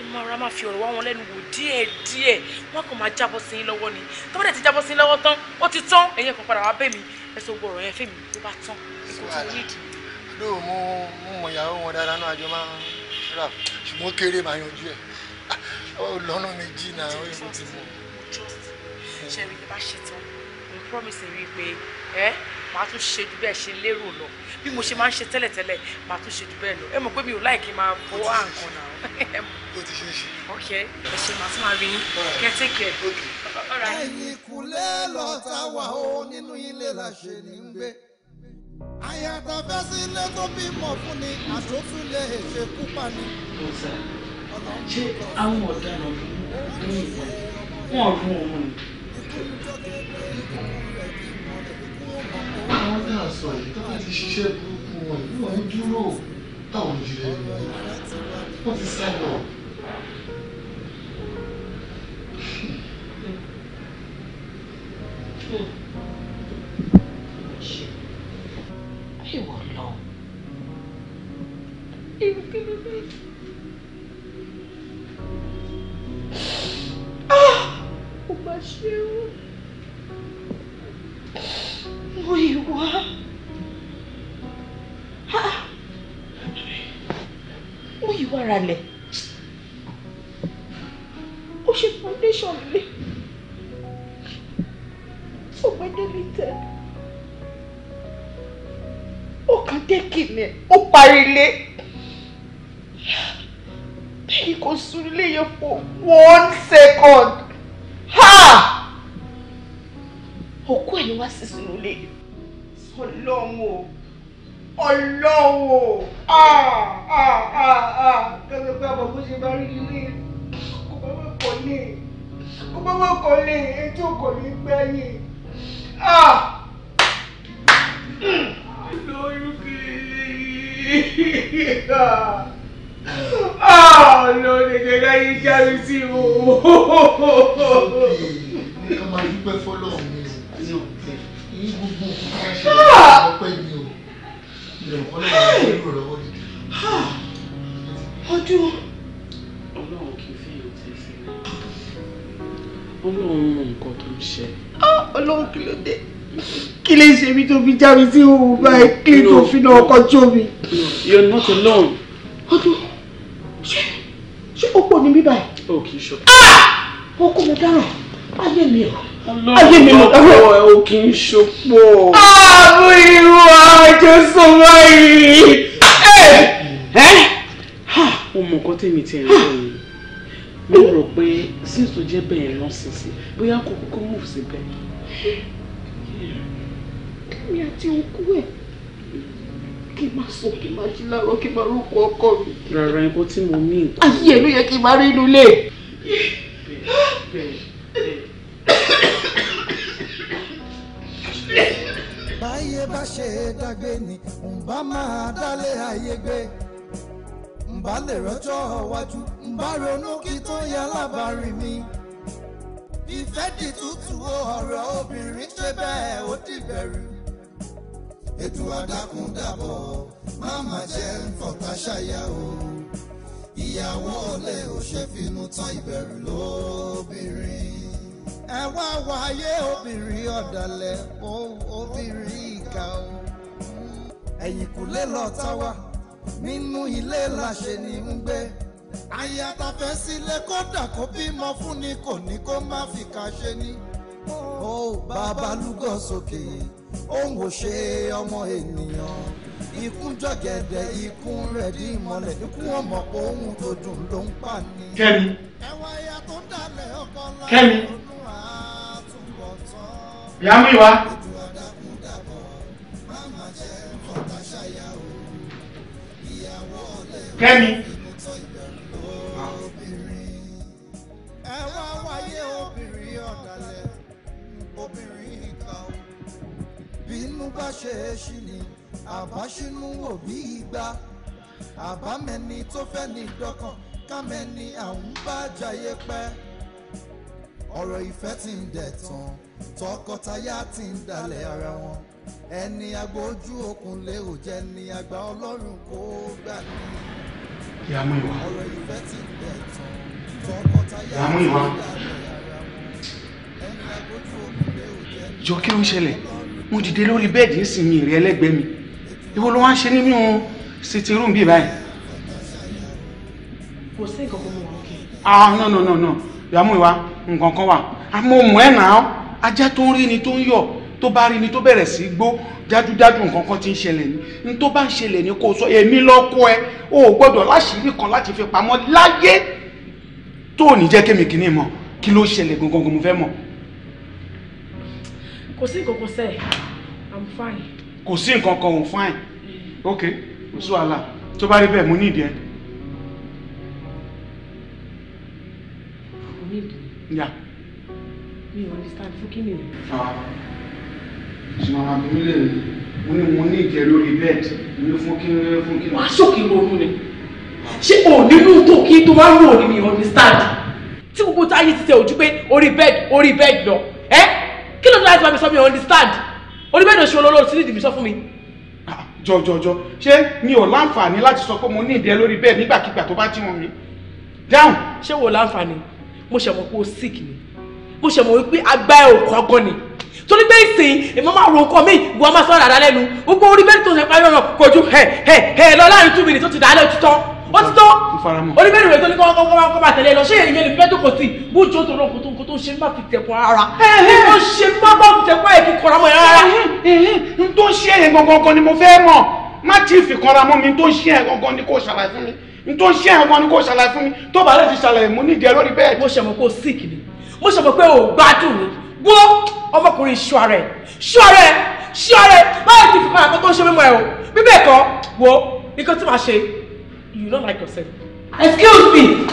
ẹ máa ra máa fi ọ̀rọ̀ wá wọn lẹ́nu wò díẹ̀ díẹ̀ wọn kàn máa jábọ́ sí yín lọ́wọ́ ni tó bá dẹ̀ ti jábọ́ sí yín lọ́wọ́ tán ó ti tán ẹ̀yin ẹ kàn padà wá bẹ̀ mí ẹ sọ gbọ́ ọ̀rọ̀ yẹn fẹ́ mi ló bá tán èkó tó nídìí lóò mo mo mọ ìyàwó wọn dáadáa náà àjọ máa ń rà ṣùgbọ́n kéré máa yanjú ẹ̀ lọ́nà méjì náà ó yẹ ti mọ. ṣe bá ṣe tán mo promise rí pé ẹ màá tún ṣe ju bẹ́ẹ̀ ṣe lérò lọ bí mo ṣe máa ń ṣe tẹ́lẹ̀tẹ́lẹ̀ màá tún ṣe ju bẹ́ẹ̀ lọ ẹ mọ̀ pé mi ò láìkí máa fowó àǹkan náà. ó ti ṣe é ṣe. ok ẹ ṣe màá tún máa rí yín kẹ́ tẹ́kẹ̀. ẹ̀yìn lọ́ta wà ó nínú ilé làṣẹ ní ń gbé àyàtọ̀ fẹ́ sí ilé tó bímọ fún ni àsòfin lè ṣekú pa ni. ṣé àwọn ọ̀daràn ní ìwà wọn rún ọmọ ni. àwọn náà sọ yìí tó bá ti ṣiṣẹ́ burúkú wọn yìí wọ́n ń dúró táwọn ìjìnlẹ̀ nìyẹn wọ́n ti sá lọ. Thank you. Oh. ìwọ lọ ìwọ kí ló dé. ó mà ṣe o mo ìwà mo ìwà ara lẹ̀ ó ṣe foundation mi ó gbé débi tẹ́lẹ̀ ó kàn dẹ́kì ni ó parí ilé bẹ́ẹ̀ kò sùn ilé yẹn for one second ha òkú ẹ̀ ni wá sí sínú ilé ọlọ́run o ọlọ́run o ah ah ah ah gẹ́gẹ́ bí àbọ̀ bó ṣe bá rí ilé kò bá wà kọ́ lé kò bá wà kọ́ lé etí kò ní gbẹ́yìn ah lóyún kiri. Ah, no, dèdè láyé já mi sí o. Ká máa dúpẹ́ fọ́lọ́ mi o. Ní gbogbo nǹkan ṣe ọpẹ́ mi o. Ìrọ̀lẹ́ ọ̀la mi ló rọwọ́ dìde. Ọdún. Ọlọ́run kì í fi hàn tí sí. Ọlọ́run mọ nǹkan tó ń ṣe. Ọlọ́run kí dé? kí lè ṣe mi tó fi já mi tí òun bá ẹ kí tó fi náà ọkọ jó mi. you're not alone. ọdún ṣé ṣé ó pò ní bíbá oh, ah! ẹ. o kì í ṣọ. ó kó mo dáràn ayé mi o ayé mi o dáwọ́ ẹ o kì í ṣopó. ààbò ìwà jésù báyìí. ó eh! eh! mọ nǹkan tèmi ti rìn lónìí mo rò pé sísun jẹ́ bẹ́ẹ̀ lọ́sìn sí bóyá kò kókó move síbẹ̀ kémi àti òkú ẹ̀ kí n máa sùn kí n máa jí láàárọ̀ kí n máa rúkọ ọkọ mi. rárá nǹkan tí mo mí ayé ẹ̀ ló yẹ kí n máa rí inú ilé. báyé bá ṣe dágbé ni n bá máa dálé ayé gbé n bá lè rọ́jọ́ iwájú n bá ronú kí tó yẹ alábàárín mi ìfẹ́ di tútù ọ̀rọ̀ obìnrin ṣe bẹ́ẹ̀ ó dìbẹ̀rù. ètò àdàkùn dàbọ̀ máma jẹ́ ń fọ̀tà ṣàyà o ìyàwó ọ̀lẹ ò ṣe finú tán ìbẹ̀rù lóbìnrin. ẹ wá wáyé obìnrin ọ̀dàlẹ̀ obìnrin ìkà o. ẹ̀yìnkùlé lọ́ọ́ tá wa nínú ilé làṣẹ ni ń gbé aya ta fẹ́ sílé kódà kó bímọ fún ni kò ní kó má fi ká ṣe ní. ó oh, oh, bàbá lúgọ sókè òun ò ṣe ọmọ ènìyàn ikún jọ̀gẹ̀dẹ̀ ikún rẹ̀ dí ìmọ̀lẹ̀ ikún ọmọ ohun tó dùn ló ń pa ni. kẹ́mi kẹ́mi ìyá kẹ́mi. obìnrin kan bínú bá ṣe é ṣí ni àbáṣínú wò bí àbámẹ́ni tó fẹ́ ní dọ́kàn kámẹ́ni àwọn bá jayé pẹ́ ọ̀rọ̀ ìfẹ́ ti ń dẹ̀ tán tọkọtaya ti ń dalẹ̀ ara wọn ẹni agbo ojú òkun lè ò jẹ́ ni àgbà ọlọ́run kò gbà ní. ìyàmú ìwà ọ̀rọ̀ ìfẹ́ ti ń dẹ̀ tán tọkọtaya ti ń dalẹ̀ ara wọn ẹni agbo ojú òkun jọ kí ló ń ṣẹlẹ̀ mo dìde lórí bẹ́ẹ̀dì ń sìn ìrìn ẹlẹ́gbẹ̀ẹ́ mi ìwọ ló wá ṣe nínú sitting room bíi báyìí. kò sí nǹkan kan mo wà ókè. ah no no no no ìyàmú ìwà nǹkan kan wà àmọ́ ah, mọ̀ ẹ́ nà án ajá tó ń rí ni tó ń yọ̀ tó bá rí ni tó bẹ̀rẹ̀ sí gbó dájúdájú nǹkan kan ti ń ṣẹlẹ̀ ni n tó bá ń ṣẹlẹ̀ ni kò sọ èmi lọ́kọ ẹ o ò gbọ́dọ̀ láṣìírí kan láti fi pamọ́ láyé tó ò ní jẹ́ kémi kìíní mọ̀ kí ló ṣẹlẹ̀ gangan mo fẹ́ mọ̀ kò sí nǹkan kan sẹ́ i'm fine. kò sí nǹkan kan òun fine mm. ok kò sí wàhálà tó bá rí bẹ́ẹ̀ mo ní ìdí ẹ. mo ní ìdí. ya. mi ò understand fún kí Ah. ṣùgbọ́n àbí mi lè mo ní mo ní ìdí ẹ lórí bẹ́ẹ̀dì mo ní fún kí ni fún kí ni. wàá ṣòkè ronú ni ṣé ònínú tó kí tó máa ń rò ní mi ò understand tí gbogbo táyé ti tẹ ojú pé orí bẹ́ẹ̀dì orí bẹ́ẹ̀dì lọ ẹ́ kí ló dé láti máa fi sọ mi understand oníbẹ̀rẹ̀ oṣù olóró sí nídìí mi sọ fún mi. jọjọjọ ah, ṣé mi ò láǹfààní láti sọ pé mo ní ìdẹ lórí bẹ́ẹ̀ nígbàkigbà tó bá jí wọn mi dáhùn. ṣé wo láǹfààní mo ṣe mọ̀ pé o sick ni mo ṣe mọ̀ wípé agbá ẹ̀ ò kọ́ gan ni torí pé ìsìn èmi máa ro nǹkan mi ìwọ máa sọ dàda lẹ́nu gbogbo orí bẹ́ẹ̀ tó ṣe parí ó ti tọ́ oníbẹ̀rù rẹ̀ tó ní kọ́kọ́ kọ́ bá tẹ̀lé lọ ṣé èyí lè fẹ́ tó kò sí bójú ó tọrọ kòtò kòtò ṣe má fi tẹ̀kọ́ ara tó ṣe má bá fi tẹ̀kọ́ ẹ̀ fi kọ́ra mọ́ ẹ̀ rárá. n tó ṣe é gangan ni mo fẹ́ mọ̀ má tí ì fi kọ́ra mọ́ mi n tó ṣe é gangan ni kò ṣàlàyé fún mi n tó ṣe é gangan ni kò ṣàlàyé fún mi tó bá lè ti ṣàlàyé mo ní ìdíyẹ lórí bẹ́ẹ̀. mo ṣàmọ̀ pé o sick ni mo ṣàmọ̀ pé o gbádùn ni gbó ọmọkùnrin ṣọ́ ara ẹ̀ ṣọ́ ara ẹ̀ ṣọ́ ara ẹ̀ báyìí ti fi kọ́ra kó tó ń ṣe mímọ́ ẹ̀ o bíbẹ̀ kọ́ wo ikọ́ tí màá ṣe you don't like yourself. excuse me.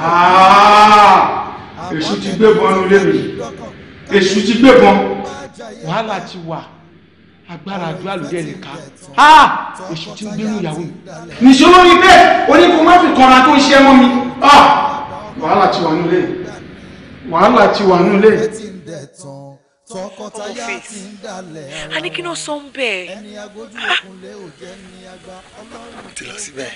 Ah! èṣù ti gbé bọ́n ní ilé mi èṣù ti gbé bọ́n. wàhálà ti wà agbára àdúrà ló dé nìka èṣù ti ń gbé ní mi. nìṣó lórí bẹ́ẹ̀ oníkun má fi kọra tó ń ṣe mọ́ ah! mi wàhálà ti wà nílé wàhálà ti wà nílé tọkọtaya ti ń dalẹ̀ ara wọn. a ní kí ló sọ ń bẹ̀. ẹni agójú òkunlé ah. ò jẹ́ ní agba ọlọ́run. ti lọ síbẹ̀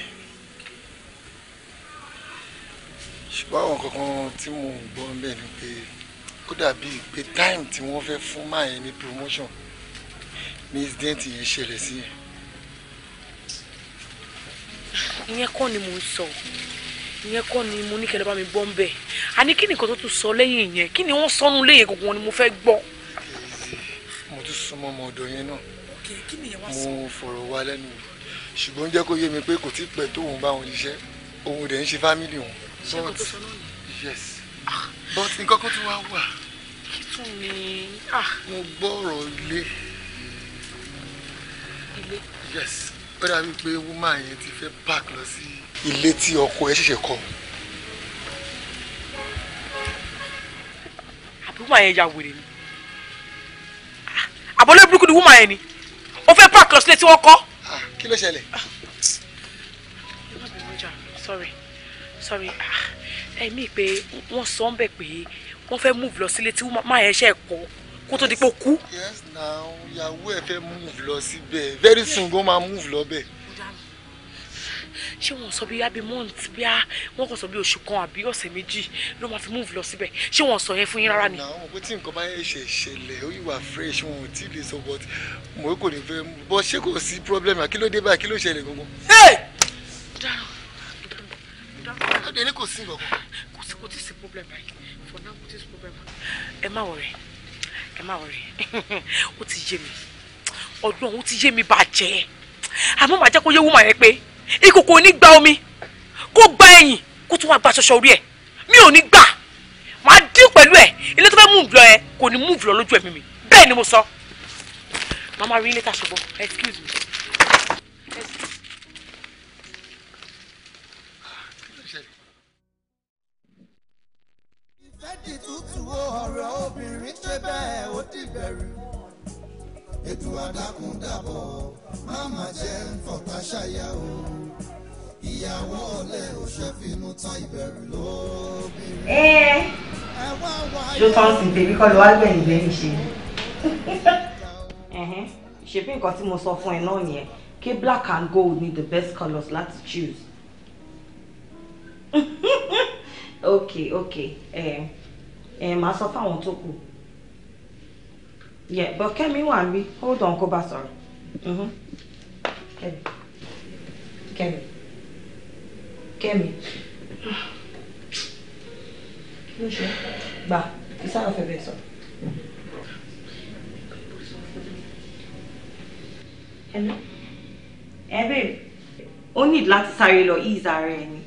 ṣùgbọ́n àwọn kankan tí mo ń gbọ́ ń bẹ̀ ni pé ó dàbí pé táìmù tí wọ́n fẹ́ fún máa yẹn ní promotion ní incident yẹn ṣẹlẹ̀ sí yẹn. ìyẹn kọ́ ni mo ń sọ ìyẹn kọ́ ni mo ní kẹlẹ́ mi bọ́ ń bẹ̀ àní kí ni nǹkan tó tún sọ lẹ́yìn ìyẹn kí ni wọ́n sọnù lẹ́yìn gbogbo wọn ni mo fẹ́ gbọ́ tún súnmọ́ ọmọ ọ̀dọ̀ yẹn náà mo fọ̀rọ̀ wá lẹ́nu wò ṣùgbọ́n jẹ́ kó yé mi pé kò tí pẹ́ tóun bá wọn ṣiṣẹ́ òun dẹ̀ ń ṣe fámìlì wọn but yes but nǹkan kan tún wá wà ah, mo gbọ́ ọ̀rọ̀ ilé yes ó dàbí pé woman yẹn ti fẹ́ park lọ sí ilé tí ọkọ ẹ̀ ṣẹ̀ṣẹ̀ kọ́. àbúrò àyẹ̀yà wèrè ni àbọ̀lẹ́ burúkú ni woman yẹn ni ó fẹ́ park lọ tí wọ́n kọ́. kí ló ṣẹlẹ̀. sorry sorry ah, ẹ̀mí pé wọ́n sọ ń bẹ̀ pé wọ́n fẹ́ move lọ sílé tí woman yẹn ṣe kọ́ kó tó di pé ó kú. yes now ìyàwó ẹ fẹ́ move lọ síbẹ̀ very soon go máa move lọ bẹ́ẹ̀ ṣé wọn sọ bí abi month bí a wọn kàn sọ bí oṣù kan àbí ọ̀sẹ̀ méjì ló máa fi move lọ síbẹ̀ ṣé wọn sọ yẹn fún yín rárá ni. àwọn òpin tí nǹkan bá yẹ ṣe ṣẹlẹ̀ ó yìí wà fresh wọn ò tí ì lè sọ but mo kò ní fẹ́ bọ́ ṣé kò sí problem kí ló dé báyìí kí ló ṣẹlẹ̀ gbogbo. ọdẹ ní kò sí nǹkan. kò sí kò tí ì sí problem báyìí for now kò tí ì sí problem. ẹ má wọrẹ ẹ má wọrẹ ó ti yé mi ọdún ọ̀hún ti yé mi bàjẹ́ àmọ́ màá jẹ́ kó yé wúmọ̀ yẹn pé ìkòkò ní gba omi kó gba ẹ̀yìn kó tún wá gba ṣọṣọ orí ẹ̀ mi ò ní gbà màá dín pẹ̀lú ẹ̀ ilé tó fẹ́ mú ìbùlọ ẹ kò ní mú ìbùlọ lójú ẹ̀mí mi bẹ́ẹ̀ ni mo sọ màmá rí ilé tàṣọ bọ excuse me. ìfẹ́ di tútù ọ̀rọ̀ obìnrin ṣe bẹ́ẹ̀ ó dìbẹ̀rù ètò àdákùndàbọ̀ máma jẹ́ fọ̀tá ṣáyà o ìyàwó ọ̀lẹ́ ò ṣe finú tán ìbẹ̀rù lóbìnrin. ẹ ẹ ṣó tán sì tèmi kọ́ ló wá gbẹ̀yìn gbẹ̀yìn ṣe. ṣèbí nǹkan tí mo sọ fún ẹ náà yẹn kí black and gold ni the best colours láti choose. ok ok ẹ ẹ màá sọ fáwọn tó kù. Yeah, but Kemi wà níbí. Hold on, go back, sorry. Mm-hmm. Kemi. Kemi. Kemi. Kí ló ṣe? Gbà, ìsáyọ̀ fẹ́ bẹ́ẹ̀ sọ̀rọ̀. Hello. Ẹ bèrè. Ó need láti sáré lọ ease ara ẹ ni.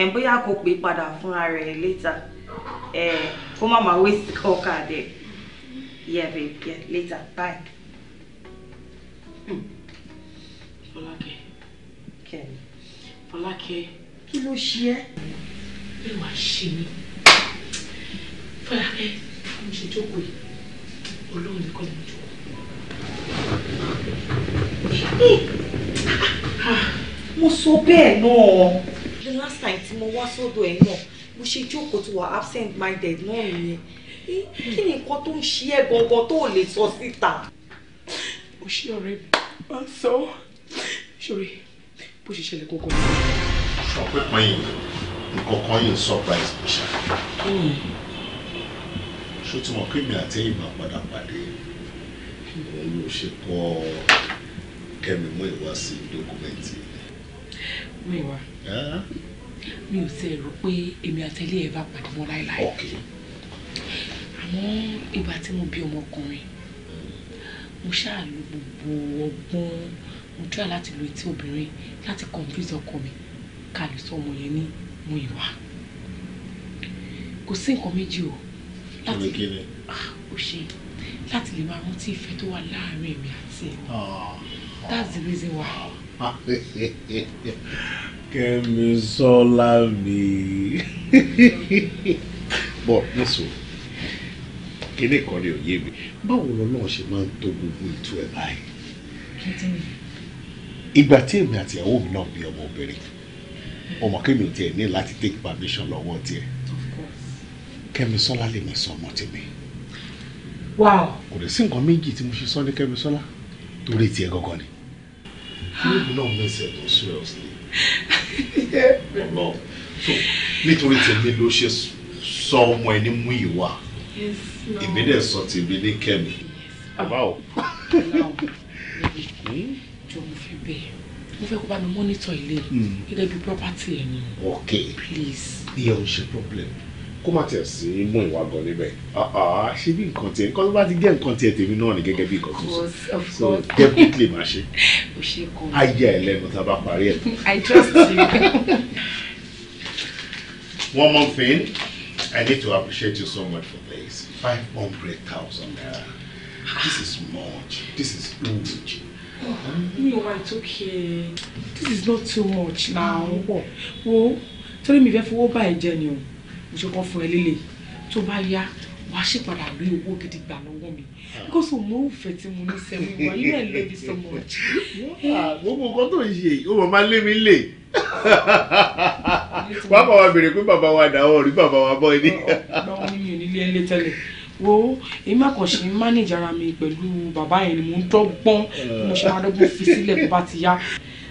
Ẹ̀ bóyá kò pé padà fúnra rẹ̀ later. Eh, kó ma máa waste card dẹ̀. Yeah, babe. Yeah, later. Bye. Fọlákẹ́. Kẹ́mi. Fọlákẹ́. Kí ló ṣe ẹ́? Bí wàá ṣe mí. Fọlákẹ́, mo ṣe jókòó yìí. Olóhùn nìkan ni mo jókòó. Mo sọ bẹ́ẹ̀ náà. The last time tí mo wá sọ́dọ̀ ẹ̀ náà, mo ṣe jókòó tó wà absent minded náà nìyẹn kí ni nǹkan tó ń ṣe ẹ́ gangan tó lè sọ síta. mo ṣe ọ̀rẹ́ mi máa ń sọ ọ́ ṣòro bó ṣe ṣẹlẹ̀ kókó. sọ pé pẹ́yìn nǹkan kan yìí ń surprise mi ṣá. Hmm. ṣó tí wọn kéèmí àtẹ̀yìn máa padà pàdé òun ló ṣe kọ́ kẹ́mi mú ìwá sí dọ́kúmẹ́ǹtì. mi wá mi ò tẹ́ rò pé èmi àtẹ̀lé ẹ̀ bá pàdé mọ́ láéláé àmọ́ ìgbà tí mo bí ọmọkùnrin mo ṣáà lo gbogbo ọgbọ́n mo try láti lo etí obìnrin láti confuse ọkọ mi ká lè sọ ọmọ yẹn ní mo ìwà kò sí nǹkan méjì o láti ah, ó ṣe láti lè máa rántí ìfẹ́ tó wà láàárín èmi àti ẹ̀ ah. that's the reason why. Kẹ́mi sọ́lá mi bọ̀ nísòó kíní kan ni ò yé mi báwo lọ́nà ṣe máa ń tó gbogbo ètò ẹ̀ báyìí. ìgbà tí èmi àti ìyàwó mi náà bí ọmọbìnrin ọmọ kémi ò tiẹ̀ ní láti take permission lọ́wọ́ tiẹ̀ Kẹ́misọ́lá lè mi sọ ọmọ tèmi. kò lè sí nǹkan méjì tí mo ṣe sọ ní Kẹ́misọ́lá torí tiẹ̀ gangan ni. kílódé náà mẹsẹ̀ tó seriously. ọ̀nà nítorí tèmi ló ṣe sọ ọmọ ẹni mú ìwà èmi dẹ̀ sọ tèmi ní kẹ́mi bàbá o. Hmm? jọ mo fẹ́ bẹ́ẹ̀ mo fẹ́ kó bá mi mọ́nítọ̀ ilé hmm. gẹ́gẹ́ bí property ẹ̀ ni. ok please. ìyẹn ò ṣe problem kó má tẹ̀ sí mú ìwà gan níbẹ̀ ah, ah, ṣé bí nǹkan tiẹ̀ nǹkan tó bá ti jẹ́ nǹkan tiẹ̀ tèmi náà ni gẹ́gẹ́ bí nǹkan tó sọ so definitely máa ṣe ayé ẹ̀ lẹ́nu tá a bá parí ẹ̀. I trust you. One more thing, I need to appreciate you so much for five hundred thousand naira this is much this is huge. mi ò wá ìtókè this is not too much na wọ wo torí mi fẹ́ fowó báyìí jẹ ni o mo ṣe kọ́ fún ẹ lélẹ̀ tó bá yá wàá ṣèpadà lórí owó gidi gbà lọ́wọ́ mi because o mọ òfẹ tí mo ní sẹ́wọ̀n ìwà yìí ẹ̀ lẹ́bi so much. gbogbo ah, nǹkan tó ń ṣe yìí ó mọ̀ máa lé mi lè wàá bá wa béèrè pé bàbá wa dà ọ́ rí bàbá wa bọ́ ẹ ní. ọ̀pọ̀ mi ò ní ẹ lé tẹ́lẹ̀ wo èmi má kàn ṣe manage ara mi pẹ̀lú bàbá yẹn ni mo ń dọ́gbọ́n mo ṣe máa dọ́gbọ́n fi sílẹ̀ bó bá ti yá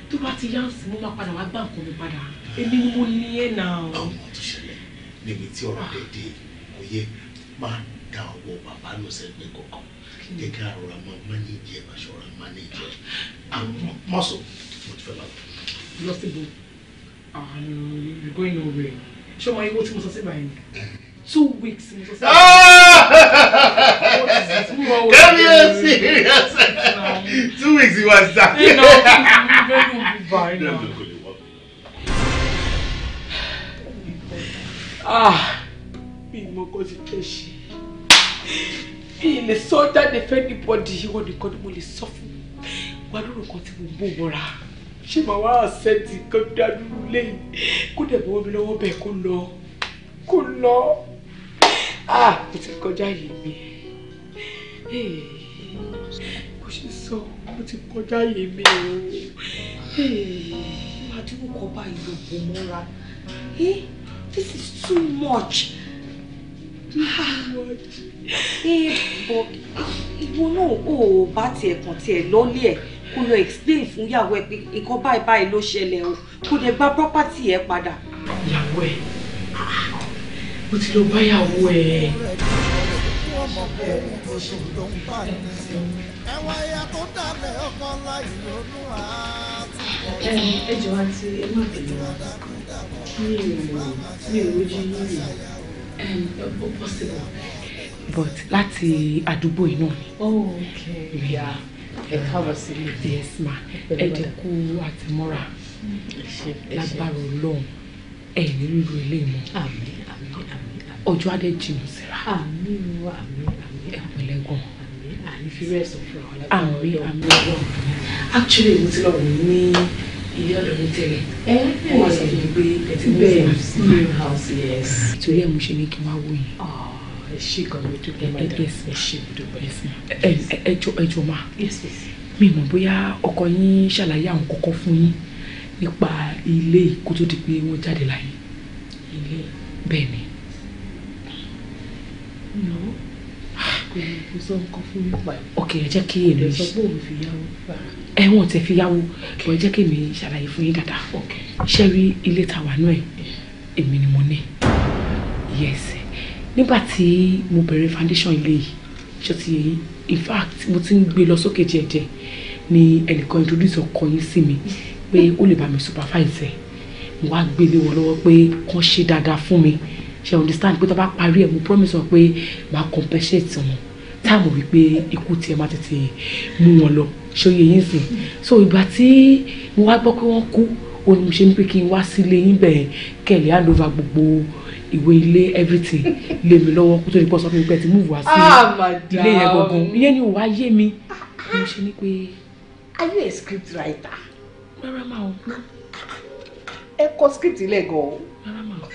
tó bá ti yá sí mo máa padà wá gbà nǹkan mi padà èmi ni mo ní ẹ̀ náà. àwọn ọmọ tó ṣẹlẹ̀ níbi tí ọ̀rọ̀ rẹ̀ dé kò máa da ọwọ́ bàbá lọ sẹ́gbẹ̀ẹ́ kọ̀ọ̀kan jẹ́ kí máa manage ẹ̀ máa ṣọ̀rọ̀ manage ẹ̀ àwọn mọ́sọ̀ mo ti fẹ́ máa lọ. lọ ah, sí eh. two weeks mo sọ sí báyìí. Ah! serious. Two weeks he was down. You know, very no, no, no, Ah, bí mo kọ́ ti fẹ́ ṣe. Bí ilé sọ́jà lè fẹ́ ní bọ́dì yìí wọ́n nìkan ni mo lè sọ fún mi. my lóru kan tí mo ń bò mọ́ra. Ṣé màá wá àṣẹ́ntì kan dáadúró lẹ́yìn? Kó Could not. mi lọ́wọ́ ah mo ti kọjá yìí mi bó ṣe sọ mo ti kọjá yìí mi o máa dúró kọ báyìí ló bò mọ́ra eh, this is too much ìbò eh, ìwọ náà ò bá tiẹ̀ kàn tiẹ̀ lọ́lé ẹ̀ kó lọ explain fún ìyàwó ẹ pé nǹkan báyìí báyìí ló ṣẹlẹ̀ o kó lè gba property ẹ padà. ìyàwó ẹ ó ti lọ báyàwó ẹ̀. ẹ jọ àti ẹ má bẹ̀rẹ̀ wá mi ò mi ò rojú yìí ó possible. but láti àdúgbò yìí náà ni. oh okay. Yeah ẹ káàbọ̀ sílé yes ma ẹ dín àtìmọ́ra lágbára ọlọ́run ẹ nílùú ilé mọ́. àmín ọjọ́ adé jìnnà síra. àmín o àmín àmín ẹ̀pẹ̀lẹ̀ gan. àmín àmín fírẹ́ ẹ̀sán fúnra wọn lágbára ọ̀dọ́ àmín ọ̀dọ́ actually mo ti lọ wò ní ilé ọ̀dọ̀ mi tẹ́lẹ̀ wọ́n wá sọ fún mi pé ẹ̀tí bẹ́ẹ̀ new house yes. torí ẹ̀ mo ṣe ní kí n wá wò yín. Ah, ẹ ṣe gan mi dúpẹ́ madam ẹ ṣe mi dúpẹ́. ẹ jọ ẹ jọ ma mi mọ̀ bóyá ọkọ yín ṣàlàyé àwọn kọ̀ọ̀kan fún yín nípa ilé kó tó di pé wọ́n jáde láyé. ilé bẹ́ẹ̀ ni kò sọ nǹkan fún mi pa. ok ẹ jẹ́ kí èmi ẹ sọ pé fi yáwó. wọn tẹ kí èmi ṣàlàyé fún yín dáadáa. ṣé ilé ta wà náà èmi ni mo ní yes nígbà tí mo bẹ̀rẹ̀ foundation ilé yìí ṣé ti in fact mo ti ń gbé lọ sókè jẹ́jẹ́ ni ẹnìkan introduce ọkọ yín sí mi pé ó lè bá mi supervise ẹ mo wá gbélé wọn lọ́wọ́ pé kán ṣe dáadáa fún mi ṣe understand pé tó bá parí ẹ̀ mo promise wọn pé màá compensate wọn táàmù wípé ikú tiẹ̀ máa tètè mú wọn lọ ṣe oyè yín sìn so ìgbà tí mo wá gbọ́ pé wọ́n kú òun ni mo ṣe ń pé kí n wá sílé yín bẹ̀rẹ̀ kẹ̀lé hand over gbogbo ìwé ilé everything lé mi lọ́wọ́ kó tó di pọ̀ sọ fún mi pé ti múùfù wá sí ah, ilé yẹn gbọ̀ngàn ilé ni òun yé mi mo ṣe ni pé. are you a script writer. rárá máa ń. ẹ kọ script ilé gan-an.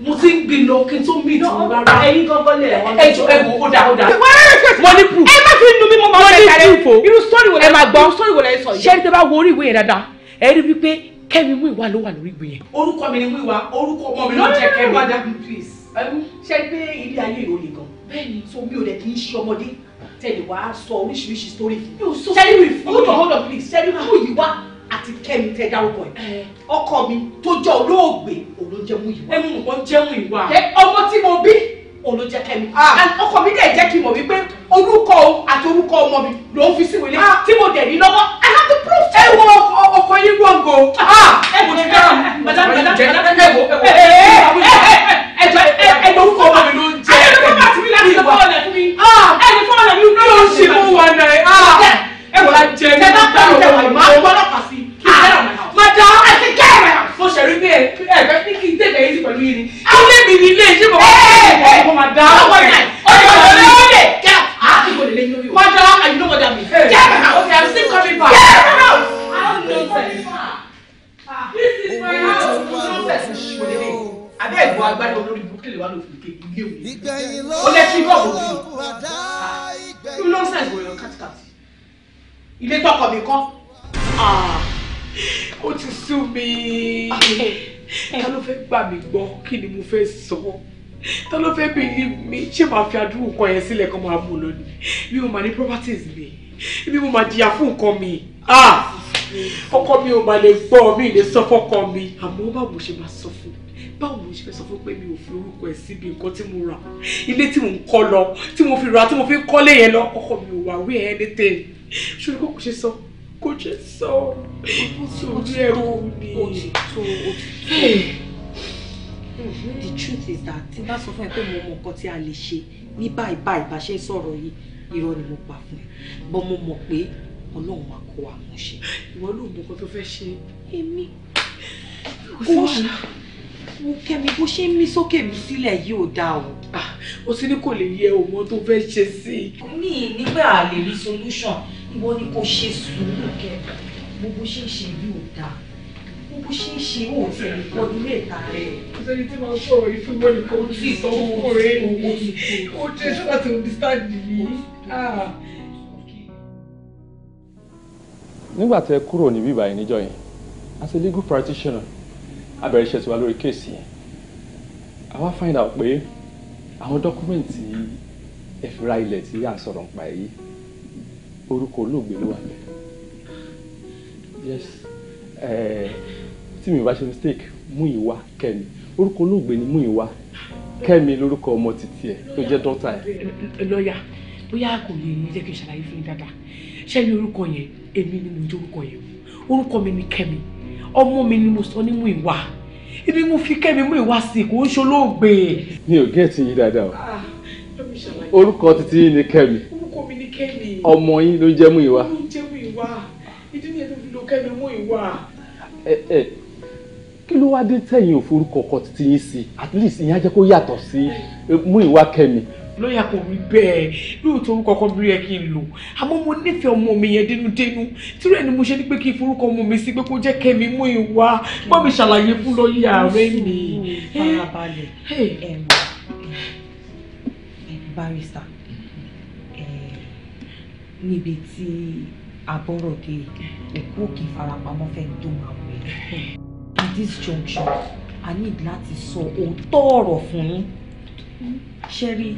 mo ti ń gbin lọ kí n tó mí ìdùnnú rárá. ẹyin gangan lè ẹ jọ ẹ wò ó da ó da. mo ní proof. ẹ má fi nu mi mo máa fẹ́ kárẹ́ ìfò. irú sọ́ọ̀rì wò ẹ má gbọ́ sọ́ọ̀rì wò sọ yìí. sẹ́ni tẹ́ bá wo ìwé yẹn dáadáa ẹ rí wípé kẹ́mi mú ìwà ló wà lórí ìwé orúkọ mi ni wíwá orúkọ ọmọ mi ló jẹ kẹ́mi. wọ́n pé ilé ayé ìròyìn gan. bẹ́ẹ̀ni so mi ò dẹ̀ kì í ṣe ọmọdé tẹ̀lé wàá sọ àti kẹ́mi tẹ́ dárúkọ ẹ̀ eh. ọkọ mi tó jẹ́ olóògbé òun ló jẹ́ mú ìwà. ẹ mú nǹkan jẹ́ mú ìwà. ọmọ tí mo bí òun ló jẹ́ kẹ́mi. Ah. ọkọ mi dẹ̀ jẹ́ kí n mọ̀ wípé orúkọ òun àti orúkọ ọmọ mi ló ń fi sí wèlé ah. tí mo dẹ̀ ní lọ́wọ́ I have to prove. ẹ wo ọkọ yín gbọ̀ngàn o. Ah. ẹ wo ti dára madam madam madam ẹ wo ẹ wo ẹ jọ ẹ jọ orúkọ ọmọ mi ló ń jẹ́ kẹ́mi. ẹ ní fọ́ọ̀nù mi ló ń ṣe mú wọn náà ẹ wò lájẹ ní ìgbà yóò wọ ìmọ̀ àwọn ọlọ́pàá sí kí ẹ rà náà. mọ̀tà ẹ ti kẹ́ ẹ̀rẹ̀ hàn. mo ṣẹ̀rí bí ẹ ẹ̀fẹ́ ní kí n tẹ̀lé yìí pẹ̀lú yìí ni. Ah! ilé mi ni ilé ṣé mo wọ́n mo máa dá ọ̀pọ̀ yẹn. ọ̀dọ̀ ọ̀dọ̀ ló dé. mọ̀tà I know what I mean. kẹ́ ẹ̀rẹ̀ hàn okay I'm still coming back. kẹ́ ẹ̀rẹ̀ hàn. This is my house. Nonsense ṣe wọlé lé. Abẹ́ ẹ̀gbọ́n agbára olórí Brooklyn wà lófin kékeré ilé òní. Olẹ́tí bọ̀ọ̀lù òní. Nonsense wọ̀nyọ̀ kàtìkàtì ilé tọkọ mi kọ́ ah. ó ti sú mi ta ló fẹ́ gbà mí gbọ́ kí ni mo fẹ́ sọ ta ló fẹ́ believe mi ṣé màá fi àdúrà nǹkan yẹn sílẹ̀ kó máa mú un lónìí mi ò properties mi mi ò máa jìyà fún nǹkan mi Ah, mi ò máa lè gbọ́ mi lè sọ fọ́kọ mi àmọ́ báwo ṣe máa sọ fún mi báwo mo ṣe fẹ́ sọ fún pé mi ò fi orúkọ ẹ̀ síbi nǹkan tí mo rà ilé tí mo ń kọ́ lọ tí mo fi rà tí mo fi kọ́lé yẹn lọ ọkọ mi ò wá wí anything ṣùgbọ́n kò ṣe sọ kò ṣe sọ nítorí hmm, the truth is that tí bá sọ fún ẹ pé mo mọ nǹkan tí a lè ṣe ní báyìí báyìí bá ṣe sọ̀rọ̀ yìí irọ́ ni mo pa fún ẹ bọ́n mo mọ̀ pé ọlọ́run máa kó wa mú ṣe. ìwọ ló mọ nǹkan tó fẹ́ ṣe. èmi kò wà wo kẹ́mi bó ṣe ń mí sókè mi sílẹ̀ yìí ò dáa o. o ah, sì ní kò lè yẹ òun tó fẹ́ ṣe sí i. mi nígbà lè rí solution ìwọ ni kò ṣe sùúrù kẹ gbogbo ṣe ń ṣe yìí ò dáa gbogbo ṣe ń ṣe ò tẹ̀ ìkọdù lè ta rẹ. nítorí tí mo sọ ìfún ìwọ ni kò tí sọ owó rẹ ni o jẹ ṣọlá tó ń dísáàdì mi. nígbà tẹ kúrò níbí ìbàyẹn níjọ́ yẹn as a legal practitioner a bẹ̀rẹ̀ iṣẹ́ tiwa lórí kéèsì yẹn a wá find out pé àwọn dọ́kúmẹ̀ntì ẹ̀fìrà ilẹ̀ tí à ń sọ̀rọ̀ nípa èyí orúkọ olóògbé ló wà bẹ́ẹ̀ yes tí mi ò bá ṣe mistake Múyìwá Kẹ́mi orúkọ olóògbé ni Múyìwá Kẹ́mi lórúkọ ọmọ títí ẹ̀ tó jẹ́ dọ́tà ẹ̀. lọ́ọ̀yà bóyá kò lè ní jẹ́ kí n ṣàlàyé fún yín dáadáa ṣé ní orúkọ yẹn èmi ni mo jẹ́ orúkọ yẹn orúkọ mi ni Kẹ́mi ọmọ mi ni mo sọ ní Múyìwá ibi mo fi Kẹ́mi Múyìwá sí kò ń ṣolóògbé. mi ò gẹ́ẹ̀tì yín dáadáa o ah, orúkọ títí yín ni Kẹ́mi ọmọ yín ló jẹ́ mú ìwà. kí ló wá dé tẹ̀yìn òforúkọ kan ti yín sí at least ìyẹn á jẹ́ kó yàtọ̀ sí mú ìwà kẹ́mi lọ́yà kò rí bẹ́ẹ̀ lóòótọ́ orúkọ ọkọ mi rí ẹ kí n lò àmọ́ mo nífẹ̀ẹ́ ọmọ mi yẹn dénúdénú tí rẹ̀ ni mo ṣe ní pé kí n forúkọ ọmọ mi sí pé kó jẹ́ kẹ́mi mú ìwà gbọ́ mi ṣàlàyé fún lọ́ọ̀yà rẹ̀ mi. farabalẹ̀ ẹ̀ barista níbi tí abọ́rọ̀ dé òkè farapamọ́ fẹ́ni tó máa at this junction i need láti sọ òótọ́ ọ̀rọ̀ fún yín ṣe rí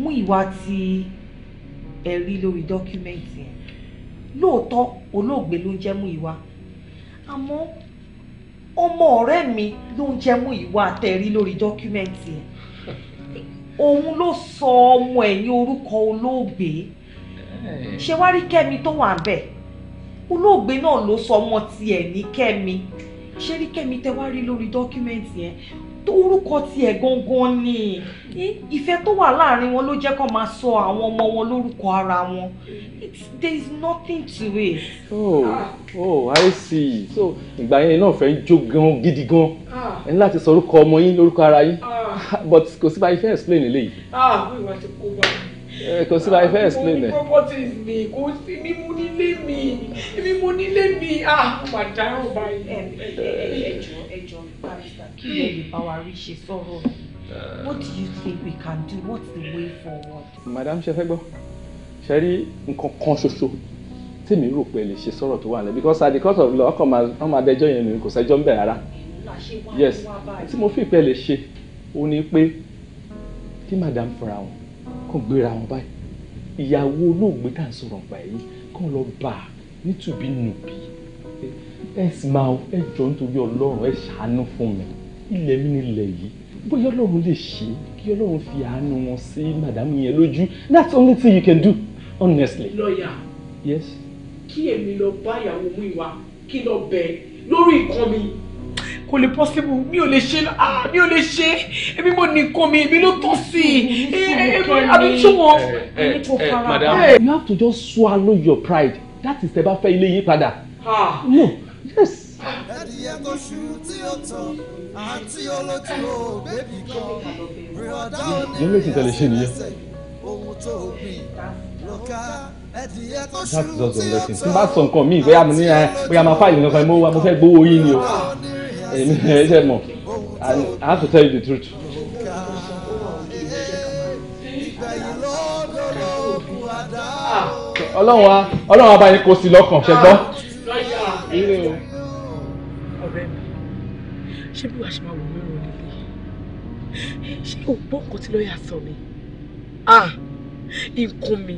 mú ìwà tí ẹ rí lórí dọ́kúmẹ́ǹtì yẹn lóòótọ́ olóògbé ló ń jẹ́ mú ìwà àmọ́ ọmọ ọ̀rẹ́ mi ló ń jẹ́ mú ìwà tẹ̀rí lórí dọ́kúmẹ́ǹtì yẹn òun ló sọ ọmọ ẹ̀yìn orúkọ olóògbé ṣé wá rí kẹ́mi tó wà bẹ̀ olóògbé náà ló sọ ọmọ tiẹ̀ ní kẹ́mi ṣé rí kẹ́mi tẹ wá rí lórí dọ́kímẹ́ǹtì yẹn orúkọ tiẹ̀ gangan ni ìfẹ́ tó wà láàrin wọn ló jẹ́ kó máa sọ àwọn ọmọ wọn lórúkọ ara wọn there is nothing to it. oh oh i see so ìgbà yẹn náà fẹ́ jó gan gidi gan ah. ẹ ní láti sọ orúkọ ọmọ yín lórúkọ ara yín ah. but kò sí bá yín fẹ́ explain eléyìí. ah mi ò wá ti kó bá Eh, kò sí la fẹ́ explain ẹ̀. mo ní properties mi kò sí mi nílé mi mi nílé mi ah mà dárò báyìí. ẹjọ́ ẹjọ́ barista kí lè lè bá wa rí ṣe sọ̀rọ̀ what do you think we can do what's the way forward. madam ṣe fẹ́ gbọ́ ṣe rí nǹkan kan ṣoṣo tèmi rò pé lè ṣe sọ̀rọ̀ tó wà lẹ́ because at the cost of law ọkàn máa dẹjọ́ yẹn nù kò sẹ́jọ́ ń bẹ̀ rárá yes tí mo fi ìpẹ́ lè ṣe ó ní pé kí madam fúnra wọn kàn gbéra wọn báyìí ìyàwó olóògbé tá à ń sọ̀rọ̀ ọ̀gbà yìí kàn lọ bà á nítùbí nùbí ẹ sì máa ẹ jọ nítorí ọlọ́run ẹ ṣàánú fún mi ilẹ̀ mi nílẹ̀ yìí bóyá ọlọ́run lè ṣe kí ọlọ́run fi àánú wọn sí màdámù yẹn lójú that's the only thing you can do honestly. lọ́ọ̀yà yes. kí èmi lọ bá ìyàwó mú ìwà kí lọ bẹ̀ lórí nǹkan kò lè possible mi ò lè ṣe ah mi ò lè ṣe èmi mo nìkan mi èmi ló tọ́ sí i àbí ṣùgbọ́n. ẹ madam eh. you have to just swallow your pride that is tẹ́ bá fẹ́ ilé yìí padà. Ah. no yes. ẹ̀dìyẹ tó ṣú tí ó tán àti olójú bébì kan rí òní ẹsẹ̀ ohun tó gbìn lọ́ka that doesn't make sense. n bá sọ nǹkan míì bóyá mo ní eh, bóyá máa fáìlì nǹkan mo fẹ́ gbowó yín ni o I have to tell you the truth. ọlọ́run wa ọlọ́run wa bá yín kó sí lọ́kàn ṣe gbọ́. ọ̀rẹ́ mi ṣé bí wàá ṣe máa wò mí rò lélẹ̀ ṣé o gbọ́ nǹkan tí lọ́ọ̀yà sọ ni nǹkan mi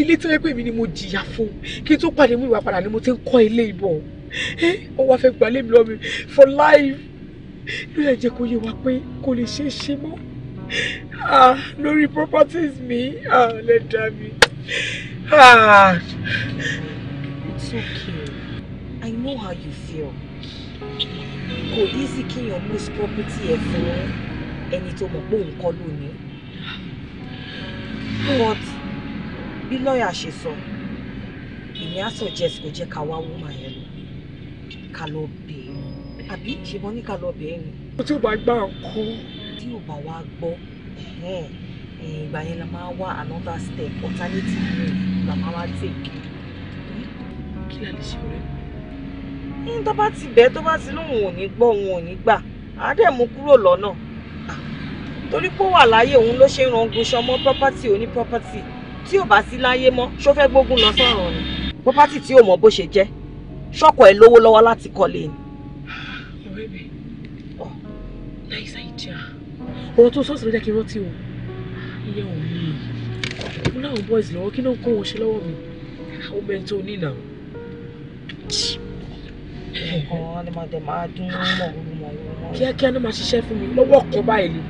ilé tí wọ́n pè mí ni mo jìyà fún kí n tó pàdé mú ìwà padà ni mo ti ń kọ́ ilé ìbọn ó wá fẹ́ gbalẹ̀ mi lọ mi for life ló yẹ jẹ́ kó yé wa pé kò lè ṣeé ṣe mọ́ lórí properties mi lẹ́dàá mi. it's okay i know how you feel kò easy kéèyàn mú property ẹ̀ fún ẹni tó mọ̀ pé òun kọ́ ló but bí lọ́ọ̀yà ṣe sọ ìyẹn á suggest kó jẹ́ ká wá woman yẹn lọ ká lọ bẹ̀ ẹ́ àbí ṣùgbọ́n ní ká lọ bẹ̀ ẹ́ ni. mo tí ò bá gbà kú. tí ò bá wá gbọ́ ìgbà yẹn la máa wá another step alternative way la máa wá take. kí la lè ṣe rẹ. ní tó bá ti bẹ́ẹ̀ tó bá ti lóun ò ní gbọ́ òun ò ní gbà á dẹ̀ mú kúrò lọ́nà torí pé ó wà láyé òun ló ṣe ń rangun ṣọmọ property oní property tí ò bá sí láyé mọ́ ṣó fẹ́ gbógun lọ sọ̀rọ̀ ni property tí ò mọ bó ṣe jẹ́ ṣọ́kọ̀ ẹ̀ lówó lọ́wọ́ láti kọ́lé ni. ọ̀rẹ́ mi láìsá ìjà ọ̀rọ̀ tó sọ́ọ̀sì ló jẹ́ kí n rántí o iye òun mi mo láwọn boys lọ́wọ́ kí náà kó wọn ṣe lọ́wọ́ mi àwọn ọmọ ẹni tó ní ìlànà. ọ̀hún ni màdé máa dún mọ̀ ọ́rùn mọ̀ ọ́rùn mọ̀. kíákíá ló máa ṣiṣẹ́ fún mi lọ́wọ́ kan báyìí ni.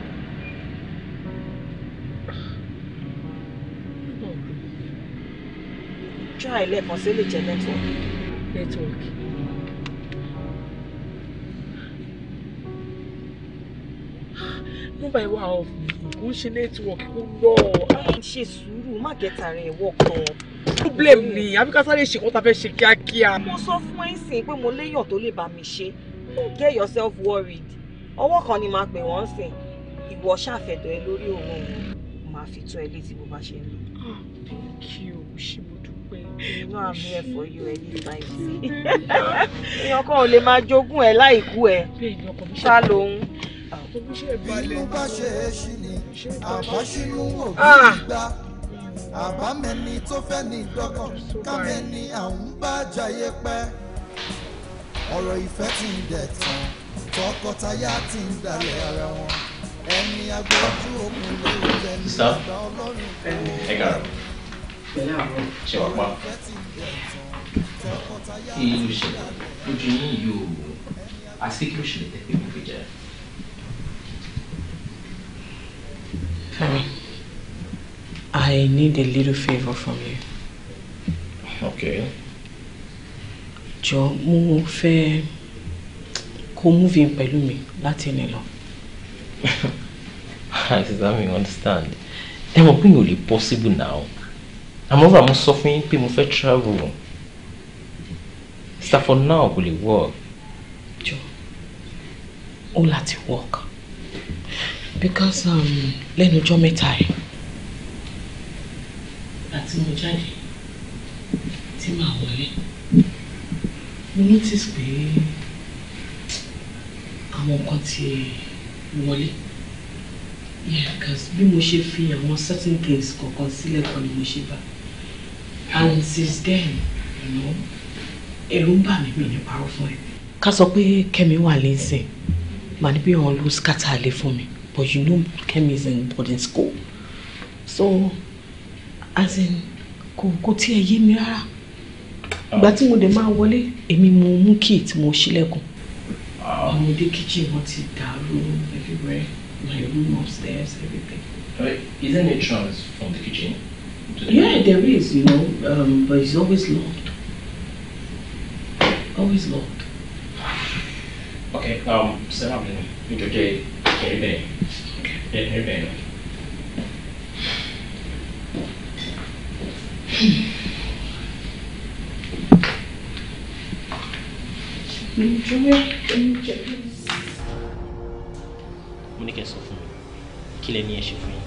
try lẹ́ẹ̀kan sí lè jẹ́ nẹ́tíwọ̀kì network. mobile wa kò ń ṣe network kò lọ. ṣe sùúrù má kẹta rẹ wọkàn. problem ni abika sáré ṣe kọ́ta fẹ́ ṣe kíákíá. mo sọ fún ẹ sìn pé mo léèyàn tó lè bá mi ṣe don't get yourself worried ọwọ́ kan ni màá pè wọ́n sìn ìwọ ṣàfẹ̀dọ̀ ẹ lórí òun máa fi tó ẹ létí bó bá ṣe ń lọ. Ah, kí o ṣe mo You know I'm here for you anytime. Èèyàn kan ò lè máa jogún ẹ láìkú ẹ. Ṣá lòun. Bínú bá ṣe é ṣì ní àbáṣínú òbí gbá. Àbámẹ́ni tó fẹ́ ní ah! dọ́kàn, kámẹ́ni àwọn bá jayé pẹ́. Ọ̀rọ̀ ìfẹ́ ti ń dẹ̀ tán, tọkọtaya ti ń dalẹ̀ ara wọn. Ẹni agbójú òun ló jẹ ní ọ̀dọ̀ Ọlọ́run. Ẹ gàrọ̀ pẹ̀lú àbúrò. ṣe kí ló ṣẹlẹ̀ lójú yín yìí o àti pé kí ló ṣẹlẹ̀ tẹ́ pé fi jẹ. Femi, I need a little favor from you. Okay. Jọ mo fẹ́ kó move in pẹ̀lú mi láti ní lọ. Àìsàn mi understand. Ẹ mọ̀ pé mi ò lè possible now àmọ́ra mo sọ fún yín pé mo fẹ́ travel Stafford now, kò lè work. jọ ó láti work because um, lẹ́nu ọjọ́ mẹ́ta ẹ̀ àti mo jáde tí màá wọlé mo notice pé àwọn nǹkan ti wọlé yeah because bí mo ṣe fi àwọn certain things kọ̀ọ̀kan sílẹ̀ kan ni mo ṣe bá and since then ẹ̀rù ń bà mí mi ní parọ́ fún ẹ. ká sọ pé kẹ́mi wà lẹ́sìn màá ní bí wọn ló scatter lé fún mi but you know kẹ́mi is in boarding school so as in kò kò tí ẹ yé mi rárá ìgbà tí mo dẹ̀ máa wọlé èmi mo mú kí tí mo ṣílẹ̀kùn. Ah. ọmọdé kitchen wọn ti dàrú everywhere my room upstairs everything. Uh, is there any chance from the kitchen? Yeah, there is, you know, um, but it's always locked. Always locked. Okay, um, set up then. Okay, okay, okay. Enjoy, enjoy. Mo ní kẹ́ sọ fún mi, kí lẹ ní ẹ ṣe fún yín?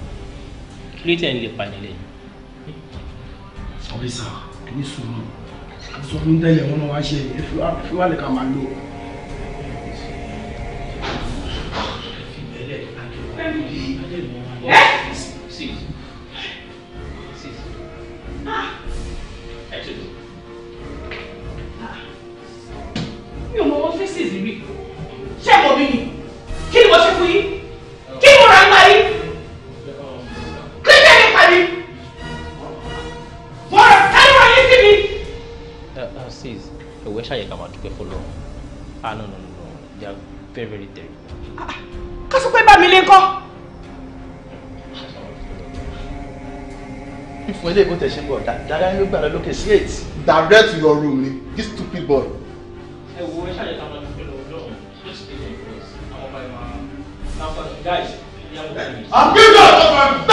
Kí ló tẹ̀ ń lè pa ọfíìsà ẹni sùúrù sọ fún tẹ́lẹ̀ wọn náà wá ṣe ìfúwálẹ̀ ká máa lò. mi ò mọ ọ́fíìsì rí ṣé mo bí ni kí ni mo ṣe fún yín. disease ẹ̀wẹ́ ṣàyẹ̀ká máa dúpẹ́ fọlọ́ ah no no no no they are very very terrible. Ah, ah. ká sọ pé bá mi lé kọ́. ìfún ilé ìbò tẹ̀sí bọ̀ dáadáa ló gbà straight. direct to your room ni this stupid boy. guys. I'm good at it.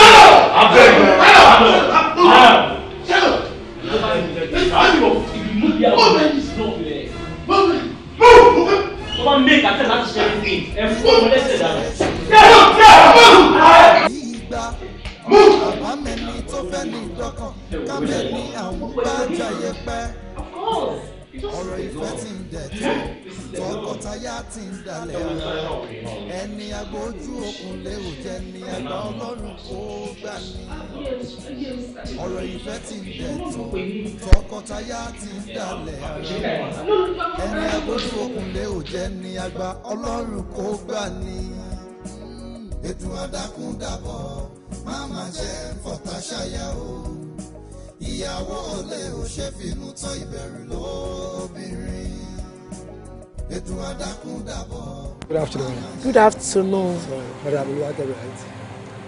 bí àwọn ọmọ ẹni sí náà rẹ̀. tó bá mẹ́ka tẹ̀ láti ṣe é fún ọmọ lẹ́sẹ̀ dára. àbámẹ́ni tó fẹ́ ní ìdọ́kàn kábẹ́ni àwọn bá jẹ́ yẹpẹ́ ọ̀rọ̀ ìfẹ́ ti ń dẹ̀ tó tọkọtaya ti ń dalẹ̀ o ẹni agbójú okùn lè ò jẹ́ ni àgbà ọlọ́run kò gbà ní. ọ̀rọ̀ ìfẹ́ ti ń dẹ̀ tó tọkọtaya ti ń dalẹ̀ o ẹni agbójú okùn lè ò jẹ́ ni àgbà ọlọ́run kò gbà ní. ètò àdákúndàbọ̀ máa máa jẹ́ fọ̀tàṣáyà o ìyàwó olè ò ṣe fínú tán ìbẹ̀rù lóbìnrin good afternoon. good afternoon.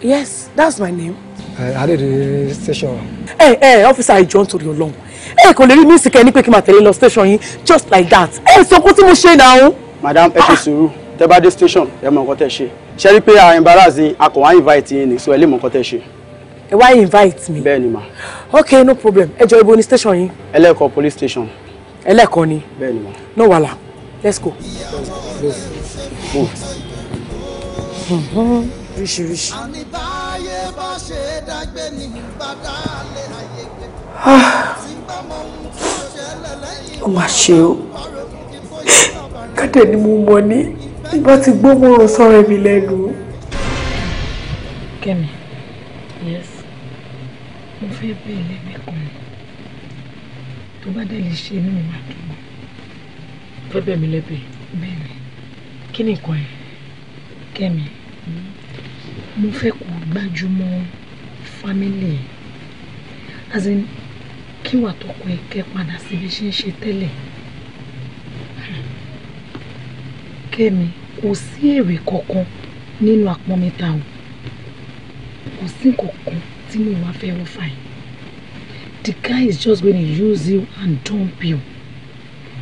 yes that's my name. Uh, adé de station. ẹ ẹ ọfíìsà ìjọ ń torí Ọlọ́run ẹ kò lè rí mí sìkẹ́ ní pé kí n máa tẹ̀lé lọ station yín just like that ẹ eh, sọ kó tí mo ṣe náà. madam ẹ ṣe ah. sùúrù tẹ bá dé station ẹ mọ nǹkan tẹ ṣe ṣe rí pé àrùn embarrass ni a kò wá invite yín ni so ẹ lè mọ nǹkan tẹ ṣe. ẹ eh, wá invite mi. bẹ́ẹ̀ni ma. ok no problem ẹ jọ ibo ni station yín. ẹlẹ́kọ̀ọ́ police station. ẹlẹ́kọ̀ọ́ ni. bẹ́ẹ̀ni ma. no wàhálà let's go. let's move. oríṣiríṣi. àníbáyé bá ṣe dágbé ní bàtà ó mà ṣe o kádẹ́ ni mo mọ̀ ní nígbà tí gbọ́mọ̀ràn sọ̀rọ̀ mi lẹ́nu. kẹ́mi yes mo fẹ́ bẹ́ẹ̀ lẹ́gbẹ̀ẹ́ kan tó bá dé lè ṣe mí ni màá dùn fẹ́ bẹ̀ mí lẹ́bẹ̀. bẹ́ẹ̀ni. kí ni ẹ̀. kẹ́mi mo fẹ́ kó gbájúmọ́ fámílì ẹ̀ as in kí wàá tọkọ ẹ kẹ́ padà sí bí ṣe ń ṣe tẹ́lẹ̀. kẹ́mi kò sí èrè kankan nínú àpọ́n mi ta o kò sí kankan tí mo wá fẹ́ wọ́n fà yìí the guy is just gonna use you and dump you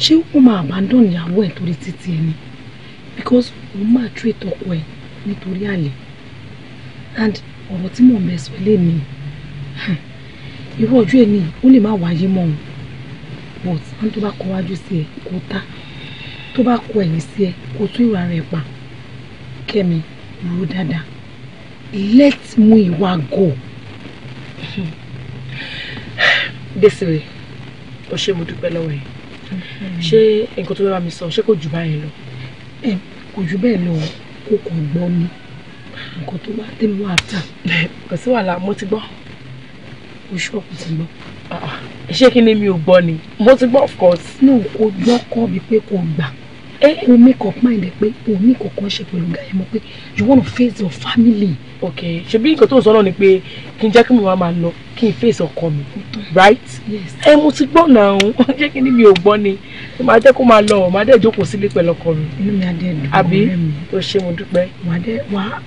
ṣé ó máa abandon ìyàwó ẹ̀ torí títí ẹni because òun máa treat ọkọ ẹ̀ nítorí àlè and ọ̀rọ̀ tí mò ń bẹ sọ lé mi irú ọjọ́ ẹ̀ ni ó lè má wáyé mọ́ òun but ní tó bá kọ wájú sí ẹ kó tá tó bá kọ ẹ̀yìn sí ẹ kó tún ìwà rẹ̀ pa kẹ́mi rú dáadáa let mu ìwà go. Desire, ó ṣé mo dúpẹ́ lọ́wọ́ yìí ṣé nǹkan tó bá mi sọ ṣé kò jù báyìí lọ kò jù bẹ́ẹ̀ lọ kò kàn gbọ́ mi nǹkan tó bá tẹ̀mí wà tà kò sí wàhálà mo ti gbọ́ oṣù ọ̀pọ̀ ti gbọ́ ah, ah. ṣé kí ni mi ò gbọ́ ni mo ti gbọ́ of course. no kò gbọ́ kọ́ mi pé kò gbà o make up mind pé o ní kọ̀ọ̀kan ṣe pẹ̀lú ọ̀gá yẹn mọ̀ pé you wanna face your family. ok ṣebí nǹkan tó ń sọ náà ni pé kí n jẹ́ kí mi wá máa lọ kí n face ọkọ mi right ẹ mo ti gbọ́ náà ń wọ́n jẹ́ kí ni mi ò gbọ́ ni màá jẹ́ kó máa lọ ọ̀ màá dẹ̀ jókòó sílé pẹ̀lú ọkọ mi. inú mi adé dùn àbí o ṣe mo dúpẹ́.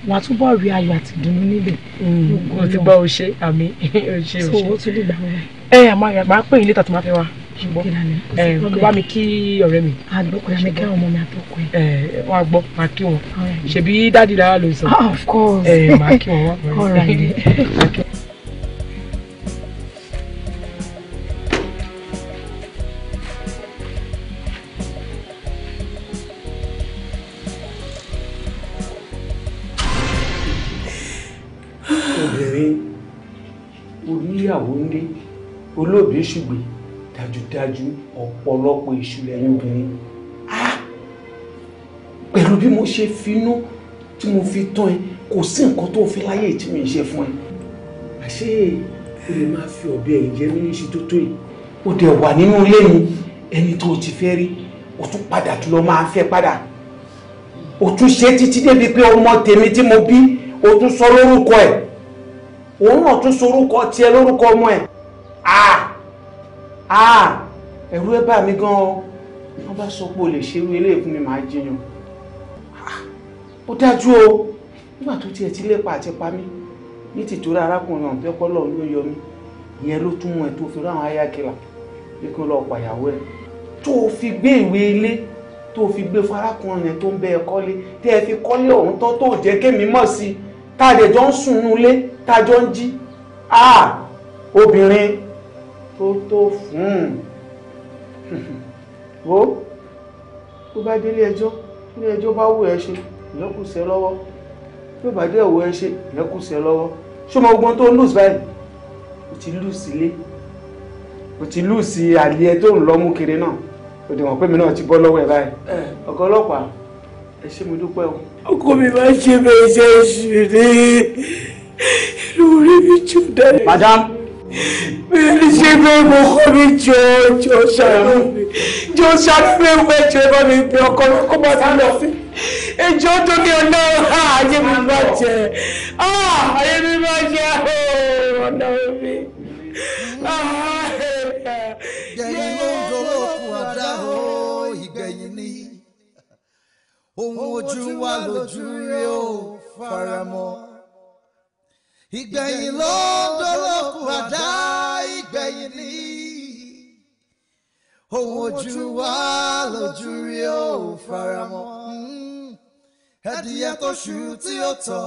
wàá túbọ̀ rí ayọ̀ àti ìdùnnú níbẹ̀. Mm. mo ti gbọ́ o ṣe àmì o ṣe o ṣe. so o tún lè gbà wọ́n. ẹ àmọ́ àyà máa pè yín létà tó máa fẹ́ wá ṣùgbọ́n ẹ kó bá mi kí ọ̀rẹ́ mi. àgbọ̀kọ̀ yà mí kẹ́ ọmọ mi àtọkọ ẹ. ẹ wọn gbọ́ máa kí wọn ṣèbí dáàdi lára ló sọ. Ah, of course ẹ máa kí wọn wá. ọ̀rọ̀ àìlè. yéṣù gbé dájúdájú ọ̀pọ̀lọpọ̀ èṣù lẹ́yìn obìnrin pẹ̀lú bí mo ṣe finú tí mo fi tán ẹ kò sí nǹkan tó fi láyé tí mi ṣe fún ẹ àṣé o lè máa fi ọ̀bẹ ẹ̀yìn jẹ mí níṣe tó tó yìí ó dẹ̀ wà nínú ilé mi ẹni tó ti fẹ́ rí o tún padà tún lọ máa fẹ́ padà o tún ṣe títí débi pé ọmọ tèmi tí mo bí o tún sọ lórúkọ ẹ òun náà tún sọ orúkọ tiẹ̀ lórúkọ ọmọ ẹ ah ah ẹ̀rú ẹ bà mí gan o wọ́n bá sọ pé o lè ṣerú eléyìí fún mi màá jiyàn ah, ó dájú o nígbà tó tiẹ̀ ti lépa àti pa mí ní tìtorí arákùnrin ọ̀hún fẹ́ kọ́ lọ́ọ̀ ló yọ mí ìyẹn ló tún mú ẹ tó fi ráwọn ayákẹ́là pé kí wọ́n lọ́ọ́ pàyàwó ẹ̀ tó o fi gbé ìwé ilé tó o fi gbé farakùnrin yẹn tó ń bẹ ẹ kọ́lé tẹ́ ẹ fi kọ́lé ọ̀hún tán tó jẹ́ kémi mọ̀ sí i tá a dẹ̀ jọ ń sùn nulẹ̀ tá a jọ ń jí ah, obìnrin tó tó fún un wo tó bá délé ẹjọ́ ilé ẹjọ́ bá wù ẹ ṣe ìyẹn kù sẹ́ lọ́wọ́ tó bá dé ẹ̀wọ̀ ẹ ṣe ìyẹn kù sẹ́ lọ́wọ́ ṣé ọmọ ogun tó ń lùs báyìí o ti lùs ilé o ti lùs àlẹ́ tó ń lọ́mú kiri náà o dì wọ́n pé mi náà ti bọ́ lọ́wọ́ ẹ báyìí ọ̀gá ọlọ́pàá ẹ ṣé mo dúpẹ́ o. ọkọ mi máa ń ṣe bẹ́ẹ̀ ṣe é ṣe ní lórí mi jù dáre. madam mi ṣe pé mo kọ́ mi jọ jọ ṣàánú mi jọ ṣàánú mi wọ́n ẹ̀jọ̀ bá mi bí ọkọ mi kó bá ti lọ sí ẹjọ́ tó ní ọ̀nà aye, mi má jẹ aye, mi má jẹ ọ̀nà mi. ìgbẹ̀yìn ló ń doló kù àdá o ìgbẹ̀yìn ni ohun ojú wa lójú rí o faramọ́ ìgbẹ̀yìn ló dolóku àdá ìgbẹ̀yìn ní ohun ojú wa lójú rí ó faramọ́ hmm. ẹdìyẹ tó ṣù tí ó tọ̀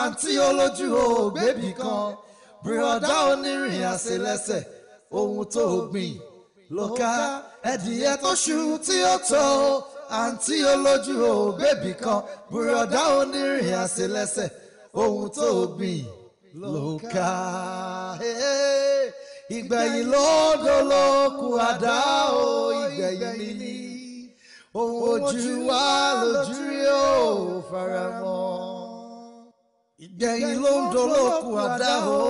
àǹtí olójú ògbébì kan bùrọ̀dá onírìn àṣelẹ́sẹ̀ ohun tó gbìn ló ká ẹdìyẹ tó ṣù tí ó tọ̀ àǹtí olójú ògbébì kan bùrọ̀dá onírìn àṣelẹ́sẹ̀ ohun tó gbìn lóka eh, ìgbẹ̀yìn lọ́dọ̀ lóku àdá o ìgbẹ̀yìn mi ní ohun ojú wa lójú rí o faramọ́ ìgbẹ̀yìn lọ́dọ̀ lóku àdá o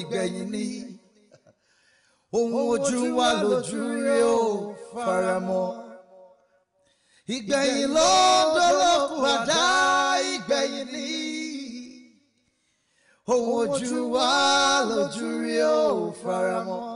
ìgbẹ̀yìn ní ohun ojú wa lójú rí o faramọ́ ìgbẹ̀yìn lọ́dọ̀ àdá o. ohun ojú wa lójú rí ó faramọ́.